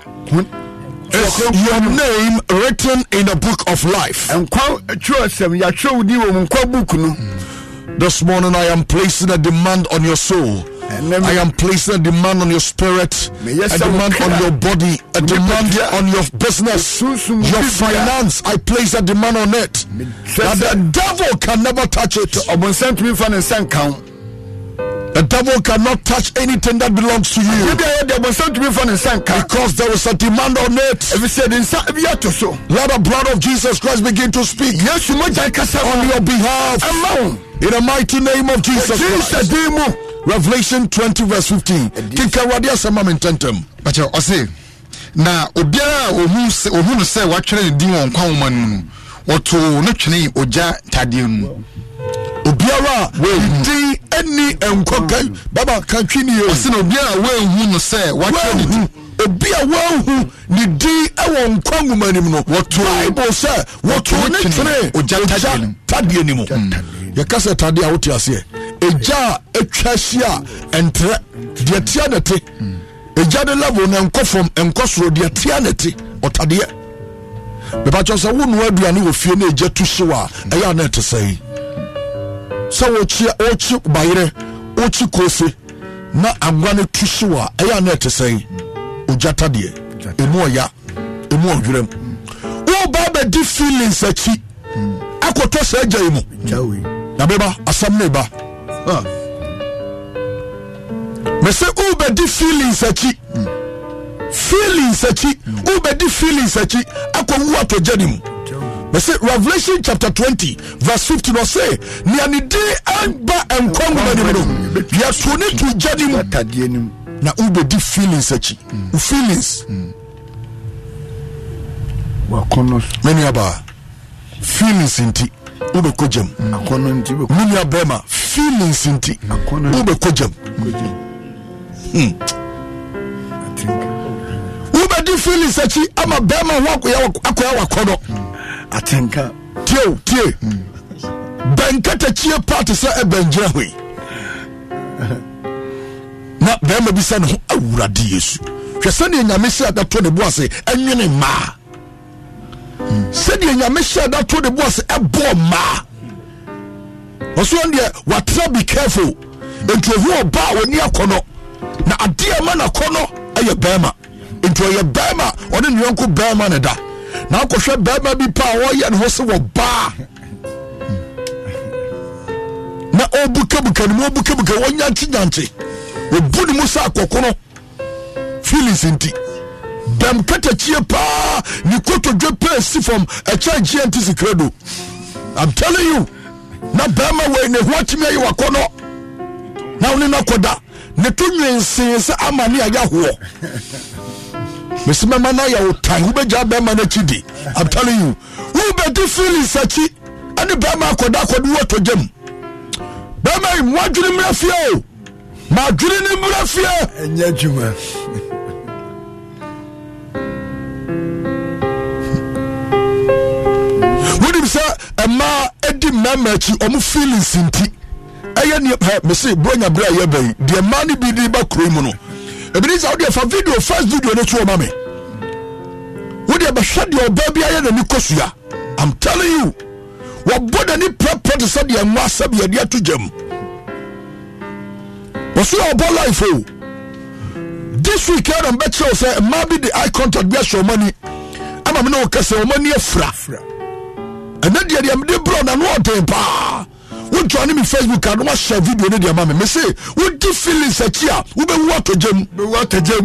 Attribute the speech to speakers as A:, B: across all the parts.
A: your name written in the book of life?
B: Hmm. This morning I am placing a demand on your soul. I am placing a demand on your spirit, a demand on your body, a demand on your business, your finance. I place a demand on it. That the devil can never touch it. The devil cannot touch anything that belongs to you. Because there is a demand on it. Let the blood of Jesus Christ begin to speak Yes, you might on your behalf. In the mighty name of Jesus Christ. Revelation 20 verse 15. Kika wadi asama mententem. Pacho, ose, na obiara ohun no sɛ watwerɛ ne din wɔ nkwa nwoma no mu no wɔtoo no twene ogya tadeɛ no mu obiara a ɛni nkɔkan baba kantwi ni yɛ o. ɔsɛn obi a wɔnhu no sɛ wɔatwa ne di. obi a wɔnhu ne di ɛwɔ nkɔ nwoma nim no. wɔtɔ baibu sɛ wɔtɔ ne tene ogya tadeɛ nim. yɛka sɛ tadeɛ a wote aseɛ egya a atwa ahyia a ntrɛ deɛ tia ne te egya de level na nkɔ fam nkɔ soro deɛ tia ne te ɔtadeɛ bɛbɛ akyɛ sɛ wo nua aduane wɔ fie na egya tu hyew a ɛyɛ a na ɛte sɛ yi. sɛ wokyi bayerɛ wokyi kose na agua no tu hyew a ɛyɛ ne ɛte sɛn ogyata deɛ ɛmu ɔya ɛmu ɔdwerɛ mu bɛdi feelings akyi akɔtɔ saa agya yi mu na bɛba asɛm no ɛba mɛsɛ wobɛdi feelings akyi feelings akyi wobɛdi feelings akyi akɔwu atɔgya ne mu mɛsɛ revelation chapter 20 verse 50 no ɔse nea ne din nkwa nwoma no yɛto ne to gya mu na wobɛdi feelings akyi wo mm. feelings menuabaa mm. feelings nti wobɛkɔ gyam menua feelings nti wobɛkɔ gyam wobɛdi feelings akyi ama bɛma ho akɔyɛ wakɔdɔ atenka tie tie hmm. bɛnkatakyie part sɛ ɛbɛngyina hoi na bɛrima bi sɛ ne ho awurade yesu hwɛ sɛdeɛ nyame hyɛ ada to ne bo ase ɛnwene mmaa hmm. sɛdeɛ nyame hyɛ ada to ne bo ase ɛbɔɔ mmaa ɔso wɔn deɛ watena be careful nti ohu ɔba a wɔni akɔnɔ na adeɛ ma n'akɔnɔ ɛyɛ bɛrima nti ɔyɛ bɛrima ɔne ne yɔnko bɛrima ne da na akɔhwɛ bɛrima bi pa a wɔyɛ ne ho se wɔ baa na ɔbukabuka ne mu ɔbukabuka wɔnyankyenyankye ɔbu ne mu sɛ akɔkono feelings nti dɛm katakyie paa ne kotodwe pɛɛ si fam ɛkyɛ gyeɛ nte sikrado i'm telling you na bɛrima wei ne ho atumi ayi wakɔnɔ na wo ne no akɔda ne to nwensee sɛ ama ne ayɛ ahoɔ mesi mɛma no ayɛ wo tan wobɛgya bɛma no akyi di am telling you wobɛdi feelings akyi ɛne bɛma akɔda akɔde wɔtɔgya mu bɛma moadwene mmerɛ fie o maadwene ne mmerɛ fie ɛnyɛ adwuma wonim sɛ ɛma ɛdi mmarima akyi ɔmo feelings nti ɛyɛ nneɛ mese borɔnya berɛ a deɛ no bi de ba kuro mu no ebini sa wode fa video first video no to ɔma me wode bɛhwɛ deɛ ɔbaa bi ayɛ n'ani kɔsua am telling you wɔbɔ n'ani prɛprɛ te sɛ deɛ mmoa sɛ biade ato gyam wɔso yɛ ɔbɔ life o this week ɛna mbɛkyerɛ wo sɛ mmaa bi de eye contact bi ahyɛ ɔmani ama me ne o kɛ sɛ ɔmani afira ɛnɛ deɛ deɛ mede brɛ ɔnano ɔden paa wodwane me facebook a na wahyɛ video no deɛ ma me mese wodi feelings akyi a wobɛwu atɔgyam bɛwu atɔgyam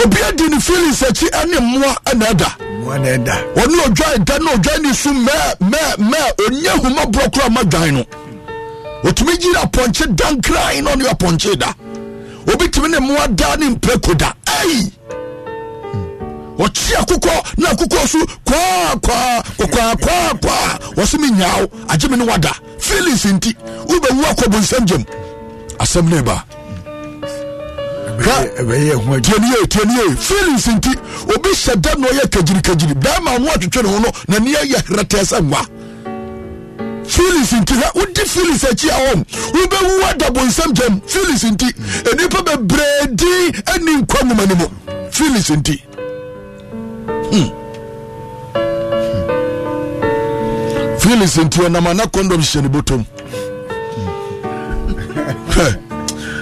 B: obia di ne feelings akyi ɛne mmoa ɛna ɛda ɔne ɔdwan da na ɔdwan ne su mɛmɛmɛ ɔnya ahuma borɔ kora ma dwan no ɔtumi gyina apɔnkye dankran na ɔne apɔnkye da obitumi ne mmoa da ne mprako da ai hey! wɔkye akokɔ na akokɔ so kwaakwa kwakwaakwaakwa wɔse me nyaaw agye me ne wada feelings nti wobɛwu akɔ bonsam gyam asɛm ne ba tianie tianie feelings nti obi hyɛ dam na ɔyɛ kagyirikagyiri bɛrima ho atwetwe ne ho no nani yɛ herɛtɛɛ sɛ nwa feelings nti ha wodi feelings akyi a wɔm wobɛwu ada bonsam gyam feelings nti nnipa bebree din ani nkwa nwoma no mu feelings nti feelings nti ɔnam ana condom hyɛ ne bɔtɔm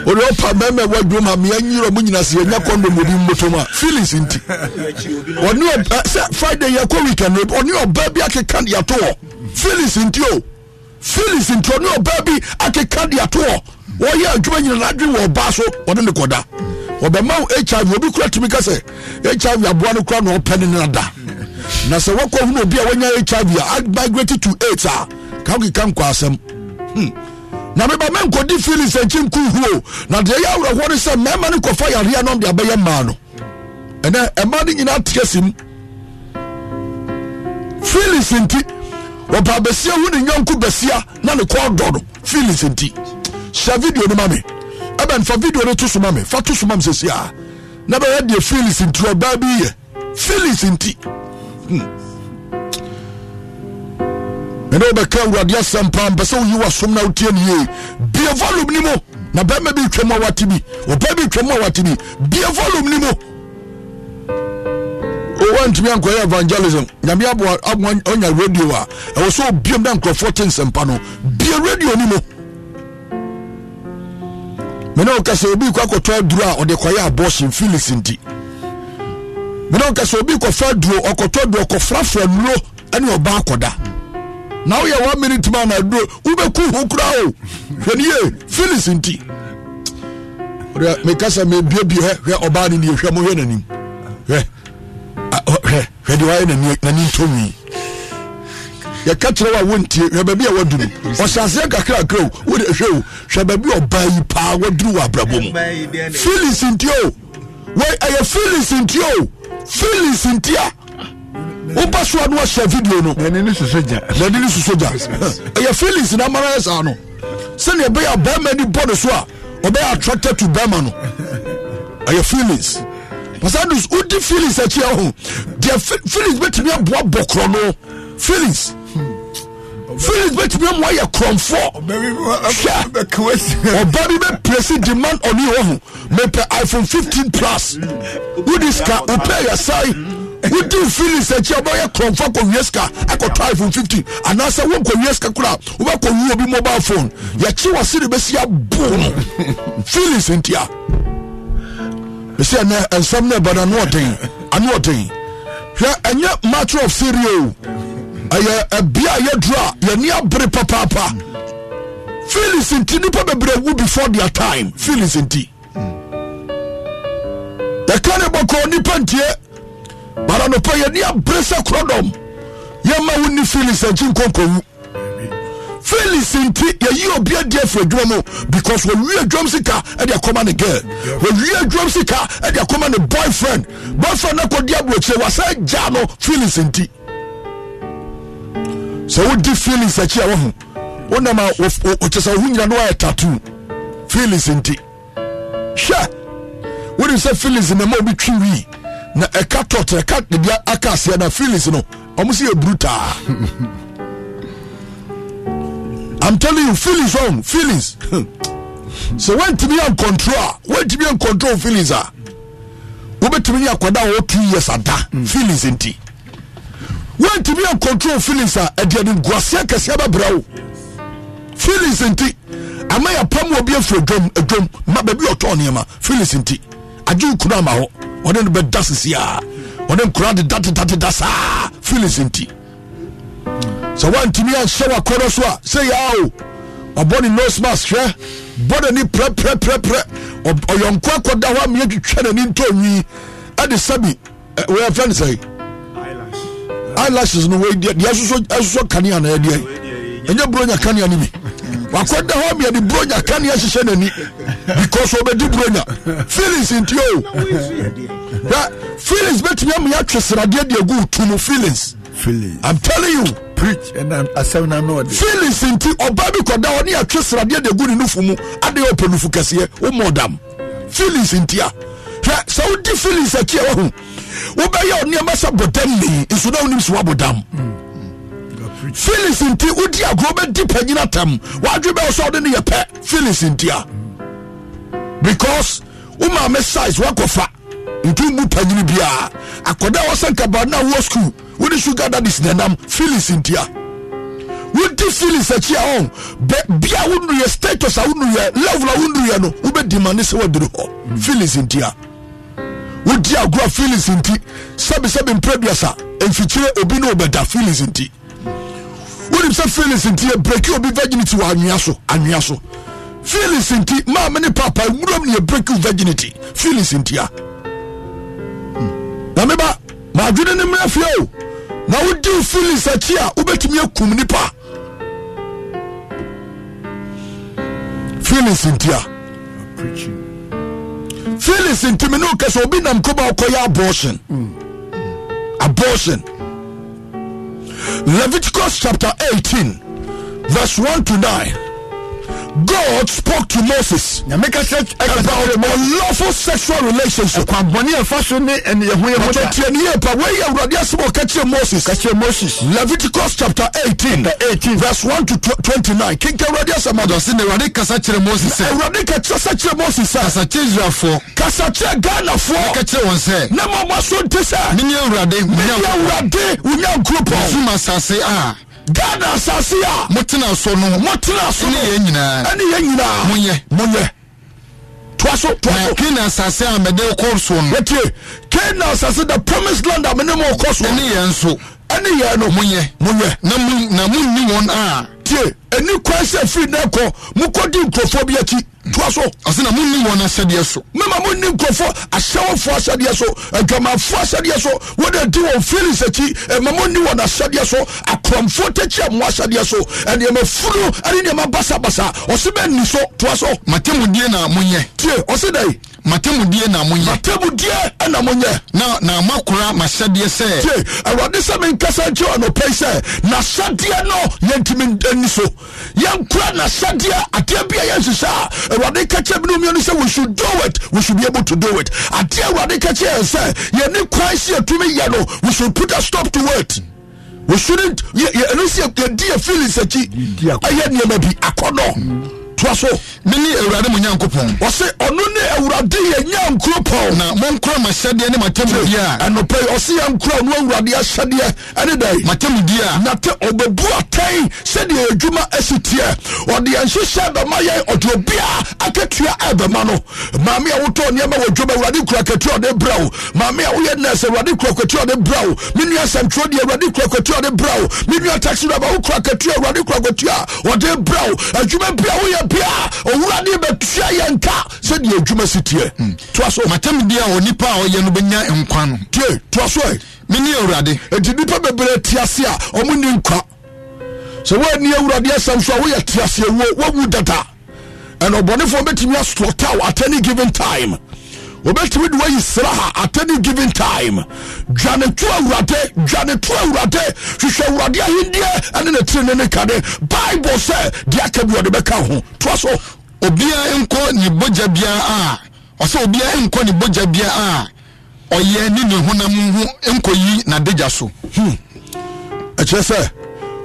B: olu ɔpa mɛmɛ wa dwom ha mia nyiri ɔmu nyina si ɛnya kɔndom obi mbɔtɔm a feelings nti ɔne ɔba sɛ friday yɛ kɔ weekend ɔne ɔba bi akeka yɛto wɔ feelings nti o feelings nti ɔne ɔba bi akeka yɛto wɔ wɔyɛ adwuma nyina n'adwene wɔ ɔba so ɔne ne kɔda. Mm ɔbɛma wo hiv obi kura tumi ka hiv aboa no kura na ɔpɛ ne nada na sɛ wɔkɔ hunu obi a wanya hiv a migrate to eight a ka wokeka nkɔ asɛm hmm. na meba menkɔdi feelings ankyi nkuhuo na deɛ yɛ awerɛhoɔ no sɛ mmarima no kɔfa yareɛ no de abɛyɛ mmaa no ɛnɛ ɛma no nyinaa teɛ si m feelings nti wɔpa bɛsia hu ne nyɔnko bɛsia na ne kɔɔ dɔ no feelings nti hyɛ video no ma me ɛbɛn fa video no to soma me fa to soma me sɛsi a na bɛyɛ deɛ feelings nti ɔbaa bi yɛ feelings nti hmm. ɛnɛ wobɛka awurade asɛm paa mpɛ sɛ woyi wasom na wotie ne yie bie volume ni mu na bɛrima bi twam a wate bi ɔbaa bi twam a wate bi bie volume ni mu owantumi ankɔyɛ evangelism nyame aboa ɔnya radio a ɛwɔ sɛ obiam na nkurɔfoɔ te nsɛmpa no bie radio ni mu mene wo kɛ sɛ obi kɔ akɔtɔ aduro a ɔde kɔyɛ abɔhyen felix nti mene wo kɛ sɛ obi kɔfa aduro ɔkɔtɔ aduro kɔfrafra nnuro ɛne ɔba akɔda na woyɛ one minute man na aduro wobɛku ho koraa o hwɛ ne ye felix nti wode me sɛ mebiabie hɛ hwɛ ɔbaa ni nie hwɛ mo hwɛ n'anim hwɛ hwɛ hwɛ deɛ wayɛ n'ani ntomi yɛka kyerɛ wo a wontie hwɛ baabi a wadu no ɔhyɛaseɛ kakrakra o wode hwɛ o hwɛ baabi ɔba yi paa waduru wɔ abrabɔ mu feelings nti o ɛyɛ feelings nti o feelings nti a woba soa no wahyɛ video no nani ne soso gya ɛyɛ feelings na mara yɛ saa no sɛnea ɛbɛyɛ a bɛrima ni bɔ ne so a ɔbɛyɛ attracted to bɛrima no ɛyɛ feelings pasadus wodi feelings akyi ɛho deɛ feelings bɛtumi aboa bɔkorɔ no feelings philip bẹtumi mu ayɛ kurɔnfo hwɛ ɔba bi bɛ pèsè demand on ɔni wɔ ho mepɛ iphone fifteen plus wodi sika wopɛ yɛ sae wodi philip akyi ɔbɛyɛ kurɔnfo akɔwie sika akɔtɔ iphone fifteen anaasɛ wɔnkɔwie sika kora wobɛkɔwie obi mobile phone yɛkyi wɔ sere bɛsi abo no philip ntia ɛsɛ ɛnɛ nsɛm no ɛbɛda ne ɔden ane ɔden hwɛ ɛnyɛ matter of serio ɛyɛ ɛbea a yɛduru a yɛni abere papaapa feelings nti nipa bebree wu before their time feelings nti yɛka ne bɔkɔ nipa ntie bara nɔpɛ yɛni abere sɛ korodɔm yɛma wo ni feelings akyi nkonkowu feelings nti yɛyi obi adi e afiri adwuma mu because wɔwie adwam e sika ɛde akɔma ne girl wɔwie adwam e sika ɛde akɔma ne boyfriend boyfriend no kɔdi aburokyire wasɛ gya no feelings nti sɛ wodi feelings akyi a woho wonam a ɔkyɛ sɛ woho nyina no wayɛ tattoo feelings nti hwɛ wode sɛ feelings na ma obi twi wii na ɛka tɔt ɛka debi aka aseɛ na feelings no ɔmo sɛ yɛ brutaa i'm telling you feelings wrong feelings sɛ woantumi yɛ nkontrol a woantumi yɛ nkontrol feelings a wobɛtumi yɛ akwadaa a wɔ two years ada mm. feelings nti wontumi ancontrol feelings a ɛde ade nkuaseɛ kɛseɛ bɛbrɛ wo feelings nti ama yɛpam wɔ bi afiri adwom adwom ma baabi ɔtɔ nneɛma feelings nti Adi nkuro ama hɔ ɔne no bɛda sesiaa ɔne nkura deda dedadeda saa feelings nti sɛ woantumi anhyɛ wakɔdɔ so a sɛ yaa o ɔbɔ ne nose mask hwɛ bɔ n'ani prɛprɛprɛprɛ ɔyɔnko akɔda hɔ ama yɛtwitwa n'ani ntɔ nwi ɛde sɛbi wɔyɛfɛ no sɛe eyelashes no wei deɛ deɛ ɛsoso kanea na ɛdeɛ ɛnyɛ bronya kanea no mi wakɔda hɔ miɛde bronya kanea hyehyɛ n'ani because ɔbɛdi bronya feelings nti o oh. na feelings bɛtumi ama yɛatwe sradeɛ de agu tu mu feelings i'm telling you preach feelings nti ɔbaa bi kɔda hɔ ne yɛatwe sradeɛ de agu ne nufu mu adeɛ ɔpɛ nufu kɛseɛ wɔmɔ dam feelings nti a. hwɛ sɛ wodi feelings akyi ɛwɔ ho wobɛyɛ wo sɛ bodam nei nso na wonim sɛ woabodam feelings nti wodi agorɔ bɛdi panyina tam woadwe bɛwɔ sɛ wode no yɛ pɛ feelings nti a because wo maame size woakɔfa nti mu panyini biaa akɔda a wɔsɛ nkabaa no school wode sugar dadis nanam feelings nti a wodi feelings akyi a ɔn bia wonuruyɛ status a wonuruyɛ level a wonuruyɛ no wobɛdimane sɛ woaduru hɔ feelings nti a wodi agorɔ feelings nti sɛbisɛbi mprɛduasa mfikyire obi na ɔbɛda feelings nti wonim sɛ feelings nti yɛbreki obi virginity wɔ anwea so anwea so feelings nti maame ne papa nwuram ne yɛbreki virginity feelings nti a hmm. na meba maadwene ne mmerɛ fie o na wodi feelings akyi a wobɛtumi akum nipa feelings nti a felix ntumi ne okasa obi nam koba ɔkɔyɛ abortion abortion leviticus chapter eighteen, verse one to nine. God spoke to Moses. Nyamika said about lawful sexual relationship. Ẹ̀kọ́ àbọ̀ní ẹ̀fọ́ so ní ẹni ẹ̀hún ẹ̀hún dà. Ọ̀tọ̀ tiẹ̀ ní yẹn pa wẹ́yẹ Awurade Moses. Moses. Leviticus chapter eighteen. eighteen verse one to twenty-nine. Kíkẹ́ Awurade asọ́mọ̀. Ọ̀dọ̀sí ni Awurade kasa kyerẹ Moses sẹ́. Awurade kasa kyerẹ Moses sẹ́. Kasa kyerẹ Israfo. Kasa kyerẹ Ghana fo. Kẹ́kẹ́ wọn sẹ́. Ní ọmọ ọmọ so ń tẹ sẹ́. Mi ni Awurade. Mi ni Awurade. Wúnyà nkúrò pọ̀. Mo fún ma sase a gada asase a motena so no motena so no yɛ nyinaa ɛne yɛ nyinaa monyɛ monyɛ toa so toa so kana asase a mede kɔ so no wɔtie kana asase the promised land a mene mo kɔ so ɛne yɛ nso ɛne yɛ no monyɛ monyɛ na mo na mo nni wɔn a tie ɛni kwan sɛ firi na ɛkɔ mokɔdi nkurɔfoɔ bi akyi toa so ɔsena monni wɔn ahyɛdeɛ so mema monni nkurɔfoɔ ahyɛwofoɔ ahyɛdeɛ so adwamafoɔ ahyɛdeɛ so wode adi wɔn feelings akyi ma monni wɔn ahyɛdeɛ so akorɔmfoɔ takyi a mmoa ahyɛdeɛ so ɛnneɛma funu ne nneɛma basabasa ɔse bɛnni so toa so matamudie na monyɛ tie ɔse dɛn Matemudie na monyɛ Matemudie na monyɛ na na makora mahyɛdeɛ sɛ tie awurade sɛ menkasa nkyɛ anɔpɛ sɛ nahyɛdeɛ no yɛntimi nni so yɛnkora nahyɛdeɛ adeɛ bi a awurade ka kyerɛ binom yɛno sɛ we should do it we should be able to do it adeɛ awurade ka kyerɛ yɛn ni yɛne kwan sɛ yɛtumi yɛ no we should put a stop to it we shouldn't ɛno sɛ yɛdi yɛ feelings akyi ɛyɛ nneɛma bi akɔdɔ mm -hmm. ɛtoa so mene awurade mo nyankopɔn ɔse ɔno ne awurade yɛ nyankuropɔn na monkora mahyɛdeɛ ne matamudi a ɛnɔpɛ yi ɔse yɛnkora ɔno awurade ahyɛdeɛ ɛne dɛn matamudi a na te ɔbɛbu atɛn sɛdeɛ adwuma asi teɛ ɔde yɛnhyehyɛ bɛma yɛn ɔde obia akatua ɛbɛma no maame a wotɔ nneɛma wɔ dwom awurade kura akatua ɔde brɛ wo maame a woyɛ nɛs awurade kura akatua ɔde brɛ wo me nua sɛmtwerɛ deɛ awurade kura akatua ɔde brɛ wo me nua taxi driver wo kura akatua awurade kura akatua ɔde brɛ wo adwuma bia woyɛ bia owurade bɛtua yɛ nka sɛdeɛ adwuma si teɛ hmm. toa so matamdeɛ a onipa a ɔyɛ no bɛnya nkwa no tie toa so ɛ mene awurade enti nnipa bebree te ase a ɔmo ni nkwa sɛ woani awurade asɛm so a woyɛ te aseɛ wuo woawu dada ɛna ɔbɔnefoɔ bɛtumi asotɔ ta atany given time wobɛtumi de wayi sra ha at any given time dwane to awurade dwane to awurade hwehwɛ awurade ahendeɛ ɛne ne tene ne kane bible sɛ deɛ aka bi ɔde bɛka ho toa so obiara nkɔ ne bogya biara a ɔsɛ obiara nkɔ ne bogya biara a ɔyɛ ne ne honam ho nkɔyi n'adagya so hmm. ɛkyerɛ sɛ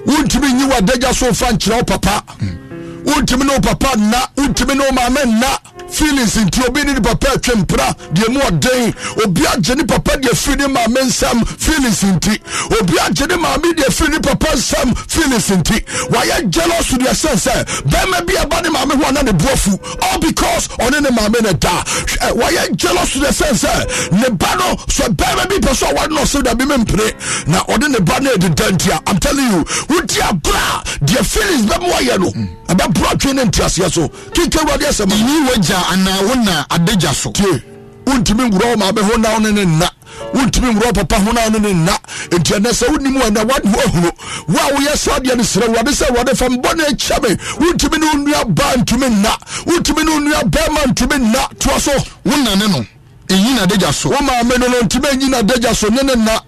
B: wontumi nyi w'adagya so fa nkyerɛ papa hmm wontumi ne wo papa nna wontumi ne wo maame nna feelings nti obi ne ne papa atwe mpra deɛ mu ɔden obi agye ne papa deɛ firi ne maame nsam feelings nti obi agye ne maame deɛ firi ne papa nsam feelings nti wayɛ jealous deɛ sɛn bɛrima bi aba ne maame ho ana ne boafu all because ɔne ne maame ne da wayɛ jealous deɛ sɛn sɛ ne ba no sɛ bɛrima bi pɛ sɛ ɔware no ɔsɛ dabi me mpere na ɔde ne ba no adeda nti a i'm telling you wodi agorɔ a deɛ feelings bɛma ɔyɛ no ɛbɛ aburotwe ne ntiaseɛ so keke awurade asɛm yi wagya anaa wona adagya so tie wontumi nwura wo maame ho na wo ne ne nna wontumi nwura papa ho na wo ne ne nna enti ɛnɛ sɛ wonim ɛnɛ woahunu wo a woyɛ saa deɛ no serɛ wurade sɛ wurade fa mbɔne akyɛ me wontumi ne wo nnua ntumi nna wontumi ne wo nnua ntumi nna toa so wonane no ɛyi na adagya so wo maame no no ntumi ɛnyi na adagya so ne ne nna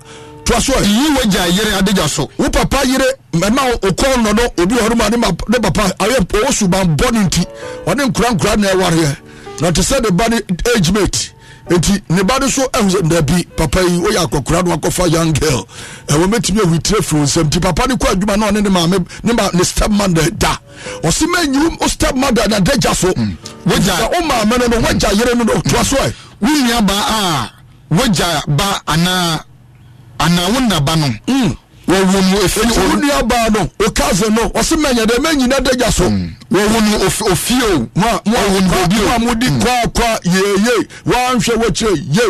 B: toa so yi wo gya yere adegya so wo papa yere mɛma okɔn nɔ obi obi hɔ ma ne papa ayɛ ɔwɔ suban bɔ ne nti ɔne nkura nkura na ɛwareɛ na te sɛ ne ba ne age mate Eti ne ba no so ɛhu sɛ dabi papa yi woyɛ akɔkora no akɔfa young girl ɛwɔ mɛtumi awitire firi nsɛm nti papa ni kɔ adwuma na ɔne ni maame ne ma ne step mother da ɔse ma nyiwom wo step mother na dagya so hmm. wogya wo maame no no woagya yere no no toa so ɛ wo nua ba a wogya ba anaa anaa hmm. wo naba no wɔwo no ofiewo nua baa no okafe hmm. no ɔse manya dɛ manyina dagya so wɔwo no ofie o wɔwo no obi o mode hmm. kwakwa yeye wanhwɛ wɔkyerɛ ye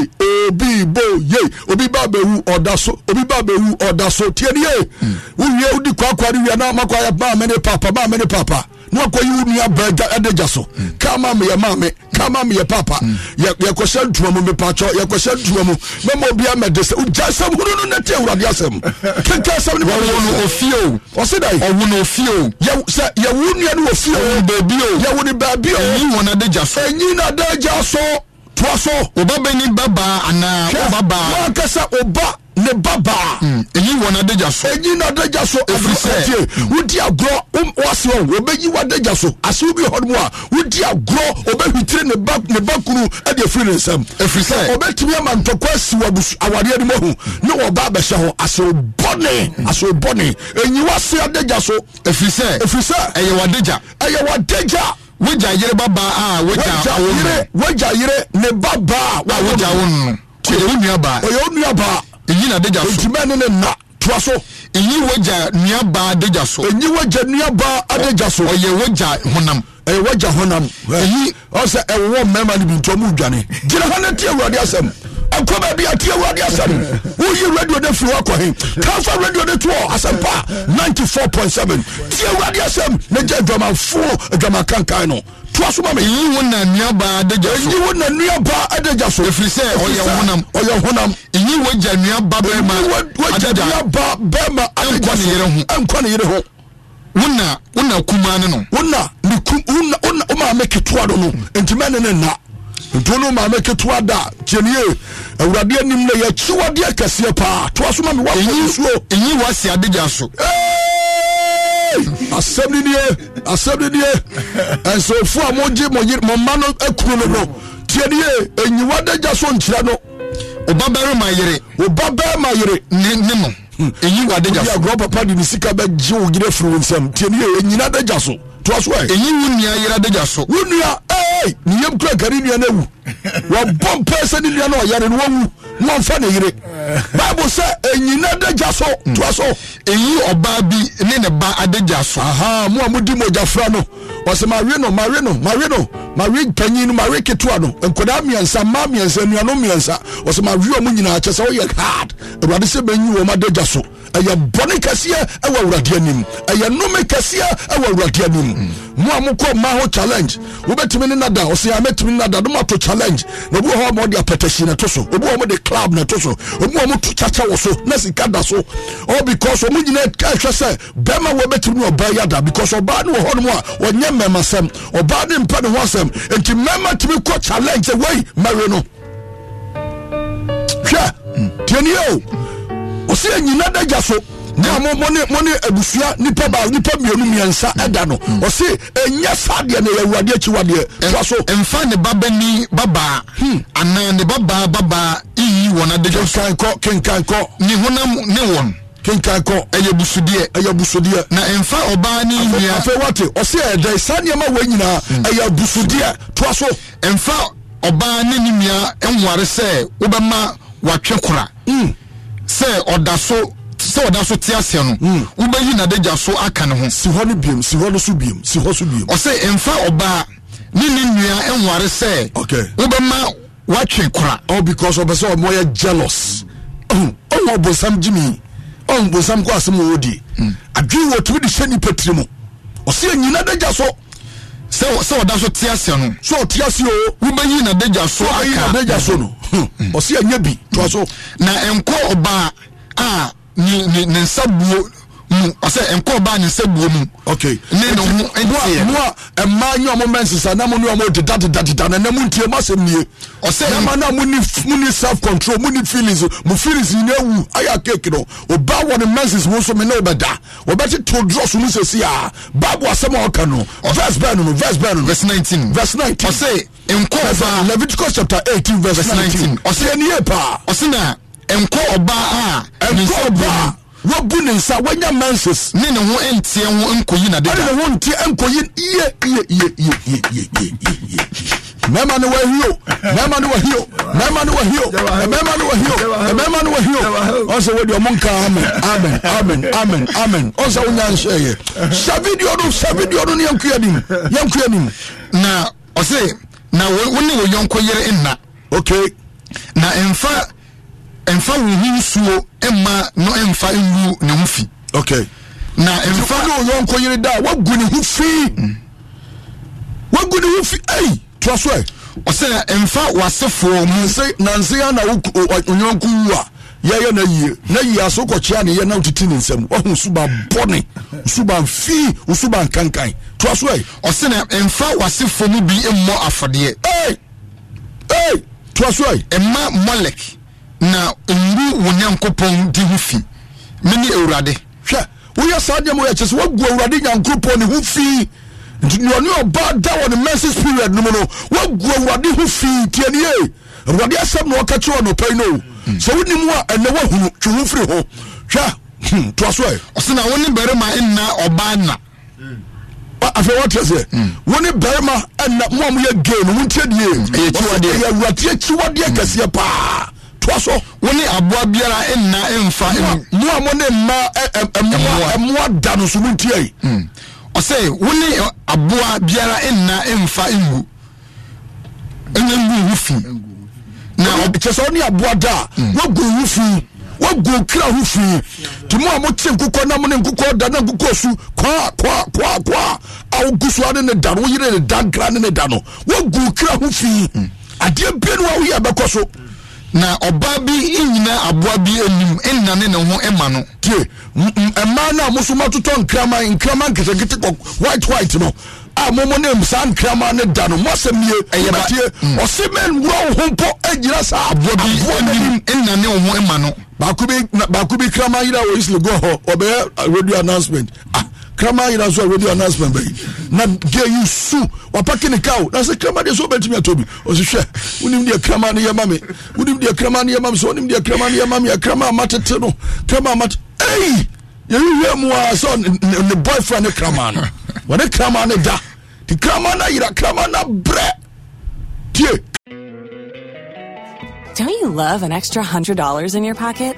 B: obi bo ye obi ba bɛwu ɔda so obi ba bɛwu ɔda so tie ne ye wowie wodi kwakwa no wie na makwa yɛ baa mene papa baa mene papa na akɔyi wo nua bɛɛ gya ɛde gya so kama mi yɛ maa kama mi yɛ papa, mm. yɛ yɛkɔhyɛ ntoma mu mipatsɔ yɛkɔhyɛ ntoma mu mɛma obi ama de sɛ gya asɛm hunu no nɛte awurade asɛm keke asɛm ne bɛn wɔn ofie o ɔsi da yi ɔwɔ na ofie o yɛ sɛ yɛwu nua no wɔ fie beebi o yɛwu ni beebi o ɛyin wɔn ade gya so ɛyin na ade gya so toa so. o ba bɛ ni ba anaa o ba baa. wọn kasa o de ba baa. èyí wọn adéjà so. èyí wọn adéjà so. efiri sẹ wudi agorɔ wasi wɔn wɔbɛyi wọn so ase obi hɔ mu a wudi agorɔ obɛhwitire ne ba ne ba kunu ɛde efiri ne nsam. efiri sɛ obɛtumi ama ntɔkwa si wabusu awadeɛ ni mo ho ne wɔn abɛhyɛ hɔ ase obɔne mm. ase obɔne èyí wasi adéjà so. efiri sɛ efiri sɛ ɛyɛ wɔ adéjà. ɛyɛ wɔ wagya yere baba a wagya awo nu wagya yere ne ba ba a wagya awo nu no ɔyɛ nua ba ɔyɛ wo nua ba èyí na adagya so ntoma ne ne na toa so èyí wagya nuaba adagya so èyí wagya nuaba adagya so ɔyɛ wagya honam ɛyɛ wagya honam èyí ɔsɛ ɛwɔ mmarima no bi nti ɔmo dwane gyina hɔ ne tie awurade asɛm ɛkɔ baabi ate awurade asɛm woyi radio no afiri hɔ akɔ he kamfa radio no toɔ asɛmpa 94.7 tie awurade asɛm na gya adwamanfoɔ adwamakankan no toa so ma me. eyi wo na nuaba adagya so. eyi wo na nuaba adagya so. efiri sɛ ɔyɛ honam. ɔyɛ honam. eyi wo gya nuaba bɛrima adagya. eyi wo gya nuaba bɛrima adagya so. nkɔ ne yere ho. nkɔ ne yere ho. wona wona kumaa ne no. wona ne kum wuna wona o maame ketewa do no ntoma ne ne na ntu no maame ketewa da kyenie awurade anim na yɛ kyiwadeɛ kɛseɛ paa toa so ma me wa kɔ nsuo. eyi wa si adagya so. ee asɛm ni nie asɛm ni nie nsofo a mogye mo yere mo mma no akuru no no tie nie enyiwa de gya so nkyerɛ no ɔbabarima yere ɔbabarima yere ne ne no ɛyi wo adagya so agorɔ papa de ne sika bɛgye wo yere firi wo nsɛm tie nie ɛnyina adagya so toa so ɛ ɛyi wo nua yere adagya so wo nua ɛɛi ne yam kura kari nua no awu wɔbɔ mpɛ sɛ ne nua no ɔyare no wawu mọ̀nfẹ́ ne yire báyìí sẹ ẹ̀yìn náà dẹ́jà so hmm. tó so. èyí ọba bi ní ne ba adéjà so. mu a mu di mu ọjà fura no ọsẹ maa wi no maa wi no maa wi no maa wi panyin no maa wi ketewa no nkwadaa mmiɛnsa mmaa mmiɛnsa nnuanu mmiɛnsa ọsẹ maa wi wɔn nyinaa kyɛ sɛ ɔyɛ hard awurade sɛ bɛyi wɔn adéjà so ɛyɛ bɔne kɛseɛ ɛwɔ awurade anim ɛyɛ nome kɛseɛ ɛwɔ awurade anim mo a mokɔ mma ho challenge wobɛtumi ne nada ɔsɛ a mɛtumi ne nada nomato challenge na obi wɔ hɔ ma ɔde apɛtahyi ne to so obi wɔ mode club ne to so obi wɔ moto kyakya wɔ so na sika da so all because ɔmo nyinaa ɛhwɛ sɛ bɛrima wɔbɛtumi ne ɔbaa yada because ɔbaa ne wɔ hɔ nom a ɔnyɛ mmɛmasɛm ɔbaa ne mpa ne ho asɛm enti mmarima tumi kɔ challenge sɛ wei mɛwe no hwɛ tianie o sɛ ɛnyina da gya so na mo mo ne mo ne abusua nipa ba nipa mmienu mmiɛnsa ɛda no hmm. ɔsi ɛnyɛ sadeɛ na yɛ awurade akyiwadeɛ toa so. nfa ne baba ni baba hmm. anan ne baba baba iyi wɔn adagya so kenkankɔ kenkankɔ ne honam ne wɔn kenkankɔ ɛyɛ busudeɛ ɛyɛ busudeɛ na nfa ɔbaa ni nua afei wate ɔsi ɛdɛ saa nneɛma wɔ nyinaa hmm. ɛyɛ busudeɛ toa so. nfa ɔbaa ne ne nua sɛ wobɛma watwe kora sɛ ɔda so sɛ ɔda so te aseɛ no hmm. wobɛyi nadagya so aka ne ho si hɔ no biom si hɔ no so biom si hɔ so biom ɔsɛ ɛmfa ɔbaa ne ne nua nware sɛ wobɛma watwe kora oh because ɔbɛ sɛ ɔmo yɛ jealous ɔmo ɔbɔnsam gyimi ɔmo bɔnsam kɔ asɛm wɔ di hmm. adwene wɔ tumi de hyɛ nipa tiri mu ɔsɛ nyina dagya so sɛ ɔda so te aseɛ no sɛ ɔte aseɛ o wobɛyi nadagya so aka nadagya so no ɔsi ɛnyɛ bi to so na nkɔ ɔbaa a ne nsa buo mu hmm, ɔsɛ nkɔ ba ne nsa buo mu. ok ne na mu ntiɛ mu a mmaa nye ɔmo mɛ nsesa na mu ne ɔmo deda deda deda na na mu ntiɛ mu asɛm nie. ɔsɛ ɛma na mu ni mu ni self control mu ni feelings mu feelings yi na ewu ayɛ keeki no oba wɔ ne menses mu nso mi ne ɔbɛ da ɔbɛ ti to drɔs mu sɛsi a baabu asɛm a ɔka no verse bɛn no verse bɛn no. verse nineteen verse nineteen ɔsɛ nkɔ ɔbaa leviticus chapter eighteen verse nineteen ɔsɛ ɛni yɛ paa ɔsɛ na nkɔ ɔbaa a ne nsa buo mu wabu ne nsa wanya menses ne ne ho ntie ho nkoyi na deda ne ho ntie nkoyi ye ye ye ye ye ye ye ye mɛma ne wahio mɛma ne wahio mɛma ne wahio mɛma ne wahio mɛma ne wahio ɔsɛ wɔde ɔmo nka amen amen amen amen amen ɔsɛ wonya nhyɛ yɛ hyɛ video no hyɛ video no ne yɛnkuya nim yɛnkuya nim na ɔse na wo ne wo yɔnko yere nna okay na mfa ɛnfa wo ho nsuo ma no ɛnfa ngu ne ho fi. na ɛnfa ne o yɔnko yiri da wagu ne ho fi wagu ne ho fi ɛyi tura so ɛ. ɔsɛ ɛnfa wasefoɔ mu. nansi nansi ya na o wu a yɛyɛ na yie na yie aso kɔkyea ne yɛ na otiti ne nsam wahu suba bɔne suba fii suba nkankan tura so ɛ. ɔsɛ na ɛnfa wasefoɔ mu bi mmɔ afɔdeɛ. ɛyi ɛyi tura so ɛ. ɛma mɔlɛk. na owuru wo nyankopɔn di ho fi mene awurade hwɛ woyɛ saa deɛ ma yɛkyɛ sɛ woagu awurade nyankopɔn ne ho fii nti neɔne ɔba da wɔ ne message period no mu no woagu awurade ho fii tianie awurade asɛm na ɔka kyerɛ ɔnɔpɛi no sɛ wonim a ɛnɛ woahunu twe ho firi ho hwɛ hmm, toa so ɛ ɔse na wo ne barima nna ɔbaa na afei wɔtɛ sɛ hmm. wo ne ɛna mo a moyɛ gay no montiɛ die awurateɛ kyiwadeɛ kɛseɛ paa toa so wo ne aboa biara nna mfa mu a mo ne mma mmoa da no so montiai hmm. ɔsɛ wo ne aboa biara nna mfa ngu ɛnyɛ ngu wo fi na kyɛ sɛ wo ne aboa da a hmm. woagu wo fi woagu kra ho fi nti mo a mote nkokɔ na mo ne nkokɔ da na nkokɔ su kwaa kwaa kwaa kwaa a wogu so ane ne da no woyere ne da ne ne da no woagu kra ho fi hmm. adeɛ bia no a woyɛ bɛkɔ so na ɔbaa bi nyina aboa bi anim nnane ne ho ma no. tie mmaa no a mo so matotɔ nkraman nkraman nketenkete white white no a mo mo ne saa nkraman no da no mo asɛm yie ɛyɛ ba tie mm. ɔsi mɛ nwura ho mpɔ agyina saa aboa bi anim nnane ho ma no. baako bi krama bi kraman yira wɔ isle go hɔ ɔbɛyɛ uh, radio announcement ah. kraman yira nso a radio announcement bɛyi na gye yi su wapaki ne ka na sɛ kraman deɛ so bɛtumi ato bi ɔsi hwɛ wonim deɛ kraman ne yɛ ma mi deɛ kraman ne yɛ ma mi sɛ deɛ kraman ne yɛ ma yɛ kraman a tete no kraman a tete ɛyi yɛyi hwɛ mu a ne boyfriend ne kraman no wɔne kraman ne da ti kraman na yira kraman na brɛ tie.
C: Don't you love an extra $100 in your pocket?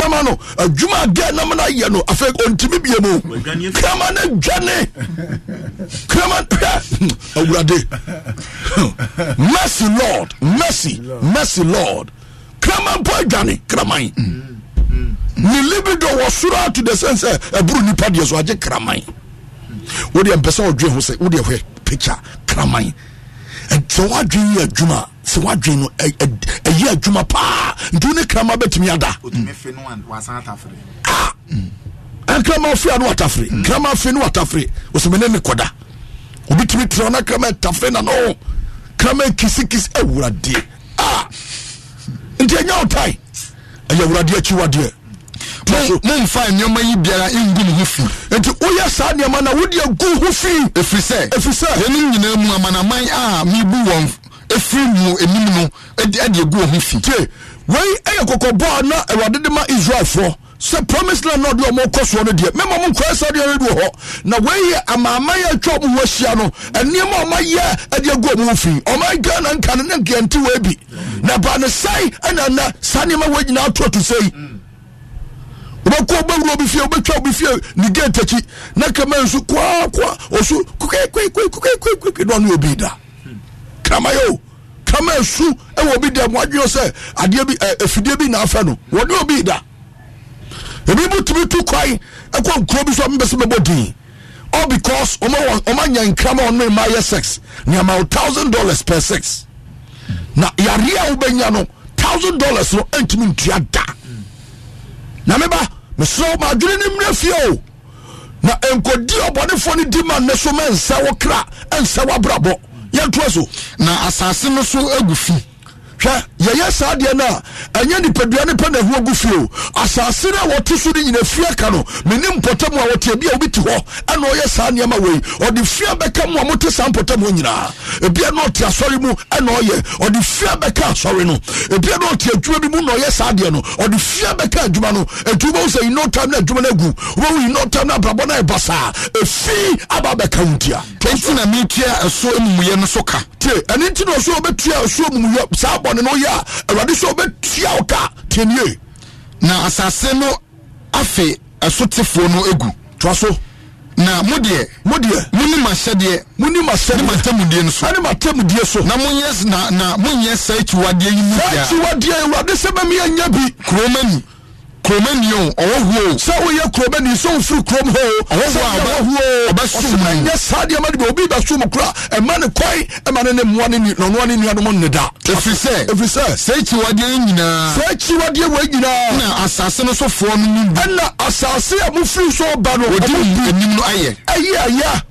A: pama no adwuma gɛ nam no ayɛ no afei ɔntimi bie mu krama no dwane
B: krama awurade mercy lord mercy mercy lord krama mpo adwane kraman ne libido wɔ soro ato the sense sɛ ɛboro nipa deɛ so agye kraman wodeɛ mpɛ sɛ ɔdwe ho sɛ wodeɛ hwɛ picture kraman sɛ woadwen yɛ adwuma sɛ woadwen no ɛyɛ adwuma paa nti ne krama bɛtumi ada ankrama ah! afiri a no watafere mm. krama afiri no watafere osomene ne kɔda obi tumi tena na krama ɛtafere na no krama ɛkisikisi awuradeɛ a ah! nti ɛnyɛ wo tae ɛyɛ awuradeɛ akyiwadeɛ momfa nneɛma yi biara ngu ne ho fi nti woyɛ saa nneɛma na wode agu ho fi ɛfiri sɛ ɛfiri nyinaa mu amanaman a mebu wɔn ɛfiri mu anim no ɛde agu ho fi tie wei ɛyɛ kɔkɔbɔa na awurade de ma israelfoɔ sɛ promise land na ɔde ɔmo kɔ soɔ no deɛ mɛma mo nkɔyɛ saa deɛ no hɔ na wɔyɛ amaama yɛ atwa ɔmo ho ahyia no nneɛma ɔmo ayɛ ɛde agu ɔmo ho fi ɔmo ghana nka no ne nkɛnte wɔ na ba ne sɛe ɛna na saa nneɛma wɔ nyinaa atoto wobɛkɔ wobɛwura obi fie wobɛtwa obi fie ne gate akyi na kama nso kwakwa ɔso kukakukakukakukakuka na ɔne obi da kramayɛ o krama asu ɛwɔ obi da mu adwene sɛ adeɛ bi afidie bi na afɛ no obi da ebi mu tumi tu kwan ɛkɔ nkuro bi so ɔmo bɛsɛ bɛbɔ din all because ɔmo anya nkrama ɔno sex o thousand dollars per sex na no thousand dollars ntua da. na meba mesrɛ maadwene ne mmerɛ fie o na nkɔdi ɔbɔnefoɔ no di ma nne so ma nsɛ wo kra ɛnsɛ woabrabɔ yɛntoa so na asase no so agu fi hwɛ yɛyɛ saa deɛ no a ɛnyɛ nipadua ne pɛ na ɛho agu fie o asase no a wɔte so no nyina fie ka no mene mpɔtam a wɔte bi a wobi te hɔ ɛna ɔyɛ saa nneɛma wei ɔde fie bɛka mu a mote saa mpɔtam hɔ nyinaa ebia na ɔte asɔre mu ɛna ɔyɛ ɔde fie bɛka asɔre no ebia na ɔte adwuma bi mu na ɔyɛ saa deɛ no ɔde fie bɛka adwuma no ɛtu wobɛhu sɛ yino tam no adwuma no agu wobɛhu yino tam no abrabɔ no ɛba saa ɛfi aba bɛka wo ntia ɛnti na metua ɛso amumuyɛ no so ka tie ɛne nti na ɔso wobɛtua ɛso amumuyɛ saa bɔne no woyɛ a awurade sɛ wobɛtua wo ka tianie na asase no afe ɛsotefoɔ no ɛgu toa so na mo deɛ mo deɛ mo ni ma hyɛ deɛ mo ni ma hyɛ deɛ ne ma tɛmu deɛ so ne ma tɛmu deɛ so na mo nyɛ na na mo nyɛ sɛ akyiwadeɛ yi mu bia sɛ akyiwadeɛ awurade sɛ bɛmi anya bi kuroma ni kuromani o ɔwɔ huo. sɛ woyɛ kuromani sɛ ofiri kurom hɔ o. ɔwɔ huo a ɔwɔ huo ɔbɛ sum na n yɛ saa deɛ ma de bi obi bɛ sum kura ɛma ne kɔn ɛma ne ne mua ne ni nɔnua ne nua nomu ne da. efirisɛ efirisɛ. sɛ ekyiwadeɛ nyinaa. sɛ ekyiwadeɛ wɔ nyinaa. ɛna asase no so fɔɔ no nimu. ɛna asase a mo firi so ba no. odi ni enim no ayɛ. ayɛ ayɛ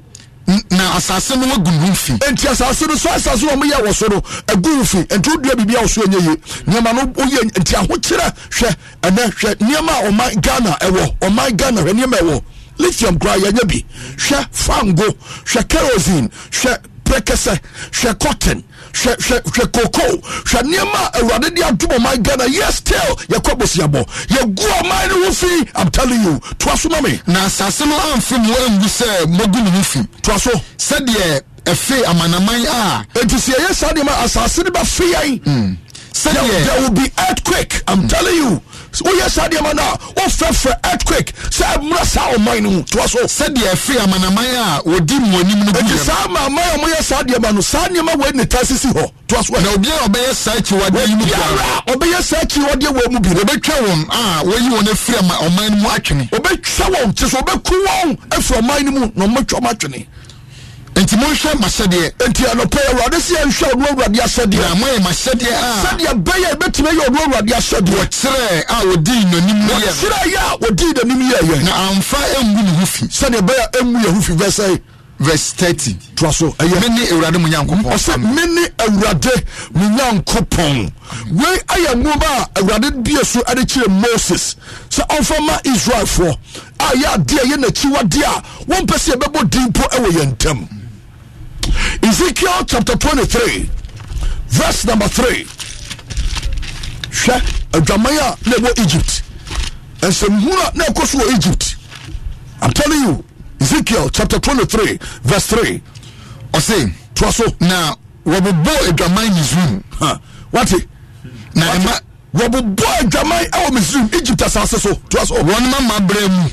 B: na asase no wagu ho fi enti asase no so asase no ɔmoyɛ wɔ so no agu ho fi enti wodua biribi a wɔso ɛnyɛ ye nneɛma no oye enti ahokyerɛ hwɛ ɛnɛ hwɛ nneɛma a ɔman ghana ɛwɔ ɔman ghana hwɛ nneɛma ɛwɔ lithium koraa yɛnyɛ bi hwɛ fango hwɛ kerosene hwɛ prekɛsɛ hwɛ cotton hwɛ hwɛ hwɛ koko hwɛ nneɛma awurade de ato ɔman ghana yɛ still yɛkɔ bosiabɔ yɛgu ɔman no ho fi i'm telling you toa so ma na asase no amfe mu angu sɛ magu ne ho fi toa so sɛdeɛ ɛfe amanaman a enti sɛ yɛyɛ saa deɛ ma asase no bɛfe yɛn hmm. sɛdeɛ there will be earthquake i'm telling you woyɛ saa deɛ ma no a wofɛfrɛ earthquake sɛ ɛmmra saa ɔman no mu toa so sɛdeɛ ɛfe amanaman a wɔdi mmuanim no ɛnti saa maaman a moyɛ saa deɛ ma no saa nneɛma wɔ ne ta sisi hɔ toa so na obiara ɔbɛyɛ saa akyiwadeɛ yi e mu biara ɔbɛyɛ saa akyiwadeɛ wɔ mu bi no wɔbɛtwa wɔn a wɔyi wɔn afiri ɔman no mu atwene wɔbɛtwa wɔn kyɛ so wɔbɛku wɔn afiri e ɔman no mu na ɔmatwa ɔmatwene nti mo nhwɛ ma sɛdeɛ. nti anɔpɛ awurade si nhwɛ ɔdo awurade asɛdeɛ. na mo yɛ ma a. sɛdeɛ bɛyɛ ebetumi yɛ ɔdo asɛdeɛ. wɔkyerɛ a wɔdi n'anim yɛ. wɔkyerɛ yɛ a wɔdi n'anim yɛ yɛ. na anfa emu ne ho fi. sɛdeɛ bɛyɛ emu yɛ ho fi vɛsɛ verse thirty. tura so ɛyɛ. mi ni awurade mu nyankopɔn. ɔsɛ mi ni awurade mu nyankopɔn. wei ayɛ nwoma a awurade bie so ɛde kyerɛ moses sɛ ɔnfa ma israelfoɔ a yɛ adeɛ yɛ n'akyiwadeɛ a wɔn mpɛ sɛ yɛbɛbɔ din ɛwɔ yɛn ntam. Mm -hmm ezekiel chapter twenty three, verse number three. hwɛ adwaman a na ɛwɔ egypt nsɛmhunu a na ɛkɔ so wɔ egypt i'm telling you ezekiel chapter twenty three, verse three. ɔse toa so na wɔbobɔ adwaman misrim wate na ɛma wɔbobɔ adwaman ɛwɔ misrim egypt asase so toa so wɔn ma ma mu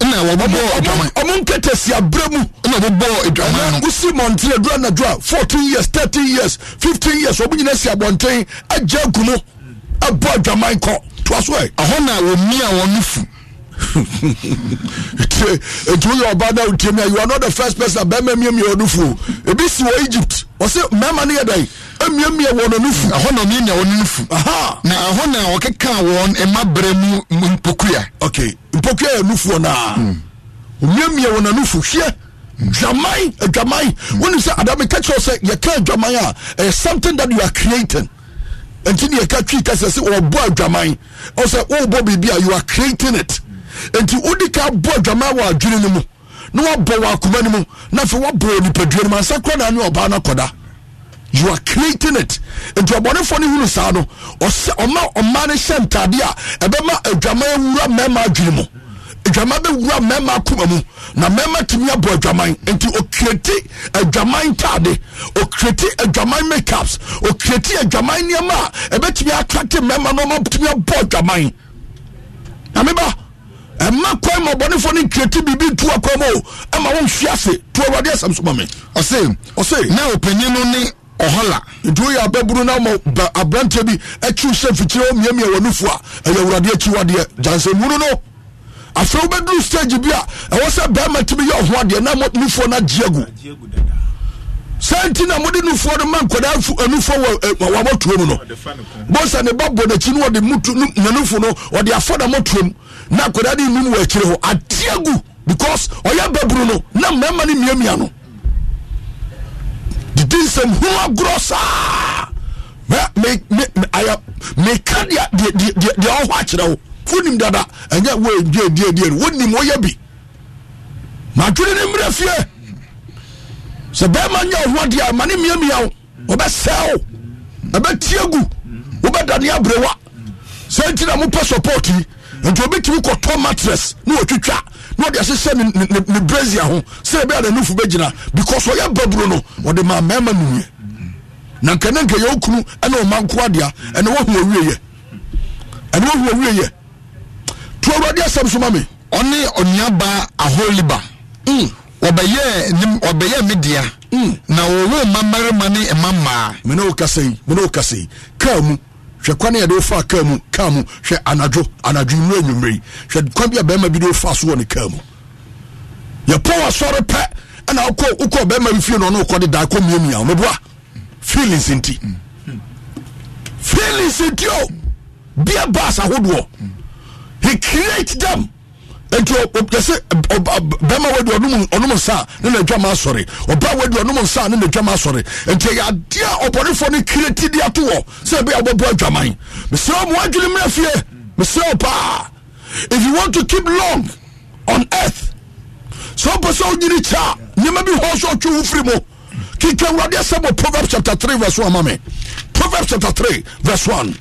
B: na wɔbɛbɔ adwaman ɔmo nketesi abere mu na wɔbɛbɔ adwaman no wosi mɔntere dura na dura fourteen years thirteen years fifteen years ɔmo nyinaa si abɔnten agye nkunu abɔ adwaman kɔ to aso yɛ. ɛhɔ na wɔmi a wɔn nufu. etu yɛ ɔbaa na otie mi a you are not the first person a bɛrima miamia wɔn nufu o ebi si wɔ Egypt wɔsi mɛrima ne yɛ dɛ emiamia wɔn nufu. ɛhɔ na omiamia wɔn nufu. na ɛhɔ na wɔkeka wɔn ɛma bere mu mpokuya. okay. mpokua yɛ nufoɔ naa omiamia wɔn anufo hwɛ dwaman adwaman wɔn sɛ adame kɛkyerɛ sɛ yɛka adwaman a ɛyɛ something that you are creating nti ne yɛka twi kasa sɛ wɔbɔ adwaman ɔsɛ wɔbɔ biribi a you are creating it nti wodi ka bɔ adwaman wɔ adwene no mu na wɔabɔ wɔ akoma no mu na afei wɔabɔ nipadua no mu ansa kora na anya ɔbaa no akɔda you are creating it nti ɔbɔnefoɔ no hunu saa no ɔsɛ ɔma ɔma no hyɛ ntaade a ɛbɛma adwama awura mmarima adwene mu adwama bɛwura mmarima akoma mu na mmarima tumi abɔ adwaman nti okreti adwaman taade okreti adwaman makeups okreti adwaman nneɛma a ɛbɛtumi atrate mmarima na ɔma tumi abɔ adwaman ameba ɛma kwan ma ɔbɔnefoɔ no nkreti biribi tu akɔm o ama wɔnhwe ase tu awurade asɛm so ma me ɔse ɔse na ɔpanyin no ne ɔhala nti woyɛ ababuru no ama aberanteɛ bi akyiw sɛ mfikyire ɔmiamia w'anofu a ɛyɛ awurade akyiwadeɛ gyansɛmunu no afei wobɛduru stage bi a ɛwɔ sɛ bɛrima tumi yɛ ɔho adeɛ na nufoɔ no agye agu saa nti na mode nufoɔ no ma nkwadaa anufoɔ wabɔtuo mu no bɔsa ne ba bɔ n'akyi no wɔde nanufo no ɔde afɔ da mɔtuom na akwadaa de num wɔ akyire hɔ ate agu because ɔyɛ baburu no na mmarima no miamia no didi nsɛm ho agorɔ saa meka deɛ ɔhɔ akyerɛ wo wonim dada ɛnyɛ woɛdiɛdiɛdiɛ no wonim woyɛ bi madwene ne mmerɛ fie sɛ bɛrima nyɛ ɔho adeɛ a ma ne mmiamia wo wɔbɛsɛe wo ɛbɛtie gu wobɛdane aberewa sɛ nti na mopɛ support yi nti obɛtumi kɔtɔ matress ne wɔtwitwa na ɔde ahyehyɛ ne brasia ho sɛ ɛbɛa nanofo bɛgyina because ɔyɛ baburo no ɔde ma mmarima nuiɛ na nkɛne nkɛyɛ wo kunu ɛne ɔma nko adea ɛne wohu awieyɛ ɛne wohu awieyɛ to awurade asɛm so ma me ɔne ɔnuaba aholiba ɔbɛyɛ mm. me dea mm. na wɔwo mmamarima ne ɛma mmaa mene wo kasɛi mene wo kasɛi kaa mu hwɛ kwan yɛde wofa kaa mu kaa mu hwɛ anadwo anadwo nwura nwummere yi hwɛ kwan bi a bɛrima bi de wofa so wɔ ne kaa mu yɛpɔ wasɔre pɛ ɛna wokɔ wokɔ bɛrima bi fie no ɔno wokɔ de daa kɔ miamia ɔmɛboa feelings nti feelings nti o bia bars ahodoɔ he create them nti yɛsɛ bɛrima wadi ɔnom nsa ne na adwama asɔre ɔba wadi ɔnom nsa ne na adwama asɔre nti yɛ adeɛ ɔbɔnefoɔ no kireti de ato wɔ sɛ ɛbɛyɛ wɔbɛbɔ adwaman mesrɛ mo adwene mmerɛ fie mesrɛ wo paa if you want to keep long on earth sɛ wopɛ sɛ wonyini kyɛ a nneɛma bi hɔ sɛ ɔtwe wo firi mu kika awurade asɛm wɔ proverbs chapter 3 verse 1 ma me proverbs chapter 3 verse 1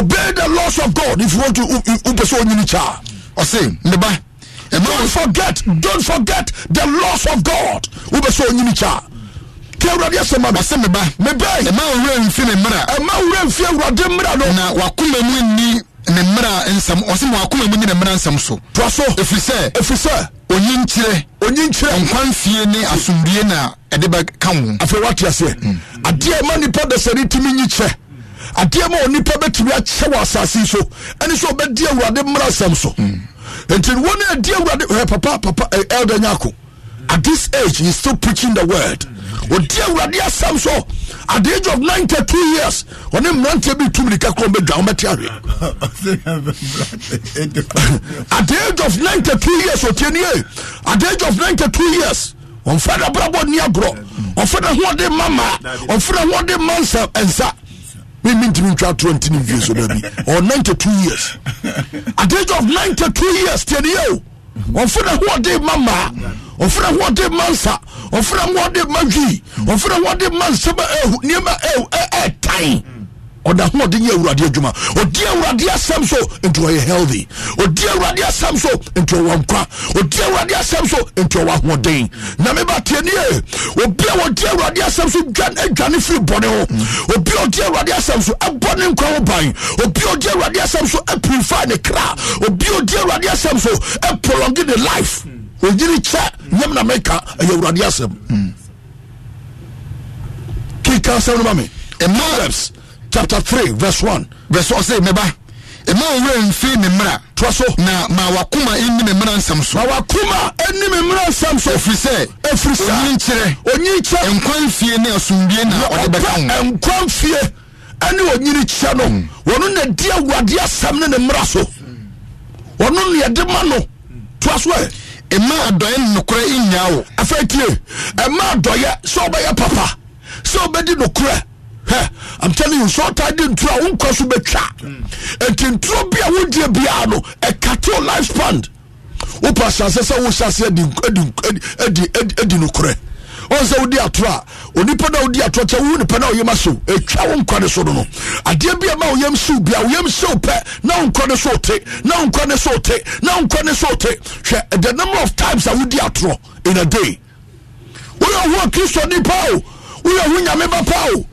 B: obey the laws of god if you want to wopɛ sɛ wonyini kyɛ a ɔse ne ba don't forget don't forget the laws of god wobɛsɛ ɔnyini kyaa tí awurade asɛm a mi. wàsɛ mi ba. mi bẹ́ẹ̀. ẹ̀ má nfi mi mìíràn. ẹ̀ e má nfi awurade mìíràn lọ. na wà kúmẹ̀ mu ní ne mìíràn nsɛm ɔsɛ wà kúmẹ̀ mu ní ne mìíràn nsɛm so. tura so. efirisɛ. efirisɛ. onyi nkyerɛ. onyi nkyerɛ. nkwanfie ni asundue na ɛde bɛ ka wɔn. afei wati aseɛ. Mm. adeɛ ma nipa dɛsɛri timi nyi kyɛ adeɛ ma onipa bɛtumi akyɛ wɔ asase so ɛni sɛ ɔbɛdi awurade mìíràn nsɛm so. Mm nti wɔn a di awurade eh, papa papa ɛ eh, elder nyako at this age he is still preaching the word odi awurade asam so at the age of ninety years ɔne him bi tum be kuro mbɛ dwa ɔmɛ ti at the age of ninety years, years otie nie at the age of 92 ninety two years ɔnfɛn abrabɔ on father ɔnfɛn ahoɔden mama on father man ahoɔden and nsa me mean to atorɔ nti to vie so da bi 92 years at the age of 92 years you, tiɛdeɛ o ɔfena ho ɔde ma maa ɔfena ho ɔde ma nsa ɔfena ho ɔde ma hwii ɔfena ho ni ma nsɛm nneɛma ɛtan ɔda ho ɔde yɛ awurade adwuma ɔdi awurade asɛm so nti ɔyɛ healthy ɔdi awurade asɛm so nti ɔwɔ nkwa ɔdi awurade asɛm so nti ɔwɔ ahoɔden na meba tie obi a wɔdi awurade asɛm so dwan adwane firi bɔne ho obi a ɔdi awurade asɛm so ɛbɔ ne nkwa ho ban obi a ɔdi awurade asɛm so apurify ne kra obi a ɔdi awurade asɛm so ɛprolonge ne life ɔyiri kyɛ nyam na meka ɛyɛ awurade asɛm hmm. kika asɛm no ma me proverbs chapter three verse one. verse one say meba Ema owura nfi me mmara toa na ma wakoma ɛni me mmara nsɛm so ma wakoma ɛni me mmara nsɛm so ɛfiri sɛ ɛfiri sɛ ɔnyi nkyerɛ ɔnyi nkyerɛ nkwa mfie ne asomdwie na ɔde bɛka ho nkwa mfie ɛne ɔnyini kyerɛ no mm. wɔno na di awurade asɛm ne ne mmara so wɔno na yɛde ma no toa so ɛ ɛma adɔyɛ nokorɛ nnyaa wo afɛ tie ɛma adɔyɛ sɛ ɔbɛyɛ papa sɛ di nokorɛ I'm telling you sọ ọta di nturo a nkọ so bɛtwa nti nturo bi a wodie biara no ɛkate o life span wopɛ ahyase sɛ wohyɛ ase adi nokorɛ wọn sɛ wodi ato a onipa na wodi ato kyɛ wo nipa na oyam asew etwa wo nkwa ne so no no adeɛ bi a ma oyam siw bi a oyam siw pɛ na nkwa ne so te na nkwa ne so te na nkwa ne so te hwɛ the number of times a wodi atorɔ in a day woyɛ ho akristo nipa o woyɛ ho nyame ba pa o.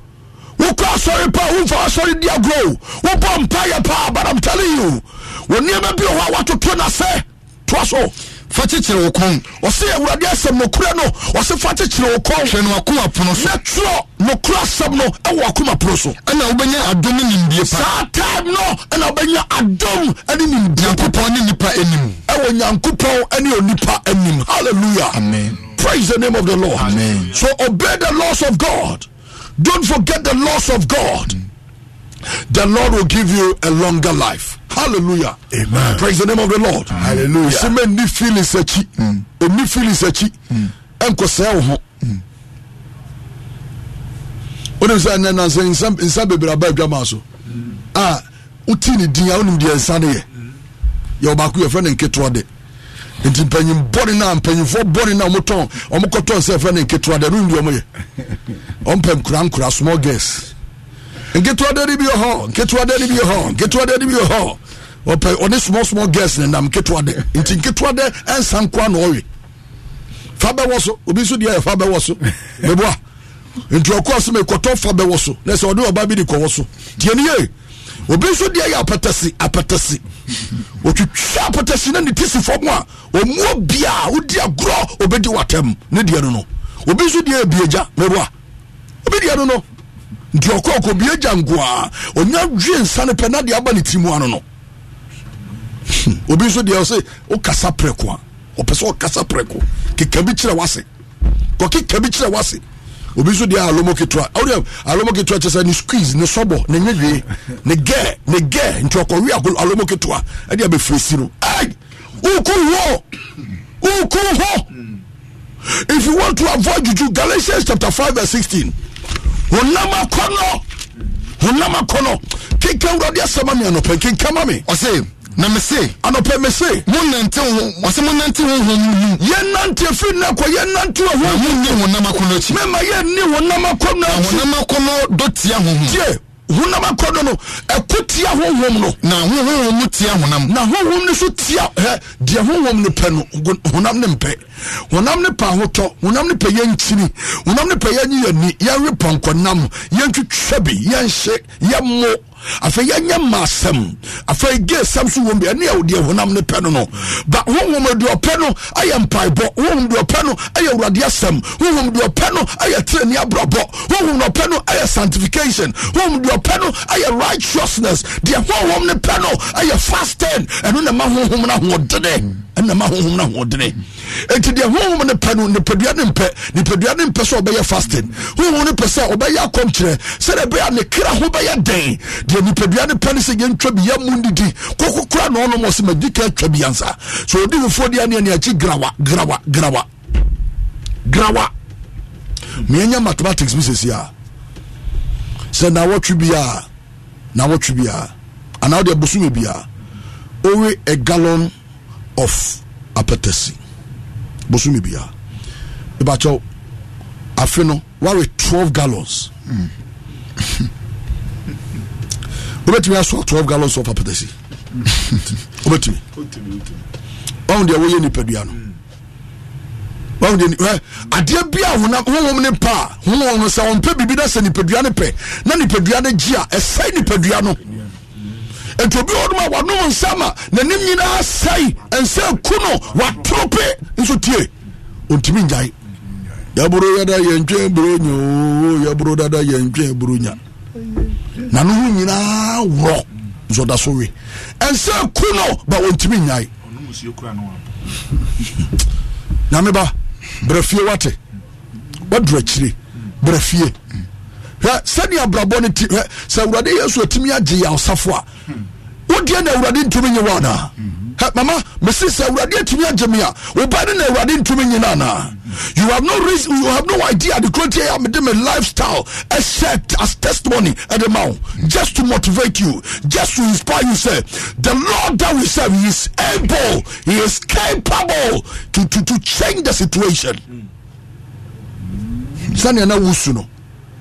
B: wokɔ asɔre pa womfa asɔre di agorɔ wobɔ mpayɛ paa but i'm telling you wɔ nneɛma bi hɔ a watoto no sɛ toa so fa kyekyere wo kɔn ɔsɛ awurade asɛm nokorɛ no ɔse fa kyekyere wo kɔn hwɛ no akoma pono so na twerɛ nokorɛ asɛm no ɛwɔ akoma pono so ɛna wobɛnya adom nimdie pa saa time no ɛna wobɛnya adom ne nimdie nyankopɔn ne nipa anim ɛwɔ nyankopɔn ne onipa anim hallelujah amen praise the name of the lord amen so obey the laws of god Don't forget the laws of God. The Lord will give you a longer life. Hallelujah. Amen. Praise the name of the Lord. Hallelujah. Sima Onim sɛ ɛnɛ nansɛ nsa nsa bebree aba adwama so a wotii ne din a wonim deɛ nsa ne yɛ yɛ ɔbaako yɛfrɛ ne nketewa de nti mpanyin bɔne na mpanyinfoɔ bɔne na ɔmo tɔn ɔmo kɔtɔ nsɛ fɛ ne nketewa dɛ ɛnu yɛ ɔmo pɛ nkura nkura small girls nketewa dɛ ni bi yɛ hɔ nketewa dɛ ni bi yɛ hɔ nketewa ni bi yɛ hɔ ɔpɛ ɔne small small girls ne nam nketewa dɛ nti nketewa dɛ ɛnsa nkoa na ɔwe fa bɛ wɔ so obi nso deɛ yɛ fa bɛ wɔ so mɛboa nti ɔkɔ asome kɔtɔ fa bɛ wɔ so na ɔde ɔba bi de kɔ wɔ so tiɛ ni yɛ obi nso deɛ yɛ apɛtɛsi apɛtɛsi otwitwa apɛtɛsi na ne ti si fam a omuo bia odi agorɔ obedi watam ne deɛ no no obi nso deɛ ebie gya mɛrua obi deɛ no no nti ɔkɔ ɔkɔ bie gya nkoa onya dwe nsa pɛ na deɛ aba ne ti mu ano no hmm. obi nso deɛ ɔsɛ ɔkasa prɛko a ɔpɛ sɛ ɔkasa prɛko keka bi kyerɛ wase kɔkeka bi kyerɛ wase obi nso deɛ alomo ketewa ɔwɔ alomo ketewa kyerɛ sɛ squeeze ne sɔbɔ ne nyewie ne gɛɛ ne gɛɛ nti ɔkɔwe alomo ketewa ɛde abɛfiri si no ɛy uku hɔ uku hɔ if you want to avoid juju galatians chapter five verse sixteen honam akɔnɔ honam akɔnɔ kinkan wura de asɛm ami anɔpɛ kinkan ma na mese anɔpɛ mese monante ho wɔsɛ monante honhom mu yɛnante firi na kɔ yɛnante wɔ ho monni honam akɔnnɔ akyi mema yɛnni honam akɔnnɔ akyi honam akɔnnɔ dɔ tia honhom tie honam akɔnnɔ no ɛko tia honhom no na honhom mu tia honam na honhom ni so tia hɛ deɛ honhom ni pɛ no honam ne mpɛ honam ne pɛ ahotɔ honam ne pɛ yɛnkyini honam ne pɛ yɛnyi yɛni yɛnwe pɔnkɔnam yɛntwitwa bi yɛnhye yɛmmo afei yɛnyɛ ma asɛm afei gye sɛm so wom bi ɛne yɛ wodeɛ honam ne pɛ no no but honhom aduɔpɛ no ayɛ mpaebɔ honhom duɔpɛ no ayɛ awurade asɛm honhom duɔpɛ no ayɛ tirani abrabɔ honhom duɔpɛ no ayɛ sanctification honhom duɔpɛ no ayɛ righteousness deɛ honhom ne pɛ no ayɛ fasten ɛno na ma honhom no ahoɔdene ɛna ma honhom no ahoɔdene enti deɛ honhom ne pɛ no nipadua ne mpɛ nipadua ne mpɛ sɛ ɔbɛyɛ fasting honhom ne pɛ sɛ ɔbɛyɛ akɔmkyerɛ sɛdeɛ ɛbɛyɛ ne kra ho bɛyɛ den deɛ nipadua ne pɛ ne sɛ yɛntwa bi yɛmu ndidi koko kora na ɔnom ɔsɛ magyi ka atwa bi ansa so ɔdi wofoɔ deɛ neɛ neakyi grawa grawa grawa grawa meɛnya mathematics bi sɛsi a sɛ nawɔtwe bi a nawɔtwe bi a anaa wode abosome bi a owe a gallon of apatasi bosome bi a ɛbakyɛw afe no wawe 12 gallons mm. wobɛtumi asoa 12 gallons of apatasi wobɛtumi wahu deɛ woyɛ nipadua no wahu deɛ adeɛ bi a honam honhom ne pa a honhom no sɛ ɔmpɛ biribi na sɛ nipadua no pɛ na nipadua no gye a ɛsɛe nipadua no ɛnti obi wɔ nom a wanom nsa ma n'anim nyinaa sɛe ɛnsɛ ku no watorope nso tie ɔntumi ngyae yɛboro yɛda yɛntwɛn buro nya yɛboro dada yɛntwɛn buro nya na ne ho nyinaa worɔ nso ɔda so we ɛnsɛ ku no ba wɔntumi nyae nyame ba brɛ fie wate wadura akyire brɛ fie hwɛ sɛnea abrabɔ no ti hwɛ sɛ awurade yesu atumi agye yɛ awosafo a wodeɛ na awurade ntumi nye wo anaa mama mesi sɛ awurade atumi agye me a woba ne na awurade ntumi nye no anaa You have no reason, you have no idea the quality I am a lifestyle, a set as testimony at the mouth, just to motivate you, just to inspire you. Say, the Lord that we serve he is able, He is capable to, to, to change the situation. Sani na wusu no,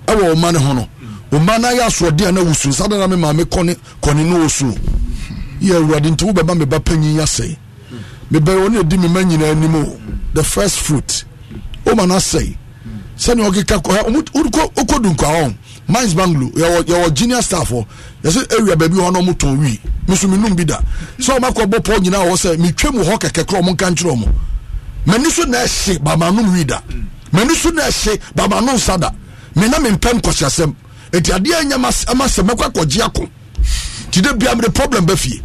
B: ɛwɔ ɔma ne ho no, ɔma na yɛ asoɔden a na wusu, sani na mi maame kɔni kɔni na wusu. Yɛ awurade nti wo bɛba mi ba panyin yasɛ, mi bɛyɛ wɔn na edi mi ma nyinaa anim o, the first fruit ɔma no asɛe sɛnea ɔkeka wokɔdu nkwahɔ mines banglo yɛwɔ genius staff hɔ yɛsɛ area baabi hɔ na ɔmotɔn wi meso menum bi da sɛ ɔmakɔbɔ pɔ nyinaa wɔ sɛ metwam hɔ kɛkɛ korɔ ɔmo nka nkyerɛ ɔmo m'ani so na ɛhye bamanom wi da m'ani so na ɛhye bamanom nsa da mena mempɛ nkɔhyɛsɛm ɛti adeɛ nyɛ ma sɛ mɛkɔ akɔgye ako nti dɛ bia mede problem bɛfie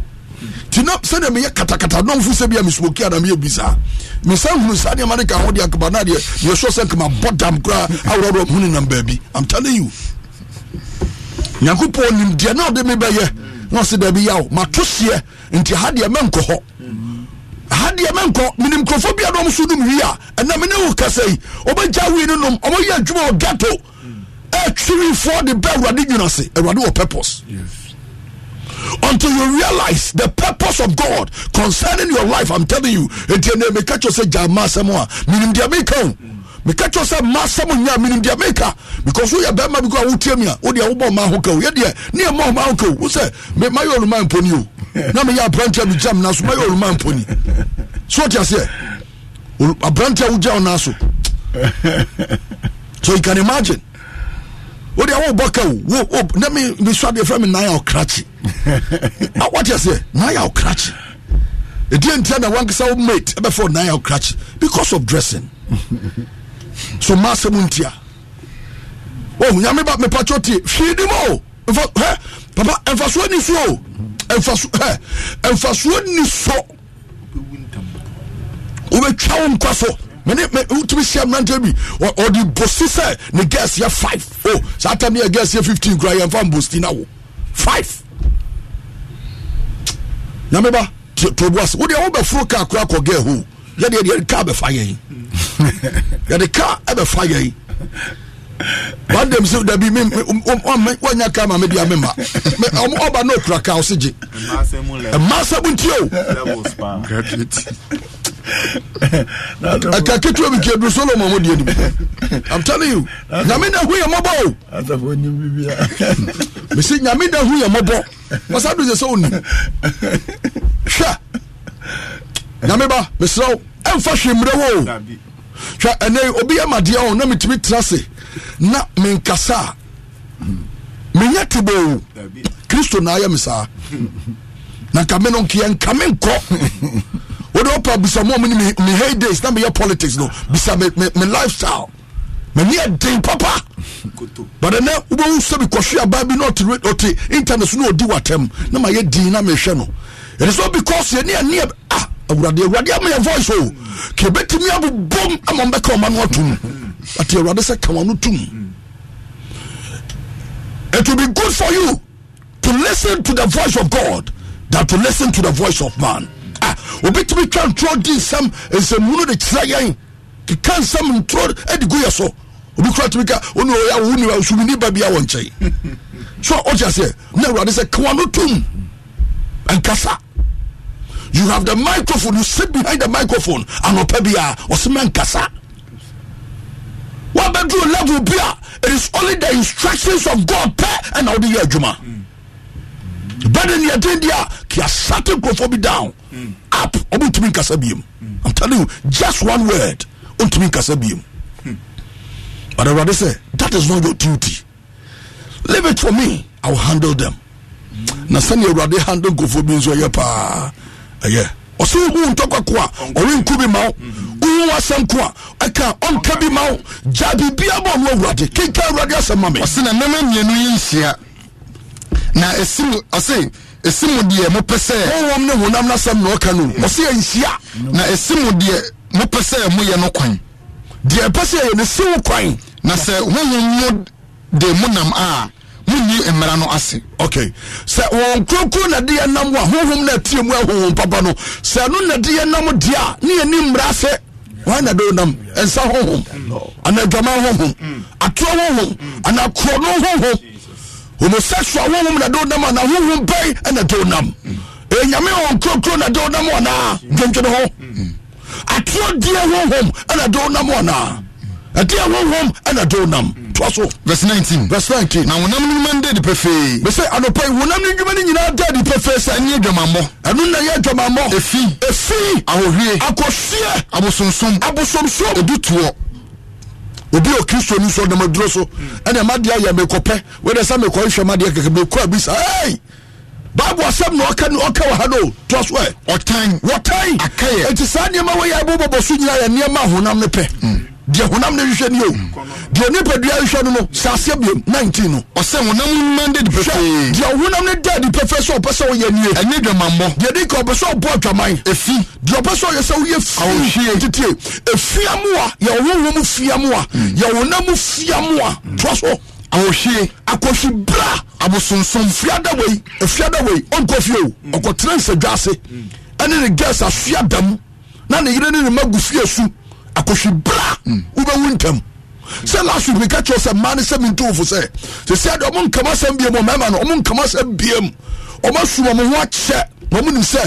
B: Tina na sɛdeɛ meyɛ katakata na mfu sɛ bia mesuoki ana meyɛ bisa mesa hunu saa nneɛma ne ka ho deɛ akaba na deɛ yɛsɔ sɛ nkama bɔ dam koraa aworɔworɔ mu ne nam baabi am telling you nyankopɔn nim deɛ na ɔde me bɛyɛ na ɔse daabi yaw mato seɛ nti ha deɛ mɛnkɔ hɔ ha deɛ mɛnkɔ menim nkurɔfoɔ bia na ɔm so nom wie a ɛna mene wo kasa yi ɔbɛgya wei no nom ɔmɔyɛ adwuma ɔgato ɛtwirifoɔ de bɛ awurade nwuna se awurade wɔ purpose yes until you realize the purpose of God concerning your life. I'm telling you, ɛti ɛnɛ meka kyerɛ sɛ gya ma asɛm a menim meka o meka kyerɛ sɛ ma asɛm nya menim deɛ meka because we bɛrima bi We a wotie mi a wodeɛ wobɔ ma ho ka o yɛdeɛ ne ɛmɔ ma ho ka o wo sɛ mayɛ ɔluma mponi o na meyɛ aberanteɛ no gyam naso mayɛ ɔluma mponi so wote aseɛ aberanteɛ wogya wo naa so so you can imagine o de awo bɔ ka o wo o ne mi mi sɔ de fɛn mi n'an y'aw kirakye a wati ɛsɛ n'an y'aw kirakye edi yɛn ntɛ na wankisa o mate ɛbɛ fɔ n'an y'aw kirakye because of dressing so maa se mu tia o nyame ba mipatso tie fiidi mo nfa hɛ papa nfasuo ni so o nfasu hɛ nfasuo ni so o bɛ twa o nkwa so mene wotumi hyɛ mmeranteɛ bi ɔde bosi sɛ ne gas yɛ 5 o saa tam ne yɛ gas yɛ 15 kora yɛmfa mbosti no wo 5 nyame ba toboase wodeɛ wobɛforo kar kora kɔ ga ho yɛdeɛ yɛde kar bɛfa yɛn yɛde kar ɛbɛfa yɛn one dem sɛ dabi um, um, um, wanya kar ma mede a mema ɔba no ɔkura kar wo se gye ɛma sɛ bo ntie o ɛka ketewa bi kia solomon mu deɛ nim i'm telling you nyame na hu yɛ mɔbɔ o mesi nyame na hu yɛ mɔbɔ wasa do sɛ sɛ onim hwɛ nyame ba mesrɛ wo ɛmfa hwe wo o hwɛ ɛnɛ obi yɛ madeɛ o na metumi tena se na menkasa a menyɛ teboo kristo na ayɛ me saa na nka me no nkeɛ nka me nkɔ wode wopɛ bisa mu mne me heydays na meyɛ politics no bisa me lifestyle mani ɛden papa but ɛnɛ wobɛwu sɛ bi kɔhwe abaa bi na ɔte internet so na ɔdi watam na mayɛ din na mehwɛ no ɛne sɛ because yɛne ɛneɛ a awurade awurade ama yɛ voice o kɛ bɛtumi abobom ama mbɛka ɔma no atom ate awurade sɛ kawa no tom it will be good for you to listen to the voice of god than to listen to the voice of man obɛtumi twa ntorɔ di nsɛm nsɛmmu no de kyerɛ yɛn keka nsɛm ntorɔ adi gu yɛ so obi kura tumi ka onu oya owu ni osumu ni babi awɔ nkyɛn so ɔkye ase na awurade sɛ kawa no tum nkasa you have the microphone you sit behind the microphone anɔpɛ bi a ɔsɛmɛ nkasa wabɛduru level bi a it is only the instructions of God pɛ ɛna ɔde yɛ adwuma. Mm bẹ́ẹ̀ni ni ẹ̀dín di a kì í asate nkurɔfoɔ bi down up ɔmu ntumi nkasa biem i'm telling you just one word ntumi nkasa biem but awurade sɛ that is not your duty leave it for me i will handle them na sani awurade handle nkurɔfoɔ bi nso ɛyɛ paa ɛyɛ ɔsɛ wohu ntɔkwako a ɔrenku bi ma wo wohu wasɛm ko a ɛka ɔnka bi ma wo gya biribiabɔ no awurade kenka awurade asɛm ma me ɔsɛ na mɛma mmienu yi nhyia na ɛsirimu ɔse ɛsirimu deɛ mopɛ sɛ. wɔwɔm ne honam n'asɛm na ɔka no ɔse ɛnhyia. na ɛsirimu deɛ mopɛ sɛ moyɛ no kwan. deɛ ɛpɛ sɛ yɛ ne siw kwan. na sɛ honhom mu de mu nam a munni mmara no ase. ok sɛ kurokuro na nam a na tie mu papa no sɛ na nam deɛ ne yɛ ni ase. wọn na nam nsa ana no homosexual honhom na ɛde nam anaa honhom bɛn ɛna ɛde nam ɛnyame wɔn kurokuro na ɛde nam anaa dwendwene ho ateɔdeɛ honhom ɛna ɛde nam anaa ɛdeɛ honhom ɛna ɛde nam toa so verse 19 verse 19 na honam no dwuma no da adi pefee bɛsɛ anɔpa yi no dwuma no nyinaa da adi sɛ ɛne adwamammɔ ɛno na yɛ adwamammɔ ɛfi ɛfi ahohwie akɔhweɛ abosonsom abosonsom ɛdutoɔ obi o kristo ni so nam aduro so ɛna ɛma deɛ yɛ mekɔpɛ wɛdɛ sɛ mekɔ nhwɛ ma deɛ kɛkɛ mekɔ abi sa ɛyi baabu asɛm na ɔka ɔka wɔ ha no toa so ɛ ɔtan wɔtan akɛyɛ eti saa nneɛma wɔ yɛ abobɔbɔ so nyinaa yɛ nneɛma ahonam ne deɛ honam no hwehwɛ ni o deɛ nipadua hwehwɛ no no sase abiem 19 no ɔsɛ honam ma de de pɛfɛ deɛ honam no da de pɛfɛ sɛ ɔpɛ sɛ woyɛ nie ɛnyɛ dwamammɔ deɛ de ka ɔpɛ sɛ ɔbɔ adwaman ɛfi deɛ ɔpɛ sɛ ɔyɛ sɛ woyɛ fie titie ɛfia mu a yɛ honhom mu fia mu mm. a yɛ honam mu fia mu a toa mm. so ahohwie akɔhwe bra abosonsom fiada wei afiada wei ɔnkɔ fie o mm. ɔkɔtena nsadwa ase ɛne ne gas afia da mu na ne yere ne ne ma gu fie su akɔhwe bra wobɛwu hmm. ntam sɛ last week meka kyerɛ sɛ mmaa ne sɛ mentofo sɛ sɛsia deɛ ɔmo nkama asɛm biam ɔmɛma no ɔmo nkama asɛm biam ɔmo asum ɔmo ho akyɛ na ɔmo nim sɛ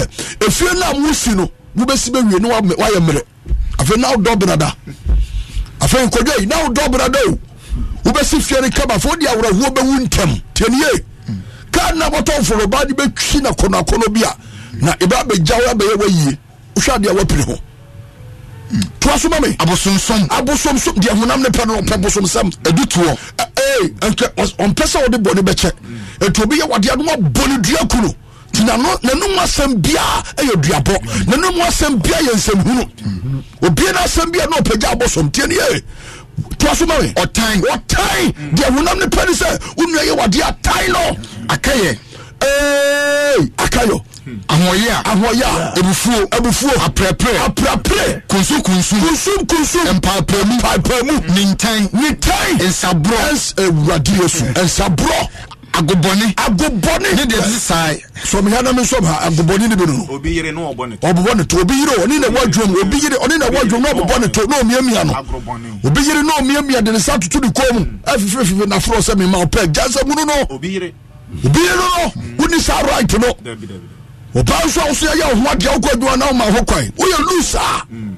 B: efie no a mosi no wobɛsi bɛwie ne woayɛ mmerɛ afei na wodɔ brada afei nkɔdwa yi na wodɔ brada o wobɛsi fie no kaba fo wode awerɛhoɔ bɛwu ntam tianie kaa na bɔtɔ mforoba de bɛtwi na kɔnɔakɔnɔ bi a na ɛbɛ abɛgya wo abɛyɛ wayie wohwɛ adeɛ wapiri ho toa so ma me abosomsom abosomsom deɛ honam ne pɛ no ɔpɛ bosomsɛm adutoɔ ɔmpɛ sɛ wɔde bɔne bɛkyɛ ɛnti obi yɛ wɔde adom abɔ ne dua ku no nti nanom asɛm biaa ɛyɛ duabɔ nanom asɛm bia yɛ nsɛmhunu obie no asɛm bia na ɔpɛgya abosom tie no yɛ toa so ma me ɔtan ɔtan deɛ honam ne pɛ ne sɛ wo nua yɛ wɔde atae no akɛyɛ A ahoyea ahoyea ebufuo ebufuo aprɛprɛ aprɛprɛ kunsu kunsu kunsu kunsu mpaapamu mpaapamu nintan nintan nsaburo ewurade yesu nsaburo agobɔni agobɔni ne deɛ ti saa yi. sɔmi hɛ anam sɔmi ha agobɔni de bɛ nunu. obi yiri n'o bɔ ne to. ɔbɔ ne to obi yiri o ni na wa jom obi yiri o ni na wa jom n'o bɔ ne to n'o miɛ miɛ no obi yiri n'o miɛ miɛ de ne sa tutu de kɔn mu mm. ɛfifi fifi nafolo sɛ mi ma o pɛ munu no obi yiri obi yiri no mm. wuli sa right no ɔbaa nso a woso yɛyɛ wo ho adeɛ wokɔ adwuma na woma ho kwan woyɛ loose a hmm.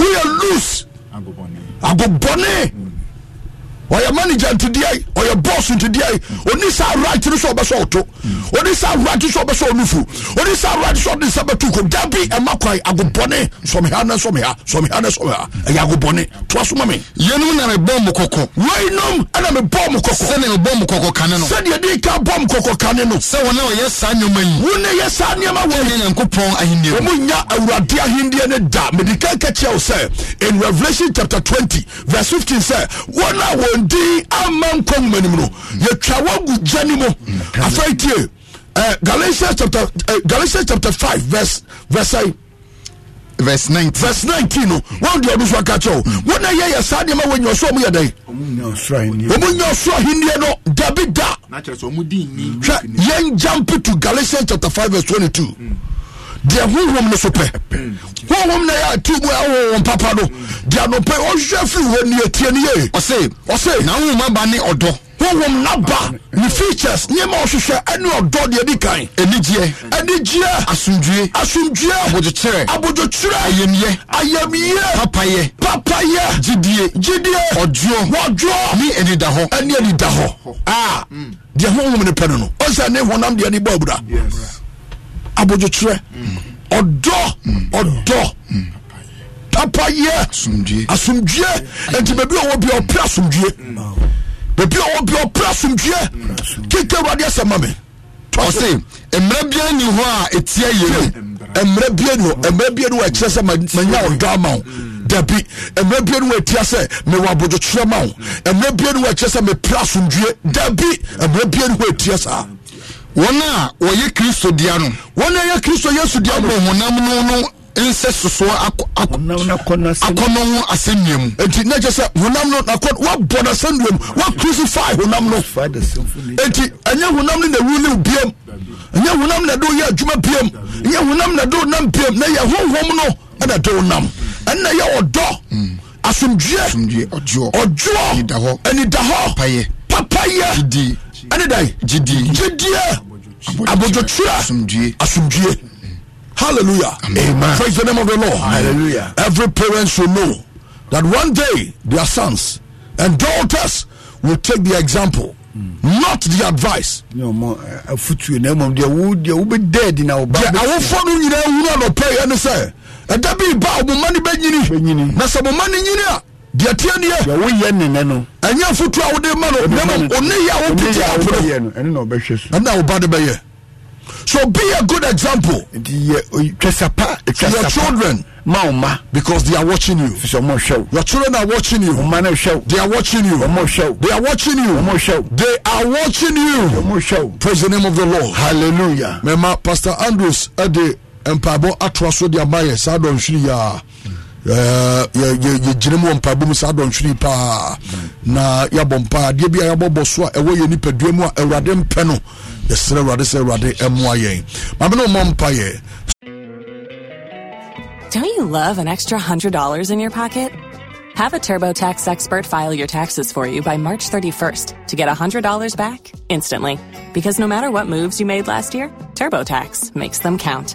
B: woyɛ loose agobɔne ɔyɛ manager ntodeɛ ɔyɛ boss ntodeɛ ɔni sa right no sɛ ɔbɛsɛ ɔto ɔni sa right sɛ ɔbɛsɛ ɔnufu ɔni sa right sɛ ɔde nsa bɛtu ko dabi ɛma kwan agobɔne sɔmeha ne sɔmeha sɔmeha ne sɔmeha ɛyɛ agobɔne toa so ma me yɛnom na mebɔ mo kɔkɔ weinom ɛna mebɔ mo kɔkɔ sɛne mebɔ mo kɔkɔ kane no sɛdeɛ de ka bɔ mo kɔkɔ kane no sɛ wɔne ɔyɛ saa nneɔma yi wo ne yɛ saa nneɛma wɔne nyankopɔn ahenniɛ nya awurade ne da mede wo sɛ in revelation chapter 20 15 sɛ wɔn a wɔ wɔn din ama nkɔ nwoma nim no yɛtwa wɔgu gya ni mu afei tie eh, galatians chapter ɛɛ eh, galatians chapter five verse verse ayi. verse nineteen verse nineteen no wọn di ọdún fún akatsọ wọn náà yẹ yẹ sáà ní ẹ ma wọ ẹnyọ sọ ọmú yẹ dẹ. ọmú nyọ sọ ahiniẹ no dabi da. yẹn jump to galatians chapter five verse twenty-two. Mm deɛ honhom no so pɛ honhom no yɛ atu mu ɛwowom papa no deɛ nopɛ fi wo ni eti no yie ɔse ɔse na honhom aba ne ɔdɔ honhom naba ni features nneɛma ɔhwehwɛ ɛne ɔdɔ deɛ di kan anigyeɛ anigyeɛ asomdwue asomdwue abodwokyerɛ abodwokyerɛ ayamyɛ ayamyɛ papayɛ papayɛ gyidie gyidie ɔdwoɔ wɔdwoɔ ne ani da hɔ ɛne ani da hɔ a ah. deɛ honhom no pɛ no no ɔsɛ ne honam deɛ ne bɔ abura abodwokyerɛ ɔdɔ ɔdɔ papayɛ asomdwie enti baabi ɔwɔ bia ɔpɛ asomdwie baabi ɔwɔ bia ɔpɛ asomdwie keke awurade asɛ ma me ɔse mmerɛ bia ni hɔ a ɛtia yɛm mmerɛ bia ni mmerɛ bia ni hɔ ɛkyerɛ sɛ manya ɔdɔ ama wo dabi mmerɛ bia ni hɔ ɛtia sɛ mewɔ abodwokyerɛ ma wo mmerɛ bia ni hɔ ɛkyerɛ sɛ mepɛ asomdwie dabi mmerɛ bia ni hɔ ɛtia saa wɔn a wɔyɛ kristo dia no wɔn a yɛ kristo yesu dia no honam no no nsɛ sosoɔ akɔnɔ ho asɛnnua mu enti na kyɛ sɛ honam no nakɔ wabɔ no asɛnnua mu wacrucify honam no enti ɛnyɛ honam no na wulew biam ɛnyɛ honam na de woyɛ adwuma biam ɛnyɛ honam na de wonam biam na yɛ honhom no ɛna de wonam ɛnna yɛ ɔdɔ mm. asomdwue ɔdwoɔ ɛnida hɔ papayɛ ɛne dɛn gyidie abodwotwerɛ asomdue hallelujah amen praise the name of the lord hallelujah every parent should know that one day their sons and daughters will take the example mm. not the advice. ní ọmọ afutu eh, ní ẹmọ díẹ wo díẹ wo bẹ dẹẹdi na ọba. diẹ àwọn fọnù nyinaa wúlò ànọpẹ yẹn ni sẹ ẹdá bíi bá ọmọ mọ ni bẹ nyini na sọ ọmọ mọ ni nyini a deɛ tiɛ ni yɛ. yɛ wo yɛ nenɛ no. ɛnyɛ futu awo de ma no mɛmu o ne yɛ awo pete awo na o bɛ so. ɛni na o de bɛ yɛ so be a good example. nti yɛ twɛsapa twɛsapa your children. ma o ma. because they are watching you. sisi ɔmɔ hwɛw. your children are watching you. ɔmɔ ne hwɛw. they are watching you. ɔmɔ hwɛw. they are watching you. ɔmɔ hwɛw. they are watching you. ɔmɔ hwɛw. praise the name of the lord. hallelujah. mɛma pastor andrews ɛde mpaabɔ ato aso de aba yɛ saa dɔnhwiri yaa. Eh, wɔ saa paa na yɛabɔ mpa adeɛ yɛabɔbɔ so a ɛwɔ nipadua mu a awurade mpɛ no awurade sɛ awurade ɛmmoa yɛn mpayɛ
C: Don't you love an extra $100 in your pocket? Have a TurboTax expert file your taxes for you by March 31st to get $100 back instantly. Because no matter what moves you made last year, TurboTax makes them count.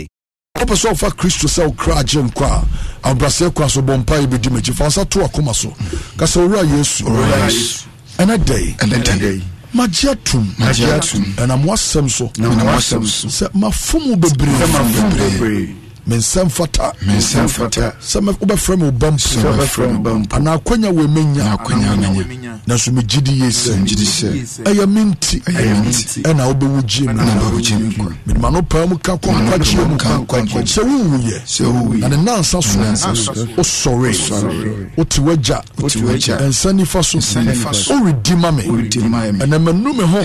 A: wopɛ sɛ ɔfa kristo sɛ
B: wo kra agye nkɔ a abraseɛ kɔ a so bɔ mpa yɛbɛdi m'akyi fa nsa to akoma so ka sɛ owura yesu ɛnɛ dɛi magye atom ɛnam wasɛm so sɛ mafomu bebree mensɛm fata mensɛm fata sɛ wobɛfrɛ me wobam anaa akwanya wɔ mɛnya nanso megye di ye sɛ ɛyɛ me nti ɛna wobɛwo gyie mu menima no paa mu ka kɔnkwakyeɛ mu sɛ wowuyɛ na ne nansa so wosɔre wote wagya ɛnsa nifa so woredi ma me ɛnɛ manu me ho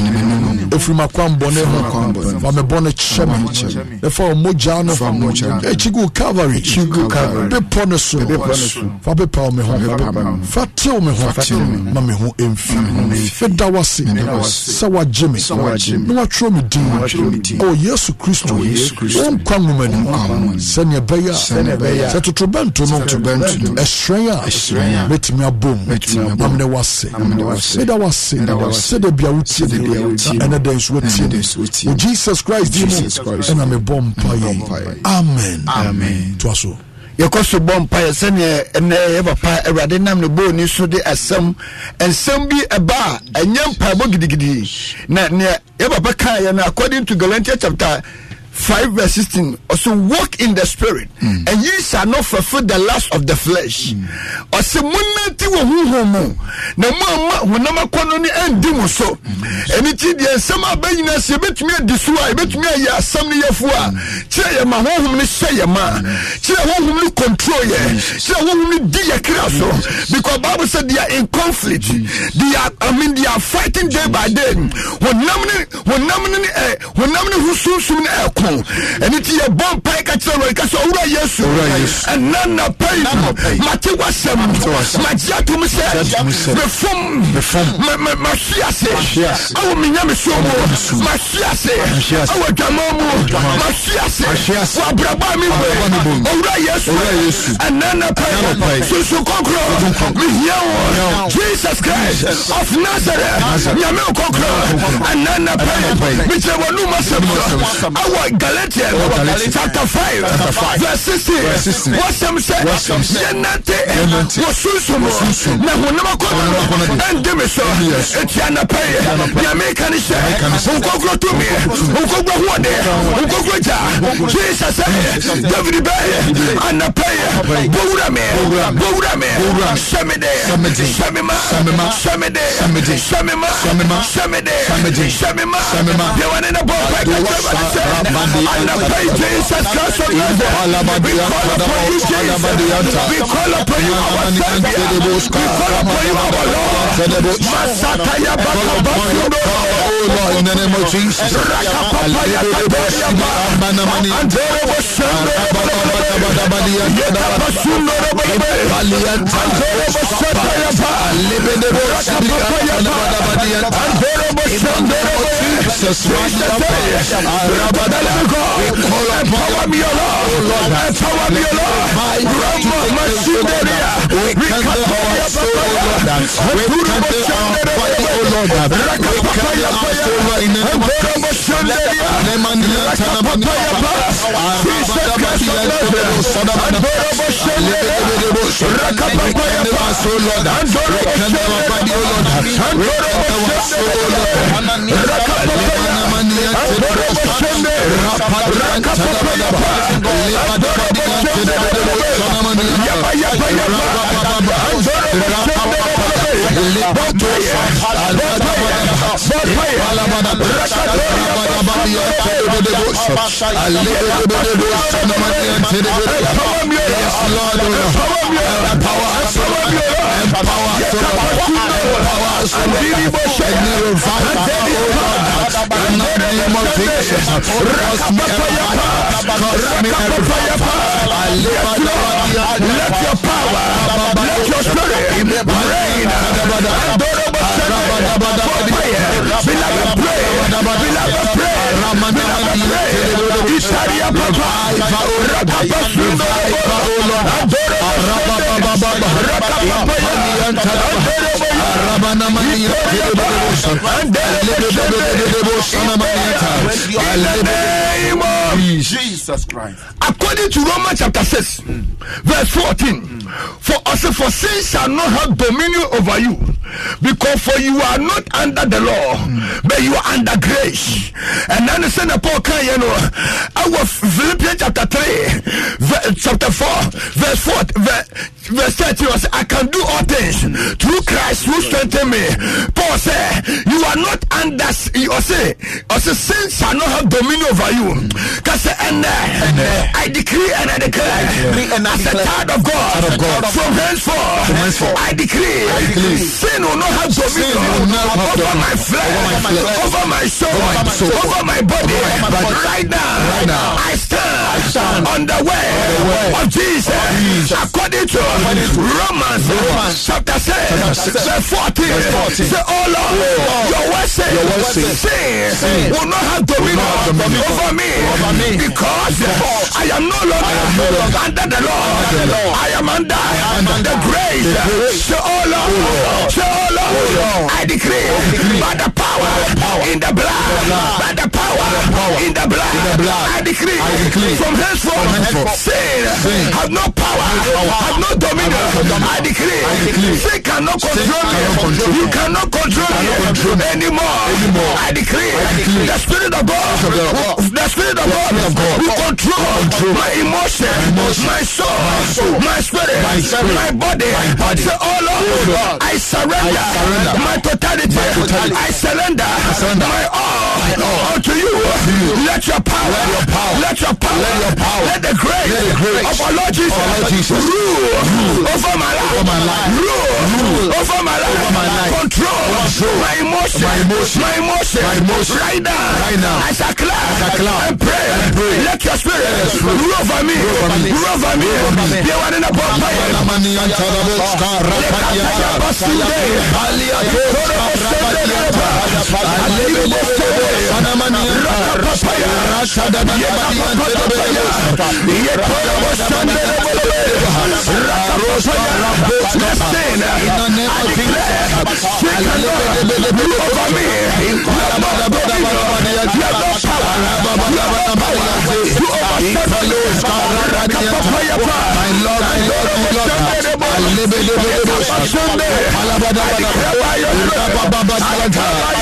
B: ɛfiri makwanbɔne ho ma mebɔne kyɛ me ɛfa ɔmmɔgyaa no ɛkyigu eh, calvary bepɔ ne so fa bepaw me ho fa tew me ho ma me ho ɛmfi meda wase sɛ wagye me na watwerɛ me din ɔ yesu kristo wonkwa nwoma nim sɛneɛ ɛbɛyɛ a sɛ totorobɛnto no ɛhyerɛn a mɛtumi abom ma mene wase meda wase sɛda bia wotie me ɛnɛ dɛn so watie me wɔ jesus christ di mu ɛna mebɔ mpa yei amen amen toa so yɛkɔ so bɔ mpaeɛ sɛneɛ ɛnɛ yɛ papa awurade nam ne booni so de asɛm nsɛm bi ɛba a ɛnyɛ mpaebɔ gidigidi na neɛ yɛ papa kaeɛ no according to galantia chapter 5 verse 16 also walk in the spirit mm. and ye shall not fulfill the lust of the flesh hmm. ɔsɛ monanti mu na moama honam akɔno ne andi mo so hmm. ɛno nti deɛ nsɛm a bɛnyina sɛ yɛbɛtumi adi so a yɛbɛtumi ayɛ asɛm no yɛfoɔ a hmm. kyerɛ yɛ ma honhom no hyɛ yɛ ma kyerɛ honhom no control yɛ kyerɛ honhom no di yɛ kra so because bible sɛ they are in conflict they are i mean they are fighting day by day honam ne ni ne honam eh, ne ho sunsum ni ɛko mu ɛne ti yɛ bɔ mpae ka kyerɛ lɔri ka sɛ owura yesu na pɛi mu mate wasɛm magye atom sɛ mefom mahwe ase awo menya mesuo mu mahwe ase awo adwama mu mahwe ase wɔ abrabɔ a mebue owura yesu ɛna na pɛi susu kɔkorɔ mehia wo jesus christ of nazareth nyame kɔkorɔ ɛna na pɛi mekyerɛ wɔ nom asɛm awɔ galatians oh, chapter five verse sixteen wɔsɛm sɛ yɛnante wɔsunsumu na honam akɔba ɛnde me so ɛti anapa yɛ nyameka ne hyɛ nkɔkorɔ tumiɛ nkɔkorɔ hoɔdeɛ nkɔkorɔ gya jesus ɛyɛ david bɛyɛ anapa yɛ bɔwura me bɔwura me hyɛ me deɛ hyɛ me ma hyɛ me deɛ hyɛ me ma hyɛ me deɛ hyɛ me ma yɛwɔ ne ne bɔ ɔpɛ kakɛ wɔ ne sɛ and the Jesus Christ We call upon you, Jesus. We call upon We call upon Lord. Lord, the Jesus, Empower me, O Lord. Empower me, O Lord. Rama, Masuderia. Rikapaya, Papaya. Hapuru, Mashanderia. O Lord. Rakapaya, Papaya. Hapuru, Mashanderia. Rakapaya, Papaya. Jesus, Christ of Nazareth. Yabba yabba yabba, Let your power, let your spirit reign. According to Romans chapter 6, verse 14, for us for sin shall not have dominion over you, because for you are not under the law, mm. but you are under grace. And then send a Paul can you know our Philippians chapter 3, chapter 4, verse 4, verse verse was I can do all things through Christ who strengthened me. Paul said, You are not under You say, or say sin shall not have dominion over you. Cause uh, and, uh, I decree and I declare I and as a child of God, God. From, henceforth, from henceforth I decree, I decree sin will not have dominion veins, over my flesh, over my soul, over my body. right now. right now, I stand shall on the way of Jesus according to Romans chapter 6 verse 14 say oh, oh Lord your word says sin will not have dominion over me because I am no longer under the law I am under the grace say oh, oh Lord say oh Lord oh I decree by the power in the blood by the power in the blood I decree from henceforth, sin have no power, have no dominion. I decree, sin cannot control you. You cannot control me anymore. I decree, the Spirit of God, the Spirit of God will control my emotions, my soul, my spirit, my body. Say, oh Lord, oh, I surrender my totality. I surrender my all unto you. Let your power, let your power power. Let the grace, of our Lord Jesus, rule, over my life. Over my life. Rule, over my life. Over my life. Control, my emotions. My My My Right now. Right now. As I clap. As clap. And pray. And pray. Let your spirit rule over me. Rule over me. Rule over me. Be one in a Alebo Sebe, Sanamani, Rapapaya, Rashadabaya, Yekobo Sande, Rosaya, Boston, over me, my Lord, my Lord, my Lord, I live in the Sunday, Alabama,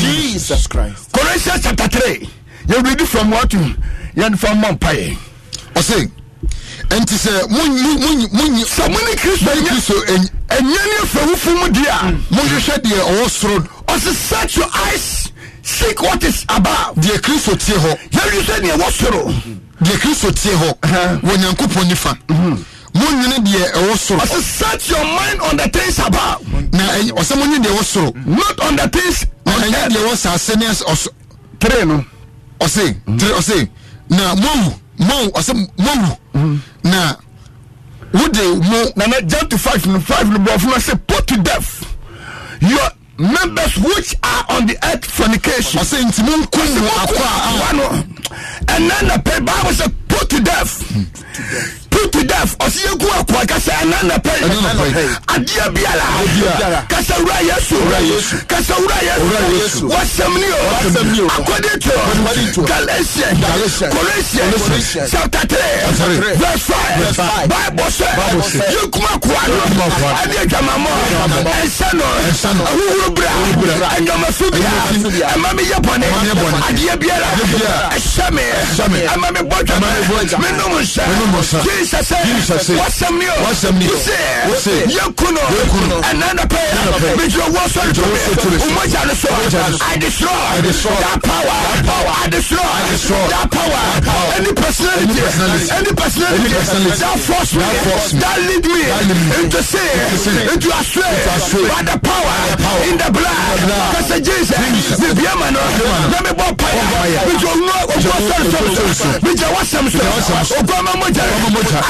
B: Jesus Christ. Corinthians chapter 3. yɛwuredi fam wato yɛmfa mmɔ mpaeɛ ɔse ɛnti sɛ sɛ mone kristo ɛnya ne afawufo mu deɛ a mm. monhwehwɛ deɛ ɔwɔ soro ɔse set your eyes seek what is above deɛ kristo tie hɔ yɛhwɛ sɛ deɛ ɛwɔ soro deɛ kristo tie hɔ uh-huh. wɔ nyankopɔn nifa monyini mm-hmm. deɛ ɛwɔ soro. ɔsɛ set your mind on the things above. na ɛyi ɔsɛ monyini deɛ ɛwɔ soro. not on the things. na ɛyi deɛ ɛwɔ saase ne ɔsɔ. tire no ɔse tiri ɔse na mowu mowu ɔse mowu na wode mo. nana jump to five no five no bɔfun na say put to death your members which are on the earth fornication. ɔse nti mo nkun mu akɔ a ɛnɛ na pɛ bible sɛ put to death put to death ɔsi yɛ gu akoa kasa ɛnɛ na pɛ adeɛ biara kasa wura yesu kasa wura yesu wasɛm ni o akɔde to galatian colossian chapter three verse five bible sɛ yɛ kuma koa no adeɛ dwamamɔ ɛnsɛ no ahuhuru bra ɛnyɔmasu bia ɛma mi yɛ bɔne adeɛ biara ɛhyɛ sẹmi yẹ ama mi bọ jọ mẹ mi numu sẹ jesus sẹ wasẹm ni o wosẹ yẹ kunu ẹnanapẹ mi jọ wọsọ jọmi ọmọ jà ni sọ i destroy that power i destroy that power any personality any personality that force me that lead me into sin into astray by the power in the blood kasi jesus mi bi ama no na mi bọ paya mi jọ nwọ mija wasɛm sɛ ɔbama mogya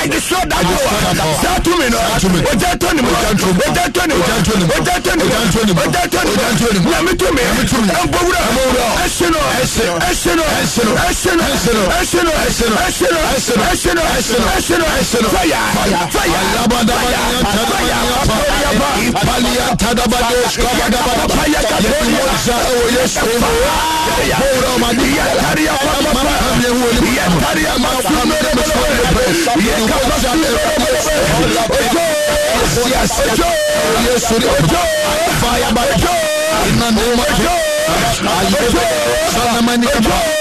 B: i destroy that power saa tumi no ɔgya tɔ ne mu ɔgya tɔ ne mu ɔgya tɔ ne mu ɔgya tɔ ne mu nyame tumi ɛmbɔ wura ɛsi no ɛsi no ɛsi no ɛsi no ɛsi no ɛsi no ɛsi no ɛsi no ɛsi no ɛsi no fire fire Fire! I'm yes, fire by Joe, in the name of Joe, I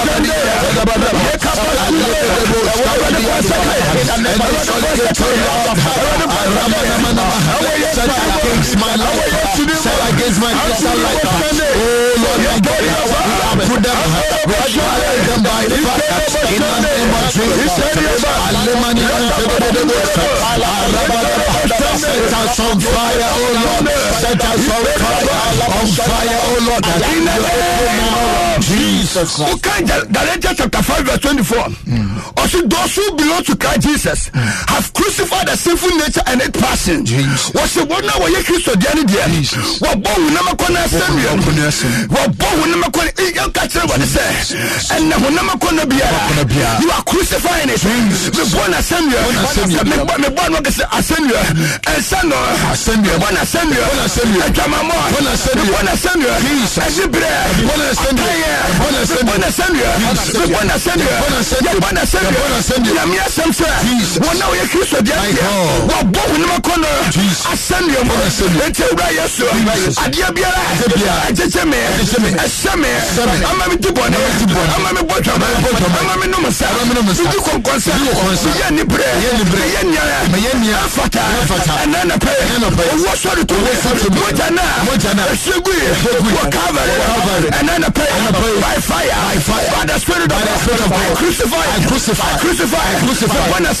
B: sende ne kapasite Evade kuasaka Evade kuasaka Evade kuasaka Our yes set against my life set against my Christian life oh Lord my God put them put them by the fire in the name of Jesus Alemani Alemani Alemani Alemani Alemani set us on fire, O Lord. Set us on fire, on fire, O Lord. In the name of Jesus. Who can Galatians chapter 5, verse 24? Hmm. Also, those who belong to Christ Jesus hmm. have crucified the sinful nature and its passion. Wɔsi wɔn na wɔyɛ kristo diɛ ni diɛ. Wɔbɔ hunam akɔ n'asɛm yɛ. Wɔbɔ hunam akɔ ni yɛn ka kyerɛ wɔn sɛ ɛnɛ hunam akɔ na biara. You are crucifying it. Mebɔ n'asɛm yɛ. Mebɔ n'asɛm yɛ. Mebɔ n'asɛm yɛ. ɛnsɛnɔ bɔna sɛnuyɛ ɛtwamamɔ bɔna sɛnuyɛ ɛsibirɛ ɔtayɛ bɔna sɛnuyɛ bɔna sɛnuyɛ yɛ bɔna sɛnuyɛ nyamiya sɛmsɛ wɔn a wɔyɛ kristo deɛ wɔabɔ wɔn mu kɔnɔ asɛnniɛ mu nti ewura yɛ so adeɛ biara ɛkyekyɛ mi ɛhyɛ mi ama mi di bɔnɛ ama mi bɔ twama ama mi nom sa didi kɔnkɔn sa yɛ nibrɛ yɛ nyɛrɛ ɛfata ɛnɛ nɛpɛ owó sɔri tó wɛ mojá náà esigu yi wɔ kavɛri ɛnɛ nɛpɛ by fire by the spirit of God I crucify I crucify I crucify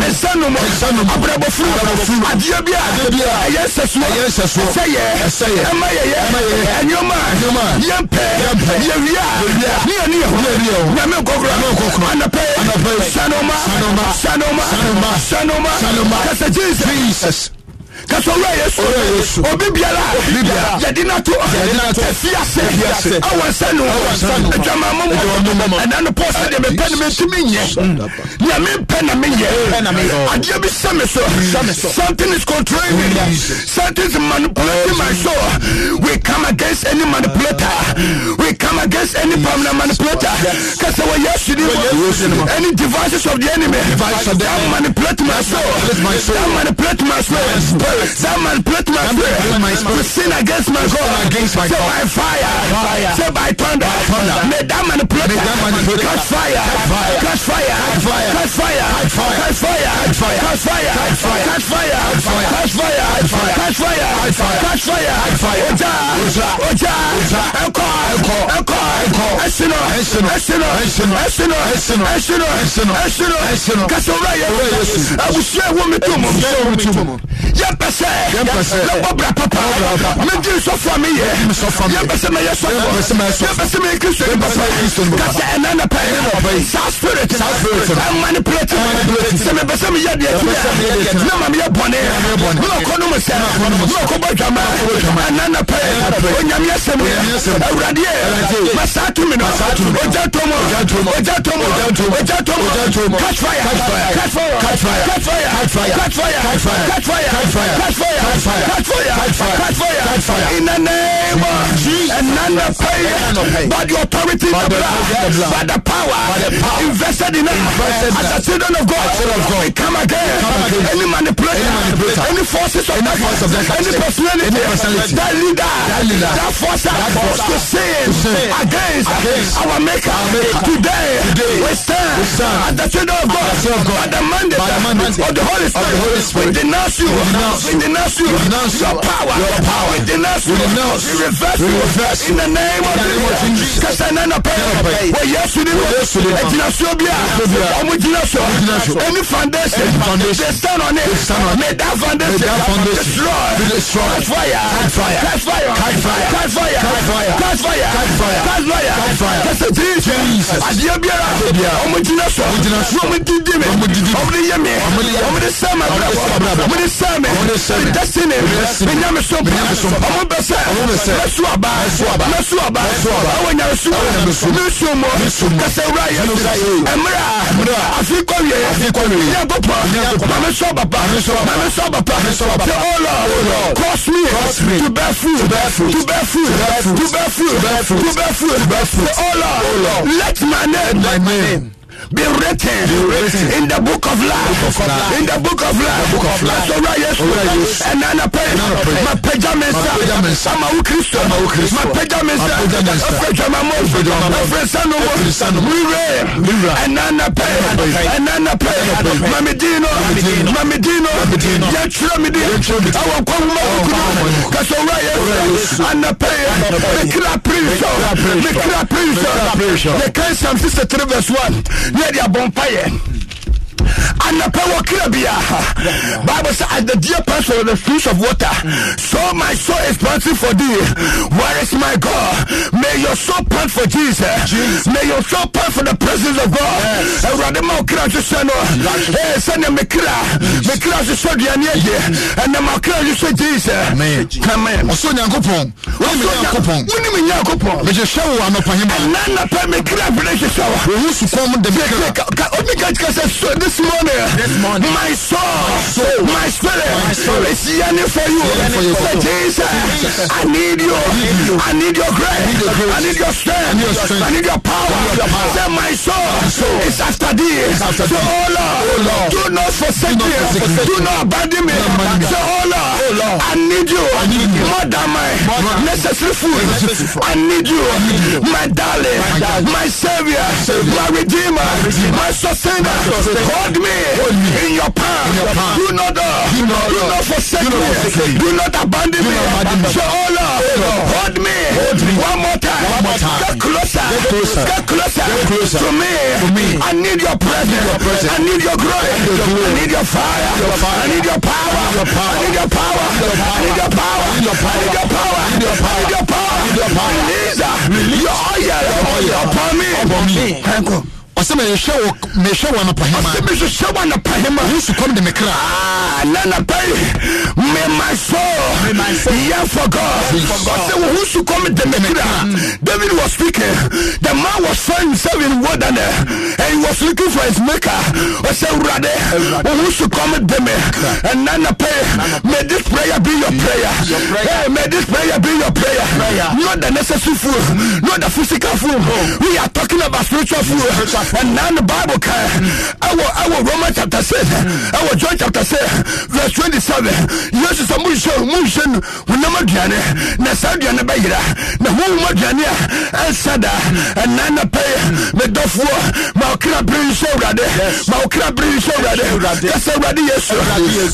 B: ɛsɛnum abrabɔfuru adeɛ bi a ɛyɛ nsɛsoɔ ɛsɛyɛ ɛma yɛyɛ ɛnyɔma yɛmpɛ yɛwia ne yɛne yɛ ho nyame nkɔkora anapɛ sanoma sanoma sanoma sanoma kasa jesus kasɛ owura yesu obi biara yɛde na to ɛfi ase awɔ nsa no adwama momɔ ɛna no paul sɛdeɛ mepɛ no mentumi nyɛ nea mempɛ na menyɛ adeɛ bi sɛ me so something is controlling me something is manipulating my soul we come against any manipulator we come against any permanent manipulator kasɛ wɔ yesu ni mu any devices of the enemy that manipulate my soul that manipulate my soul that put my spirit to sin against my God. Against my say by fire, fire. say by thunder. By thunder. May that manipulator catch fire, catch fire, catch fire, catch fire,
A: catch fire, catch fire, catch fire, catch fire, catch fire, catch fire, catch fire, catch fire, catch fire, catch fire, catch fire, catch fire. fire. oja, fire. oja. fire. enko, fire. enko. fire. esino, fire. esino, fire. esino, fire. esino, fire. esino. fire. ya, fire. wo fire. tumu, fire
B: yɛpɛ sɛ bra papa kristo ne spirit ma ne no catch fire catch fire catch fire catch fire catch fire catch fire catch fire catch fire, catch fire, catch fire, catch fire, catch fire, catch fire. In the name of Jesus, and none of pay, but the authority of the blood, by the power invested in us as the children of God, we come again. Any manipulator, any forces of darkness, any personality, that leader, that force, to sin against our Maker today. We stand as the children of God, by the mandate of the Holy Spirit. We denounce you. We denounce you. Denounce your power. Your power. We denounce you. Denounce. We reverse We Reverse. In the name of Jesus. Kasa na na pay. Well, yes, you did. Yes, you did. Any foundation. They stand on it. May that foundation. May that foundation. Destroy. Destroy. fire. fire. fire. fire. fire. fire. fire. fire. fire. fire. me destiny menya me so mpa ɔmo bɛ sɛ mɛsu aba mɛsu aba awɔ nyamesu mesu mɔ kasa wura yɛ ɛmmerɛ a afi kɔ wie nyankopɔn ma me sɔ papa ma me sɔ papa sɛ o lord oh, cross me to bear fruit to bear fruit to bear fruit to bear fruit to bear fruit sɛ o oh, oh, lord let my name be written, be written. in the book of life. Book of life. In the book of life. Book of life. So right, yes, and then a pen. My pajamas. I'm a Christian. I'm a Christian. My pajamas. I'm a Christian. I'm a Christian. I'm a Christian. We read. And then a pen. And then a pen. Mami Dino. Mami Dino. Yatra Midi. my Kwama. That's all right, yes. And a pen. The crap preacher. The crap preacher. The Kaisam Sister 3 verse 1. yɛde abɔ mpayɛ anapa wɔ kra bia bible sɛ as the dear person of the streams of water so my soul is panting for thee where is my god may your soul pant for jesus, may your soul pant for the presence of god awurade ma wo kra hwehwɛ no eh, sɛnea mekra mekra hwehwɛ aduane agye ɛnam akra hwehwɛ jesus amen ɔsɛ onyankopɔn wonim nyankopɔn mehwehwɛ wo anɔpahema ɛna anapa mekra bere hwehwɛ wo ɔhu sukɔm de mekra ɔmeka kyika sɛ this morning, this morning my, soul, my soul, my spirit, my soul is yearning for you. Say, Jesus, I need you. I need your grace. I need your strength. I need your power. Say, my soul is after thee. Say, oh Lord, do not forsake me. Do not abandon me. Say, oh Lord, I need you more than my necessary food. I need you, my darling, my savior, my redeemer, my sustainer hold me in your palm. Do not, do not, forsake me. Do not abandon me. So, oh Lord, hold me one more time. Get closer. Get closer to me. I need your presence. I need your glory. I need your fire. I need your power. I need your power. I need your power. I need your power. I need your power. I Release your oil upon me. Thank you ɔsɛ mehwɛ wɔ mehwɛ wɔ anɔpahema ɔsɛ mehwehwɛ wɔ anɔpahema yesu kɔm de me kra nanapai me my soul yɛ for god ɔsɛ wo ho su kɔm de me kra mm. david was speaking the man was found himself in and he was looking for his maker ɔsɛ wurade wo ho su kɔm de me and nanapai may this prayer be your prayer hey, may this prayer be your prayer not the necessary food not the physical food we are talking about spiritual food And ɛnaa the bible ka ɛwɔ ɛwɔ roman chapter six ɛwɔ john chapter six verse twenty seven yesu sɛ monhyɛ monhyɛ no honam aduane na saa aduane bɛyera na honhom aduane a ɛnsa pay ɛnaa na pɛyɛ medɔfoɔ ma wo kra bere nhyɛ awurade ma wo kra bere nhyɛ awurade kɛ sɛ awurade yesu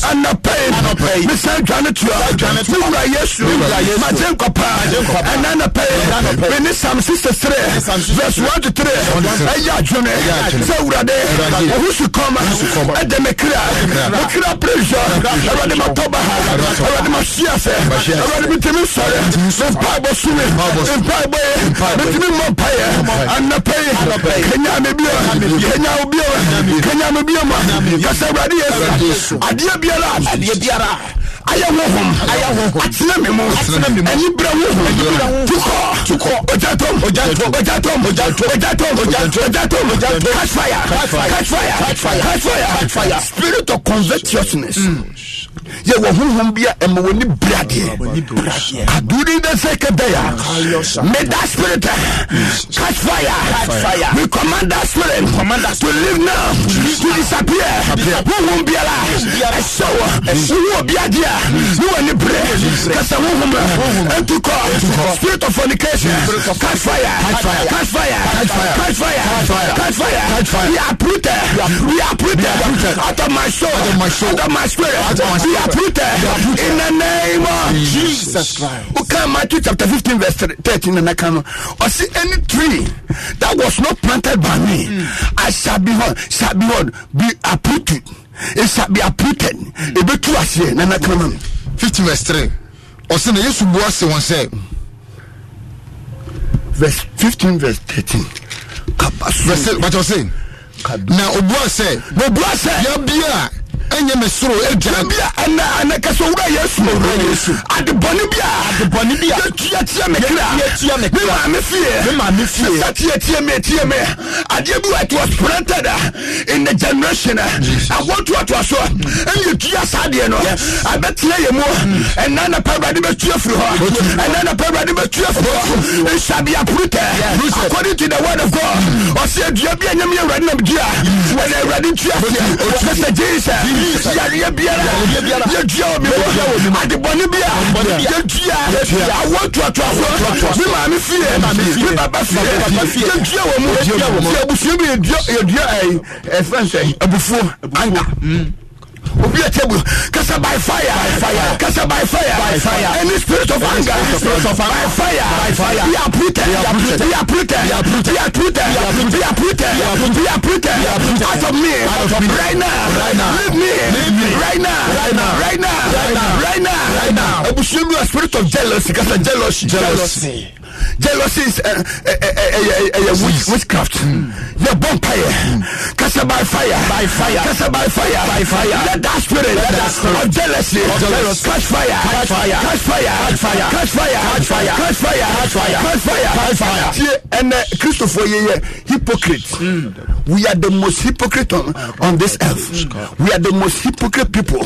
B: anapɛi mesan dwane toa me wura yesu magye nkɔpaa pay na This mene sam three. verse one to three. ɛyɛ adwene sɛ wurade ɛho sukɔma ɛdɛ me kra me kra presa awurade matɔ ba ha awurade mahye asɛ awurade metumi nsɔre mempaebɔ sumi mpaebɔ yɛ metumi mmɔ payɛ anapɛ yi kanya me bio kanya wo bio kanya me bio ma kasɛ awurade yɛ adeɛ adeɛ biara ayɛ wohom atena me mu anibra wohom tukɔ ojatom ojatom ojatom catch fire catch fire catch fire fire. spirit of covetousness hmm yɛ wɔ honhom bi a ɛma wɔni bradeɛ aduri de sɛ kɛbɛya may that spirit eh, catch fire we command that spirit to live now to disappear honhom biara ɛhyɛ wɔ wowu obi adeɛ ne wɔni bere kasa honhom ɛntu kɔ spirit of fornication catch fire catch fire catch fire catch fire catch fire, we are uprooted we are uprooted out of my soul out of my spirit be uprooted in the name of Jesus Christ. Okay, Matthew chapter 15, verse 13. And I can or see any tree that was not planted by me, hmm. I shall be what shall be what be uprooted. It shall be uprooted. Mm. It be two as here. Nana Kraman 15, verse 3. Or see the Yesu Boase one say, verse 15, verse 13. Verse, what you're saying. Now, Obuase, Obuase, Yabia ɛnyɛ me soro agyan bia ɛnɛ ɛnɛ kɛsɛ owura yesu owura yesu adebɔne bia adebɔne bia yɛtua tia me kra yɛtua me kra me maame fie me maame fie sɛ tia tia me tia me adeɛ bi wɔ it was planted uh, in the generation uh, ahoɔtoa toa so ɛnyɛ mm. tua saa deɛ no abɛtena yɛ mu mm. ɛnɛ na pa awurade bɛtua firi hɔ ɛnɛ na pa awurade bɛtua firi hɔ nsabea porutɛ according to the word of God mm. ɔsɛ adua bi a nyame awurade nam dua ɛnɛ awurade ntua fie ɔsɛ sɛ jesus yareɛ biara yɛtua wɔ me mu me maame fie me baba fie yɛtua wɔ mu yɛ abusua bi yɛdua anga obi a table kasa by fire by fire kasa by fire by fire any spirit of any anger spirit of by fire are fire We are be We are uprooted We are be We are uprooted out of me out of me right now right now leave me leave me right now right now right now right now right now right now ebusunmu a spirit of jealousy kasa jealousy jealousy. Jealousies, witchcraft yɛ bɔ mpayɛ kasa by fire by fire kasa by fire by fire let that spirit that spirit of jealousy catch fire catch fire catch fire catch fire catch fire catch fire catch fire catch fire catch fire catch fire tie ɛnɛ kristofoɔ yɛ yɛ hypocrite we are the most hypocrite on on this earth we are the most hypocrite people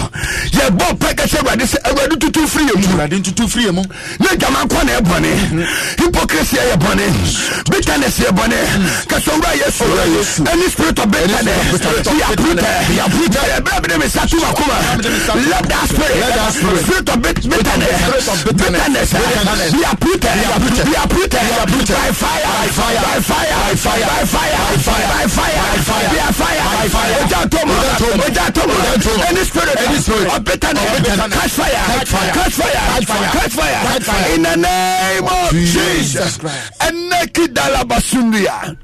B: yɛ bɔ mpayɛ kasa ɛwurade sɛ ɛwurade tutu firi yɛ mu ɛwurade tutu firi yɛ mu ne jama kɔ na ɛbɔ ne. hypocrisy yɛ bɔne bitterness yɛ bɔne kasɔwura yesu any spirit of bitterness be uprooted yɛ bɛrɛ bi ne mi sa tuba kuma let that spirit spirit of bitterness bitterness uh, be uprooted be uprooted by fire by fire by fire by fire by fire by fire by fire ojà tomo ojà tomo any spirit of bitterness catch fire catch fire catch fire in the name of Jesus jesus And kidala basunduya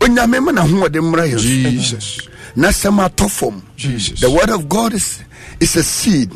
B: When ma remember mmara yɛ so Jesus, sɛm atɔ Jesus, the word of god is is a seed.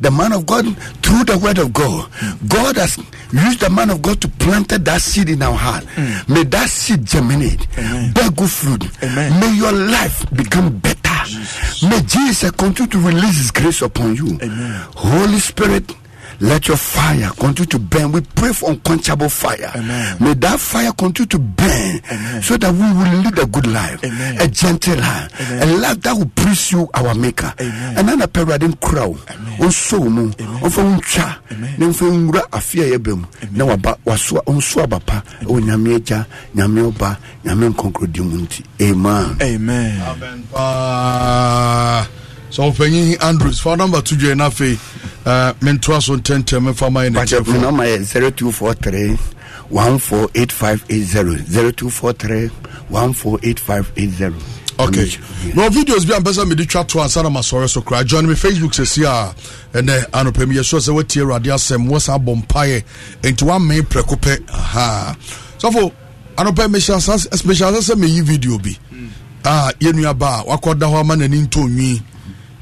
B: The man of God, through the word of God, God has used the man of God to plant that seed in our heart. Mm. May that seed germinate, Amen. bear good fruit. Amen. May your life become better. Jesus. May Jesus continue to release His grace upon you. Amen. Holy Spirit Let your fire continue to burn. We pray for unquenchable fire. Amen. May that fire continue to burn Amen. so that we will lead a good life, Amen. a gentle life, a life that will please you, our Maker. And then a paradigm crow. On so mu, on oh, for uncha, then for unra afia ebem. Now about wasua, on swabapa, on yamieja, yamioba, yamen concredimunti. Amen. Amen. Amen sɛ ɔmpanyin andrews fa number to dwɛ no afei mentoa so ntɛntɛm mfa zero two four three one four eight five eight zero yeah. na videos bi a mpɛsɛ mede twa to ansa na masɔre so koraa join me facebook sɛsi a ɛnɛ anɔpɛ mi yɛsɔ sɛ woatie awurade asɛm wɔ saa bɔ mpaeɛ enti woamee prɛko pɛ ha sɔfo anɔpɛ mehyɛ asɛ sɛ meyi video bi a yɛnnuaba a wakɔda hɔ ama n'ani ntɔ nwii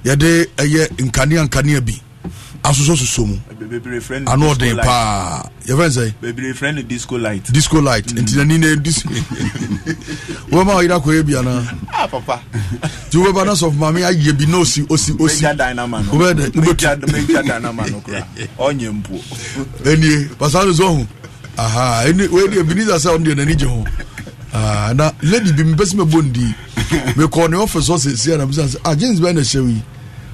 B: yɛde ɛyɛ nkanea nkanea bi asoso soso mu ano ɔden paa yɛfɛ nsɛ disco light disco light mm. nti disco wɔma ɔyera kɔyɛ bi ana ah, nti wobɛba na sɔfo maame ayɛ bi na osi osi osi wobɛdɛ wobɛtu ɛnie pasaa no so ɔho aha ɛni wɛni ebeneza sɛ ɔno deɛ n'ani gye ho na lady bi mpɛsi mɛ bɔ ndi mɛ kɔɔ ne ɔfɛ sɔ sɛ si a na mi sɛ ah james bɛyɛ na ɛhyɛ wi.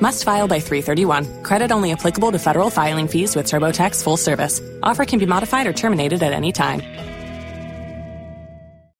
C: Must file by 331. Credit only applicable to federal filing fees with TurboTax full service. Offer can be modified or terminated at any time.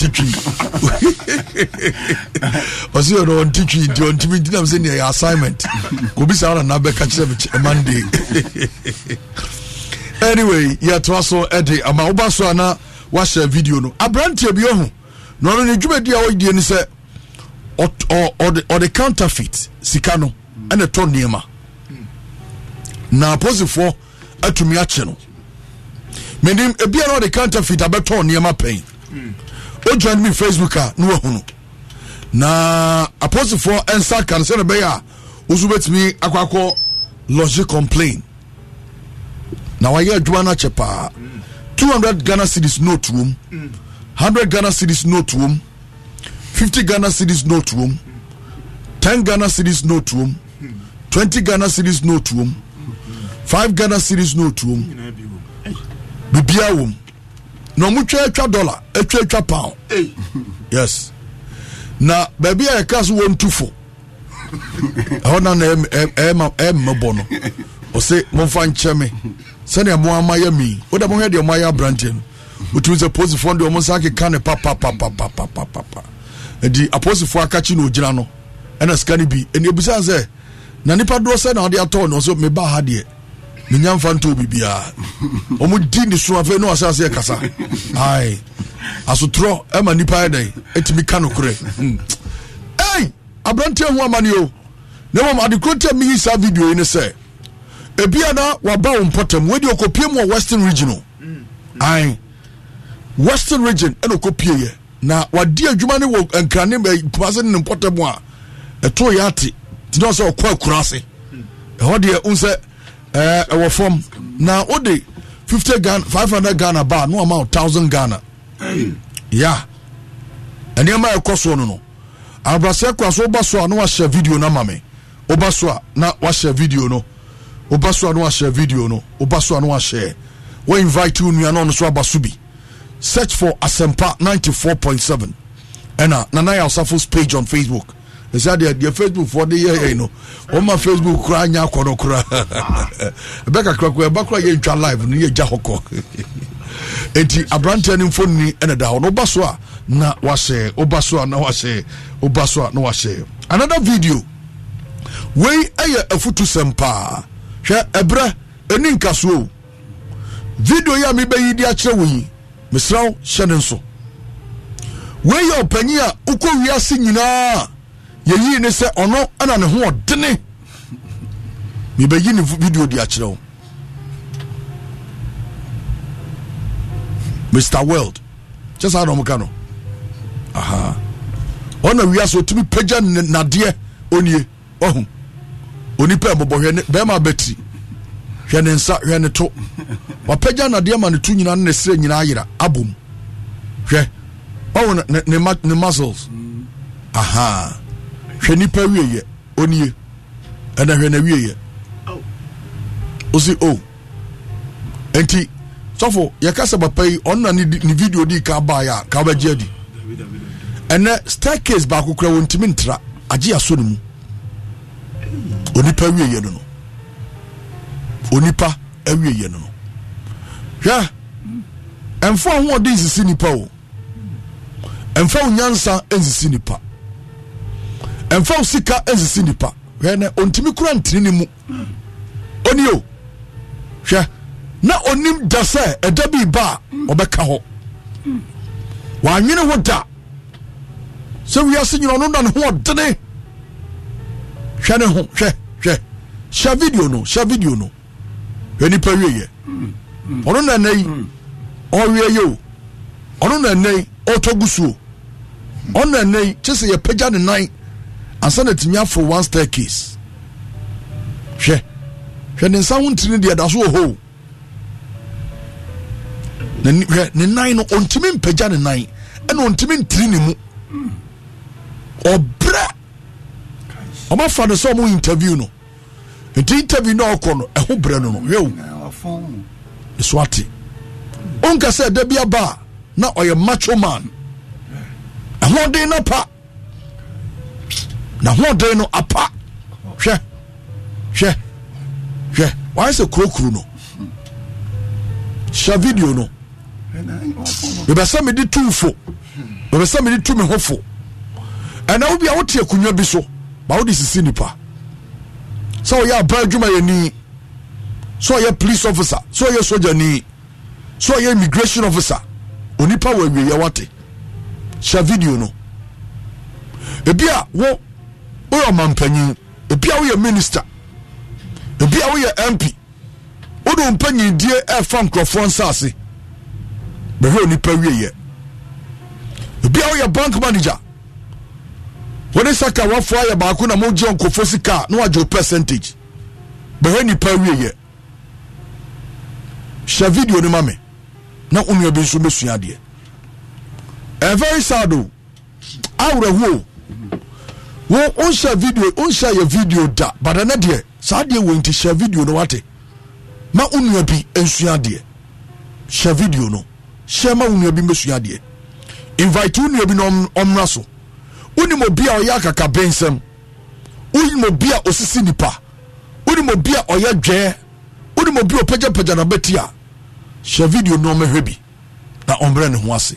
A: ɔnte twi ɔsi ɔno ɔnte twi nti ɔntumi nti nam sɛ nea
B: yɛ assignment kobi saa ɔna nabɛka kyerɛ me kyɛ monday anyway yɛtoa so ɛde ama woba so ana wahyɛ video no aberanteɛ bi ɔho na ɔno ne dwumadi a ɔyidie ne sɛ ɔde counterfeit sika no ɛna ɛtɔ nneɛma na aposifoɔ atumi akye no menim ebiara ɔde counterfeit abɛtɔ nneɛma pɛn o join me facebook a na wahunu na aposifoɔ nsa kan sɛ na ɛbɛyɛ a wosu bɛtumi akɔ akɔ lɔgye complain na wayɛ adwuma no akyɛ paa 200 ghana cities note wom Hundred ghana cities note wom Fifty ghana cities note wom Ten ghana cities note wom Twenty ghana cities note wom Five ghana cities note wom bibia wom na ɔmo twa atwa dollar atwa atwa pound yes na baabi a yɛka so wɔn tufo ɛhɔ na na ɛma ɛma bɔ no ɔsɛ momfa nkyɛ me sɛnea mo ama yɛ mi woda mo hwɛ deɛ mo ayɛ aberanteɛ no wotumi sɛ posifoɔ deɛ ɔmo nsa keka ne papapapapapapa nti aposifoɔ akakyi na ogyina no ɛna sika no bi eni ebisa sɛ na nipa doɔ sɛ na ɔde atɔ no nso meba ha deɛ ne nyamfa nto biribiaa ɔmo di ne so afei ne wasase ɛkasa ae asotorɔ ɛma nnipa ɛdɛn ɛtumi ka nokorɛ ei aberanteɛ ho amane o na mmom adekoro tɛ meyi saa video yi ne sɛ ebia na waba wo mpɔtam wadi ɔkɔpie mu wɔ western region o ae western region ɛna ɔkɔpieɛ na wadi adwuma ne wɔ nkrane kumase ne ne mpɔtam a ɛtoo yɛ ate ntina sɛ ɔkɔ akura ase ɛhɔ deɛ wo ɛɛ eh, ɛwɔ fam na o de fifty ghana five hundred ghana baa no ama thousand ghana ya nneɛma a ɛkɔ soɔ no no abrasɛ kora so woba so a na wahyɛ video no ama me woba so a na wahyɛ video no woba so a na wahyɛ video no woba so a na wahyɛ wɔinvite wo nua na ɔno so aba so bi search for Asempa ninety asɛmpa 94.7 ɛna nana yɛ asafo's page on facebook ɛsɛdeɛ deɛ facebook foɔ de yɛyɛi no wɔma facebook koraa nyɛ akɔ no koraa ɛbɛkakra koraa ɛba koraa yɛntwa live no yɛgya hɔ kɔ enti aberanteɛ no mfonini ɛne da hɔ no woba so a na wahyɛ woba so a na wahyɛ woba so a na wahyɛ another video wei ɛyɛ afotu sɛm paa hwɛ ɛberɛ ɛni nkasoɔ video yi a mebɛyi de akyerɛ wo yi mesrɛ wo hyɛ ne nso wei yɛ ɔpanyin a wokɔ wiase nyinaa yɛyii ne sɛ ɔno ɛna ne ho ɔdene mebɛyi ne video de akyerɛ wo mr world kyɛ saa na ɔmka no aha ɔna wia sɛ ɔtumi pagya nadeɛ ɔnie ɔho onipa mmɔbɔ hwɛ ne bɛrima bɛtiri hwɛ ne nsa hwɛ ne to wapagya nadeɛ ma ne to nyinaa ne ne serɛ nyinaa yera abom hwɛ ɔho ne muscles aha hwɛ nipa wieyɛ onie ɛna hwɛ na wieyɛ oh. osi o oh. nti sɔfo yɛkasa papa yi ɔno na ne video di ka ba yɛ a ka bɛgye adi ɛnɛ staircase baako kura wɔn ntumi ntra agye aso ne mu onipa wieyɛ no no onipa awieyɛ no no hwɛ ɛnfa ahoɔden sisi nipa o ɛnfa onyansa nsisi nipa ɛmfa wo sika ɛsisi nipa hwɛnɛ ɔntumi kura ntini ne mu ɔni o hwɛ na onim da sɛ ɛda bi ba a ɔbɛka hɔ wɔanwene ho da sɛ wiase nyina ɔno na ne ho ɔdene hwɛ ne ho hwɛ hwɛ hyɛ video no hyɛ video no hwɛ nipa wieyɛ ɔno na nna yi ɔwie yɛ o ɔno na nna yi ɔtɔ gu suo ɔno na nna yi kyɛ sɛ yɛpagya ne nan ansa na tìmí aforo one staircase hwɛ hwɛ ne nsa ho ntiri deɛ da so wɔ hɔ hwɛ ne nan no ɔntumi mpagya ne nan ɛna ɔntumi ntiri ne mu ɔbrɛ ɔma fa no sɛ ɔmo interview no nti interview na ɔkɔ no ɛho brɛ no no hwɛw ne so ate onkasɛ ɛda bi aba na ɔyɛ macho man ɛhoɔden na pa na hoɔden no apa hwɛ hwɛ hwɛ wayɛ sɛ kurokuro no hyɛ video no bɛbɛ sɛ di tu fo bɛbɛ sɛ di tu me ho fo ɛna wo bia wote akonnwa bi so ma wode sisi nipa sɛ ɔyɛ abra adwumayɛni sɛ ɔyɛ police officer sɛ ɔyɛ sogyani sɛ ɔyɛ immigration officer onipa wɔ awieyɛ wate hyɛ video no ebi a wo woyɛ ɔmampanyin ebia woyɛ minister ebia woyɛ mp wode wo mpanyindie ɛfa nkurɔfoɔ nsa ase bɛhwɛ onipa ebi ebia woyɛ bank manager wone saka wafoɔ ayɛ baako na mogye nkɔfo sika na wagye wo percentage bɛhwɛ nipa wieyɛ hyɛ video no ma me na wo nua bi nso bɛsua adeɛ ɛvery sad o wọn n hyɛ video n hyɛ yɛ video da bada ne deɛ saa deɛ wɔn ti hyɛ video no wate ma onua bi nsua deɛ hyɛ video no hyɛ ma onua bi mbɛsua deɛ invite onua bi na ɔmra so onim obi a ɔyɛ akaka bɛnsɛm onim obi a osisi nipa onim obi a ɔyɛ dwɛɛ onim obi a ɔpagyapagya na bɛti a hyɛ video no ɔmɛhwɛ bi na ɔmrɛ ne ho ase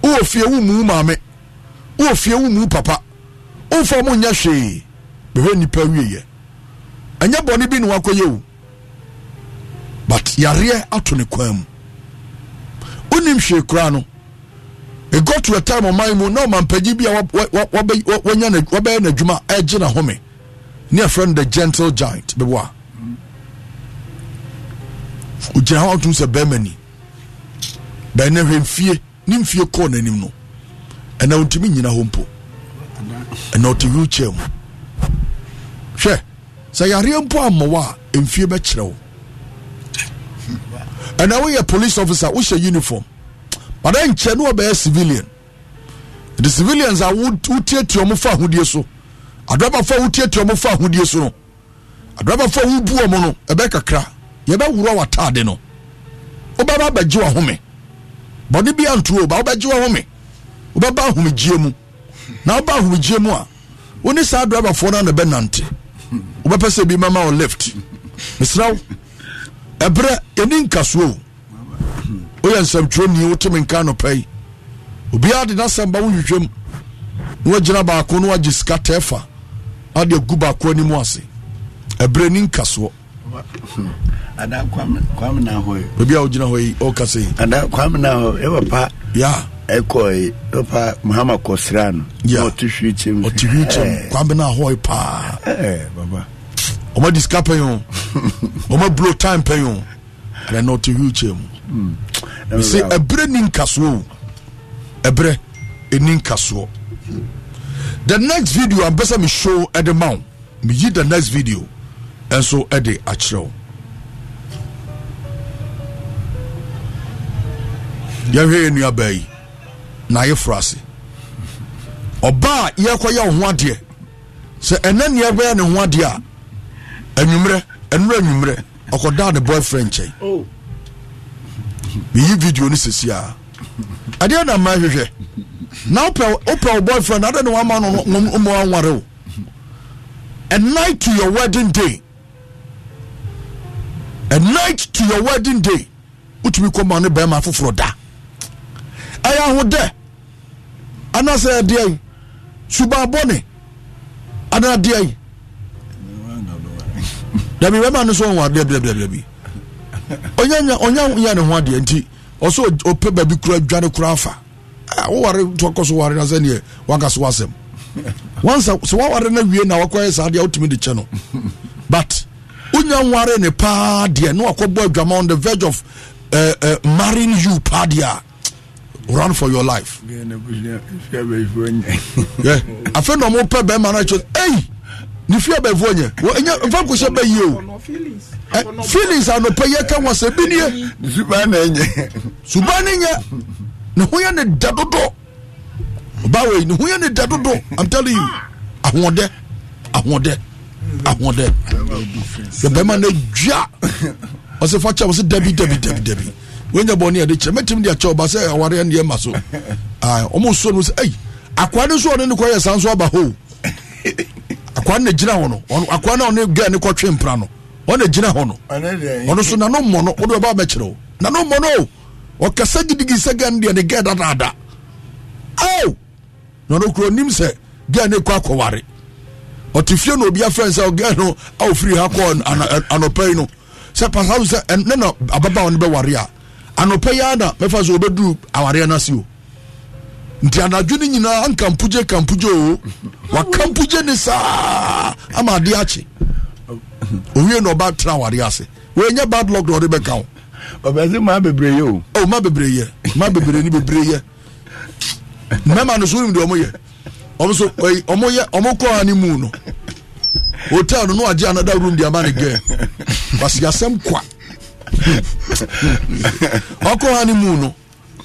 B: wowɔ fie wo papa womfa mu nyɛ hwee bɛhwɛ nipa wieyɛ ɛnyɛ bɔne bi ne wakɔyɛ o but yareɛ ato ne kwan mu wonim hwee koraa no it got to a time ɔman mu na ɔmampagyi bi a wɔbɛyɛ n'adwuma ɛgye na home ne ɛfrɛ no the gentle giant bɛbɔ a ogyina hɔ atom sɛ bɛrima ni bɛnɛ hwɛ mfie ne mfie kɔɔ n'anim no ɛna wontumi nyina hɔ mpo ɛna ɔte wheelchair mu hwɛ sɛ yareɛ mpo ammowa a mfie bɛkyerɛ wo ɛna woyɛ police officer wohyɛ uniform bada nkyɛ ne wɔbɛyɛ civilian the civilians a wotietie ɔmo fa ahodie so adɔbafoɔ a wotietie ɔmo fa ahodie so no adɔbafoɔ a wobu ɔmo no ɛbɛ kakra yɛbɛwura w'ataade no wobɛba abɛgye w'ahome bɔne bi antuo ba wobɛgye w'ahome wobɛba ahomegyie mu na woba ahomegye mu a wo ne saa driverfoɔ no ana bɛnante wobɛpɛ sɛ bi mama wo lift mesrɛ wo ɛberɛ ọ nkasoɔ o woyɛ nsɛmtwerɛni woteme nka nɔpa yi obiara de nasɛm ba wo hwehwɛm na woagyina baako na woagye sika tɛɛfa ade agu baako anim ase ɛberɛ ne nkasoɔ baabi a ọ hɔ yi ɔka sɛ yi ɛwɔ pa yeah. ɛkɔ ɔpa mahama kɔsra no na ɔte hwee kyɛm ɔte hwee kyɛm kwambe no ahɔe paa ɔma diska pɛn o ɔma blow time pɛn o ɛnɛ na ɔte hwee kyɛm hmm. mesɛ ɛberɛ ni nkasoɔ o ɛberɛ ɛni nkasoɔ the next video ampɛ sɛ meshow ɛde ma wo meyi the next video ɛnso ɛde akyerɛ wo yɛhwɛ yɛ nnuabaa yi na ayɛforo ase ɔba a yɛkɔyɛ wo ho adeɛ sɛ ɛnɛ neɛ bɛyɛ ne ho adeɛ a anwummerɛ ɛnura anwummerɛ ɔkɔdaa ne boyfriend nkyɛn oh. meyi video no sesi a adeɛ na ma hwehwɛ na wopɛ wo boyfriend adɛ ne wama no ma wanware wo a night to your wedding day a night to your wedding day wotumi kɔma ne bɛrima foforɔ da ɛyɛ ahodɛ anasɛ ɛdeɛ subabɔne anaa deɛ dabi so ne ho adeɛ nti ɔpɛ baabi kura dwane kura afa so na wanka so wasɛm wansa na saa deɛ de kyɛ no but ne paa deɛ adwama on the verge of eh, eh, run for your life. afei na ɔmo pɛ bɛrima na kyerɛ ɛyi ne fie abɛfoɔ nyɛ ɛnyɛ nfa nkosi bɛ yie o ɛ feelings anɔpɛ yɛ ka wɔn sɛ bi nie. suban na nyɛ. suban ne nyɛ ne ho yɛ ne da dodo ɔbaawa yi ne ho yɛ ne da dodo i'm telling you ahoɔdɛ ahoɔdɛ ahoɔdɛ yɛ bɛrima na dua ɔsɛ fɔ kyɛ ɔsɛ dabi dabi dabi dabi. wenya bɔne ade kyerɛ mɛtim de akyɛ ba sɛ awareɛ ne ma so ɔmo so no sɛ ei akoa ne so ɔne ne kɔyɛ saa nso aba hoo akoa ne gyina hɔ no akoa ne ɔne gɛ ne kɔtwe mpra no ɔne gyina hɔ no ɔno so nano mmɔ no wode ɔba bɛkyerɛ wo nano mmɔ no o ɔkɛsɛ gyidigi sɛ gɛ no deɛ ne gɛ dadaada ao na ɔno kuro nim sɛ gɛ ne kɔ akɔware ɔte fie no obi afrɛ sɛ ɔgɛ no a ofiri ha kɔ anɔpɛi no sɛ pasa so sɛ ne na ababa wo no bɛware a anɔpɛ yɛ na mɛfa so wɔbɛduru awareɛ no o nti anadwo no nyinaa nkampugye kampugye o waka wakampugye ne saa ama adi akye owie na ɔba tena awareɛ ase wɔnyɛ bad luck na ɔde bɛka wo ɔbɛse maa bebree yɛ o maa bebree yɛ ma bebree ni bebree yɛ mɛma no so wonim deɛ ɔmo yɛ ɔmo so ɔmo yɛ ɔmo kɔ ani mu no hotel no no agye another room de ama ne girl basi asɛm kwa ɔkɔ honeymoon no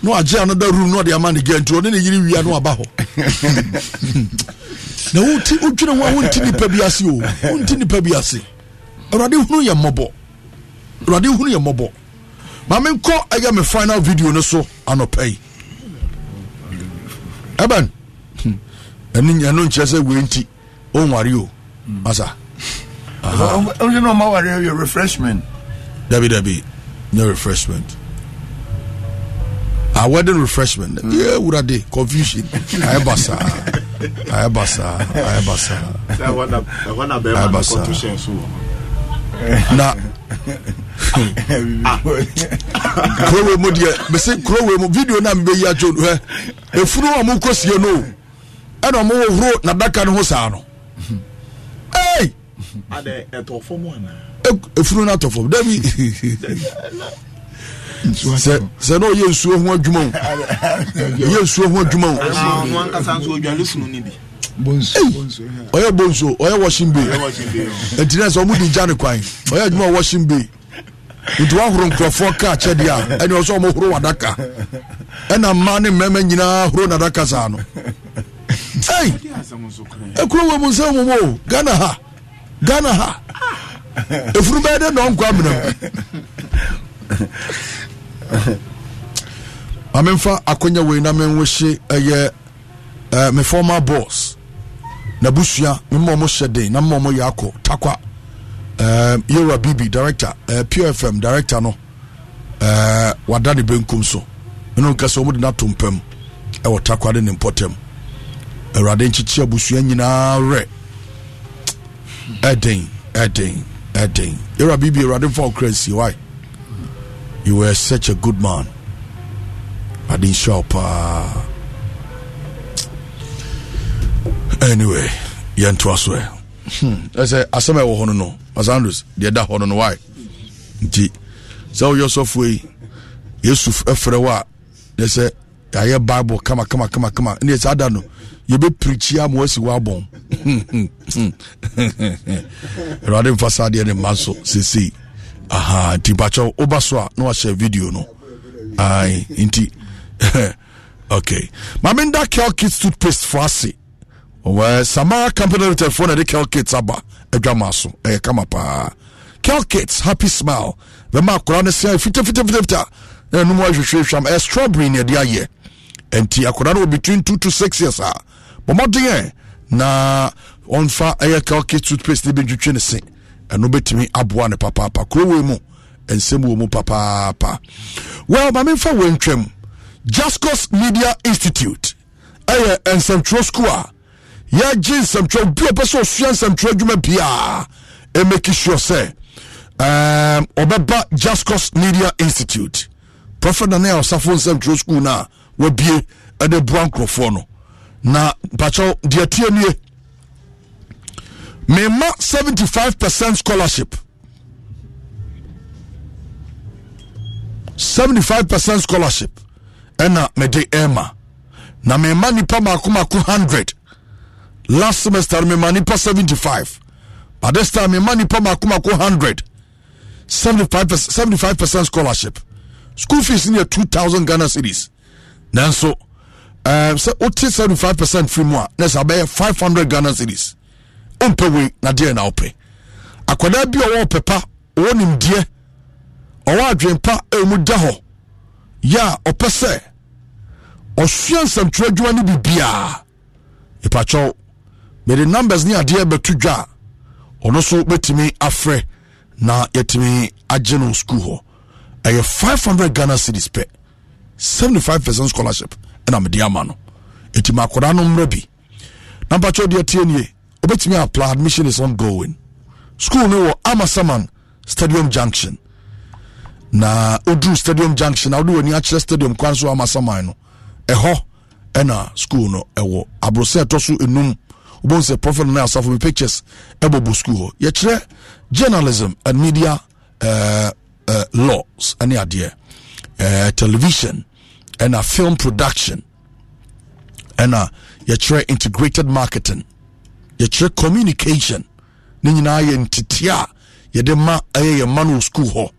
B: na wagye another room na ɔde ama ne gya nti ɔne ne yere wia no aba hɔ na woti wodwene ho a wonti nipa bi ase o wonti nipa bi ase awurade hunu yɛ mmɔbɔ awurade hunu yɛ mmɔbɔ maame nkɔ ɛyɛ me final video no so anɔpɛ yi ɛbɛn ɛno ɛno nkyerɛ sɛ wei nti ɔnware o asa ɔnhyɛ na ɔma ware yɛ refreshment dabi dabi e, no refreshment a wedding refreshment mm. yeah a day confusion ayɛ ba saa ayɛ ba saa ayɛ ba saa ayɛ ba saa na ah. kurowe mu deɛ video na mbɛyi ya no hɛ efunu a mo kɔ sie no ɛna mo wɔhoro na daka no ho saa no ɛy. adɛ ɛtɔ fɔmu anaa. efunu no sɛ oh. na ɔyɛ nsuo ho adwuma o ɔyɛ nsuo ho adwuma o ɔyɛ bonso ɔyɛ washing bay nti sɛ ɔmo di kwan ɔyɛ washing bay nti wahoro nkurɔfoɔ kaa kyɛdeɛ a ɛne ɔ sɛ horo wadaka ɛna mmaa ne mmarima nyinaa horo nadaka saa no ɛkuro wɔ mu nsɛm mu o ghana ha ghana ha efunu bɛyɛ dɛ na ɔnkɔ amena mu amemfa akonya wei na menwohye ɛyɛ uh, me former boss busua mema ɔmo hyɛ den na mema ɔmo yɛ akɔ takwa um, eh, yɛwura bibi director uh, eh, pfm director no uh, wada ne benkum so ɛno nka sɛ ɔmo de no ato mpam ɛwɔ takwa ne ne mpɔtam awurade nkyekye busua nyinaa werɛ ɛden ɛden ɛden yɛwura biribi awurade mfa wo kra nsie Why? you were such a good man ade nhyira wo paa anyway yɛntoa hmm, so ɛ ɛsɛ asɛm a ɛwɔ hɔ no no asandros deɛ da hɔ no no wae nti sɛ woyɛ sɔfoɔ yi yesu ɛfrɛ wo a yɛayɛ bible kama kama kama kama ne yɛ saa no yɛbɛ pirikyi ama asi wabɔn awurade mfa saa deɛ ne mma so sesei aha nti mpakyɛw woba so a na wahyɛ video no ai nti okay mamenda kelkit toothpaste fo ase wɔ samara company limited fo na ɛde kelkit aba adwama so ɛyɛ kama paa kelkit happy smile bɛma akora no sɛ fitafitafitafita na ɛnom ahwehwɛhwam ɛyɛ strawberry ne ɛde ayɛ nti akwadaa no wɔ between two to six years a bɔmmɔden ɛ na ɔmfa ɛyɛ kalki toothpaste ne bɛntwitwe ne se ɛno bɛtumi aboa ne papaapa kurowei mu ɛnsɛm wɔ mu papaapa well ma memfa wɔ ntwam jascos media institute ɛyɛ nsɛmtwerɛ school a yɛgye nsɛmtwerɛ obi a ɔpɛ sɛ ɔsua nsɛmtwerɛ adwuma biaa ɛmɛki sure sɛ um, ɔbɛba jascos media institute prɔfɛt daniel ɔsafo nsɛmtwerɛ school na a wabie ɛde boa nkurɔfoɔ no na mpakyɛw deɛ tie nie mema 75 percent scholarship 75 percent scholarship ɛna mede ɛma na mema nipa maakomako mako 100 last semester mema nipa 75 but this time mema nipa mako mako 100 75 percent scholarship school fees ne yɛ 2000 ghana series nanso Ehm, sɛ wote 75 percent firi mu a na sɛ abɛyɛ 500 ghana cities wompɛ wei na deɛ na wopɛ akwadaa bi a ɔwɔ ɔpɛpa ɔwɔ nimdeɛ ɔwɔ adwempa ɛmu da hɔ yɛ a ɔpɛ sɛ ɔsua nsɛmtwerɛ adwuma no biribiaa nipakyɛw mede numbers ne adeɛ bɛto dwa a ɔno nso bɛtumi afrɛ na yɛtumi agye no school hɔ ɛyɛ 500 ghana cities pɛ 75 percent scholarship ɛna mede ama no ɛnti makɔda no mmerɛ bi na mpakyɛ deɛ tie nie wobɛtumi apply admission is ongoing school no wɔ amasaman stadium junction na oduru stadium junction na wode w'ani akyerɛ stadium kwan so amasaman no ɛhɔ ɛna school no ɛwɔ aborɔsɛ ɛtɔ so enum wobɛhu sɛ prophet no ne asafo me pictures ɛbɔbɔ school hɔ yɛkyerɛ journalism and media uh, uh, laws ɛne adeɛ uh, television And a film production and uh, a yɛkyerɛ integrated marketing yɛkyerɛ communication nini nyinaa yɛ ya a ma aye yɛ manu no school hɔ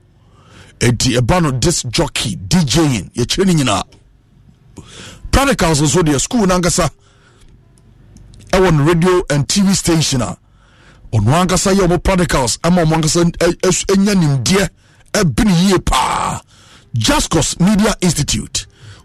B: eti ɛba no disc jockey djing yɛkyerɛ ne nyinaa practicals nso deɛ school nankasa I want radio and tv station a ɔno ankasa yɛ ɔmo practicals ama ɔmo ankasa ɛnya nimdeɛ ɛbi ne pa. Jaskos media institute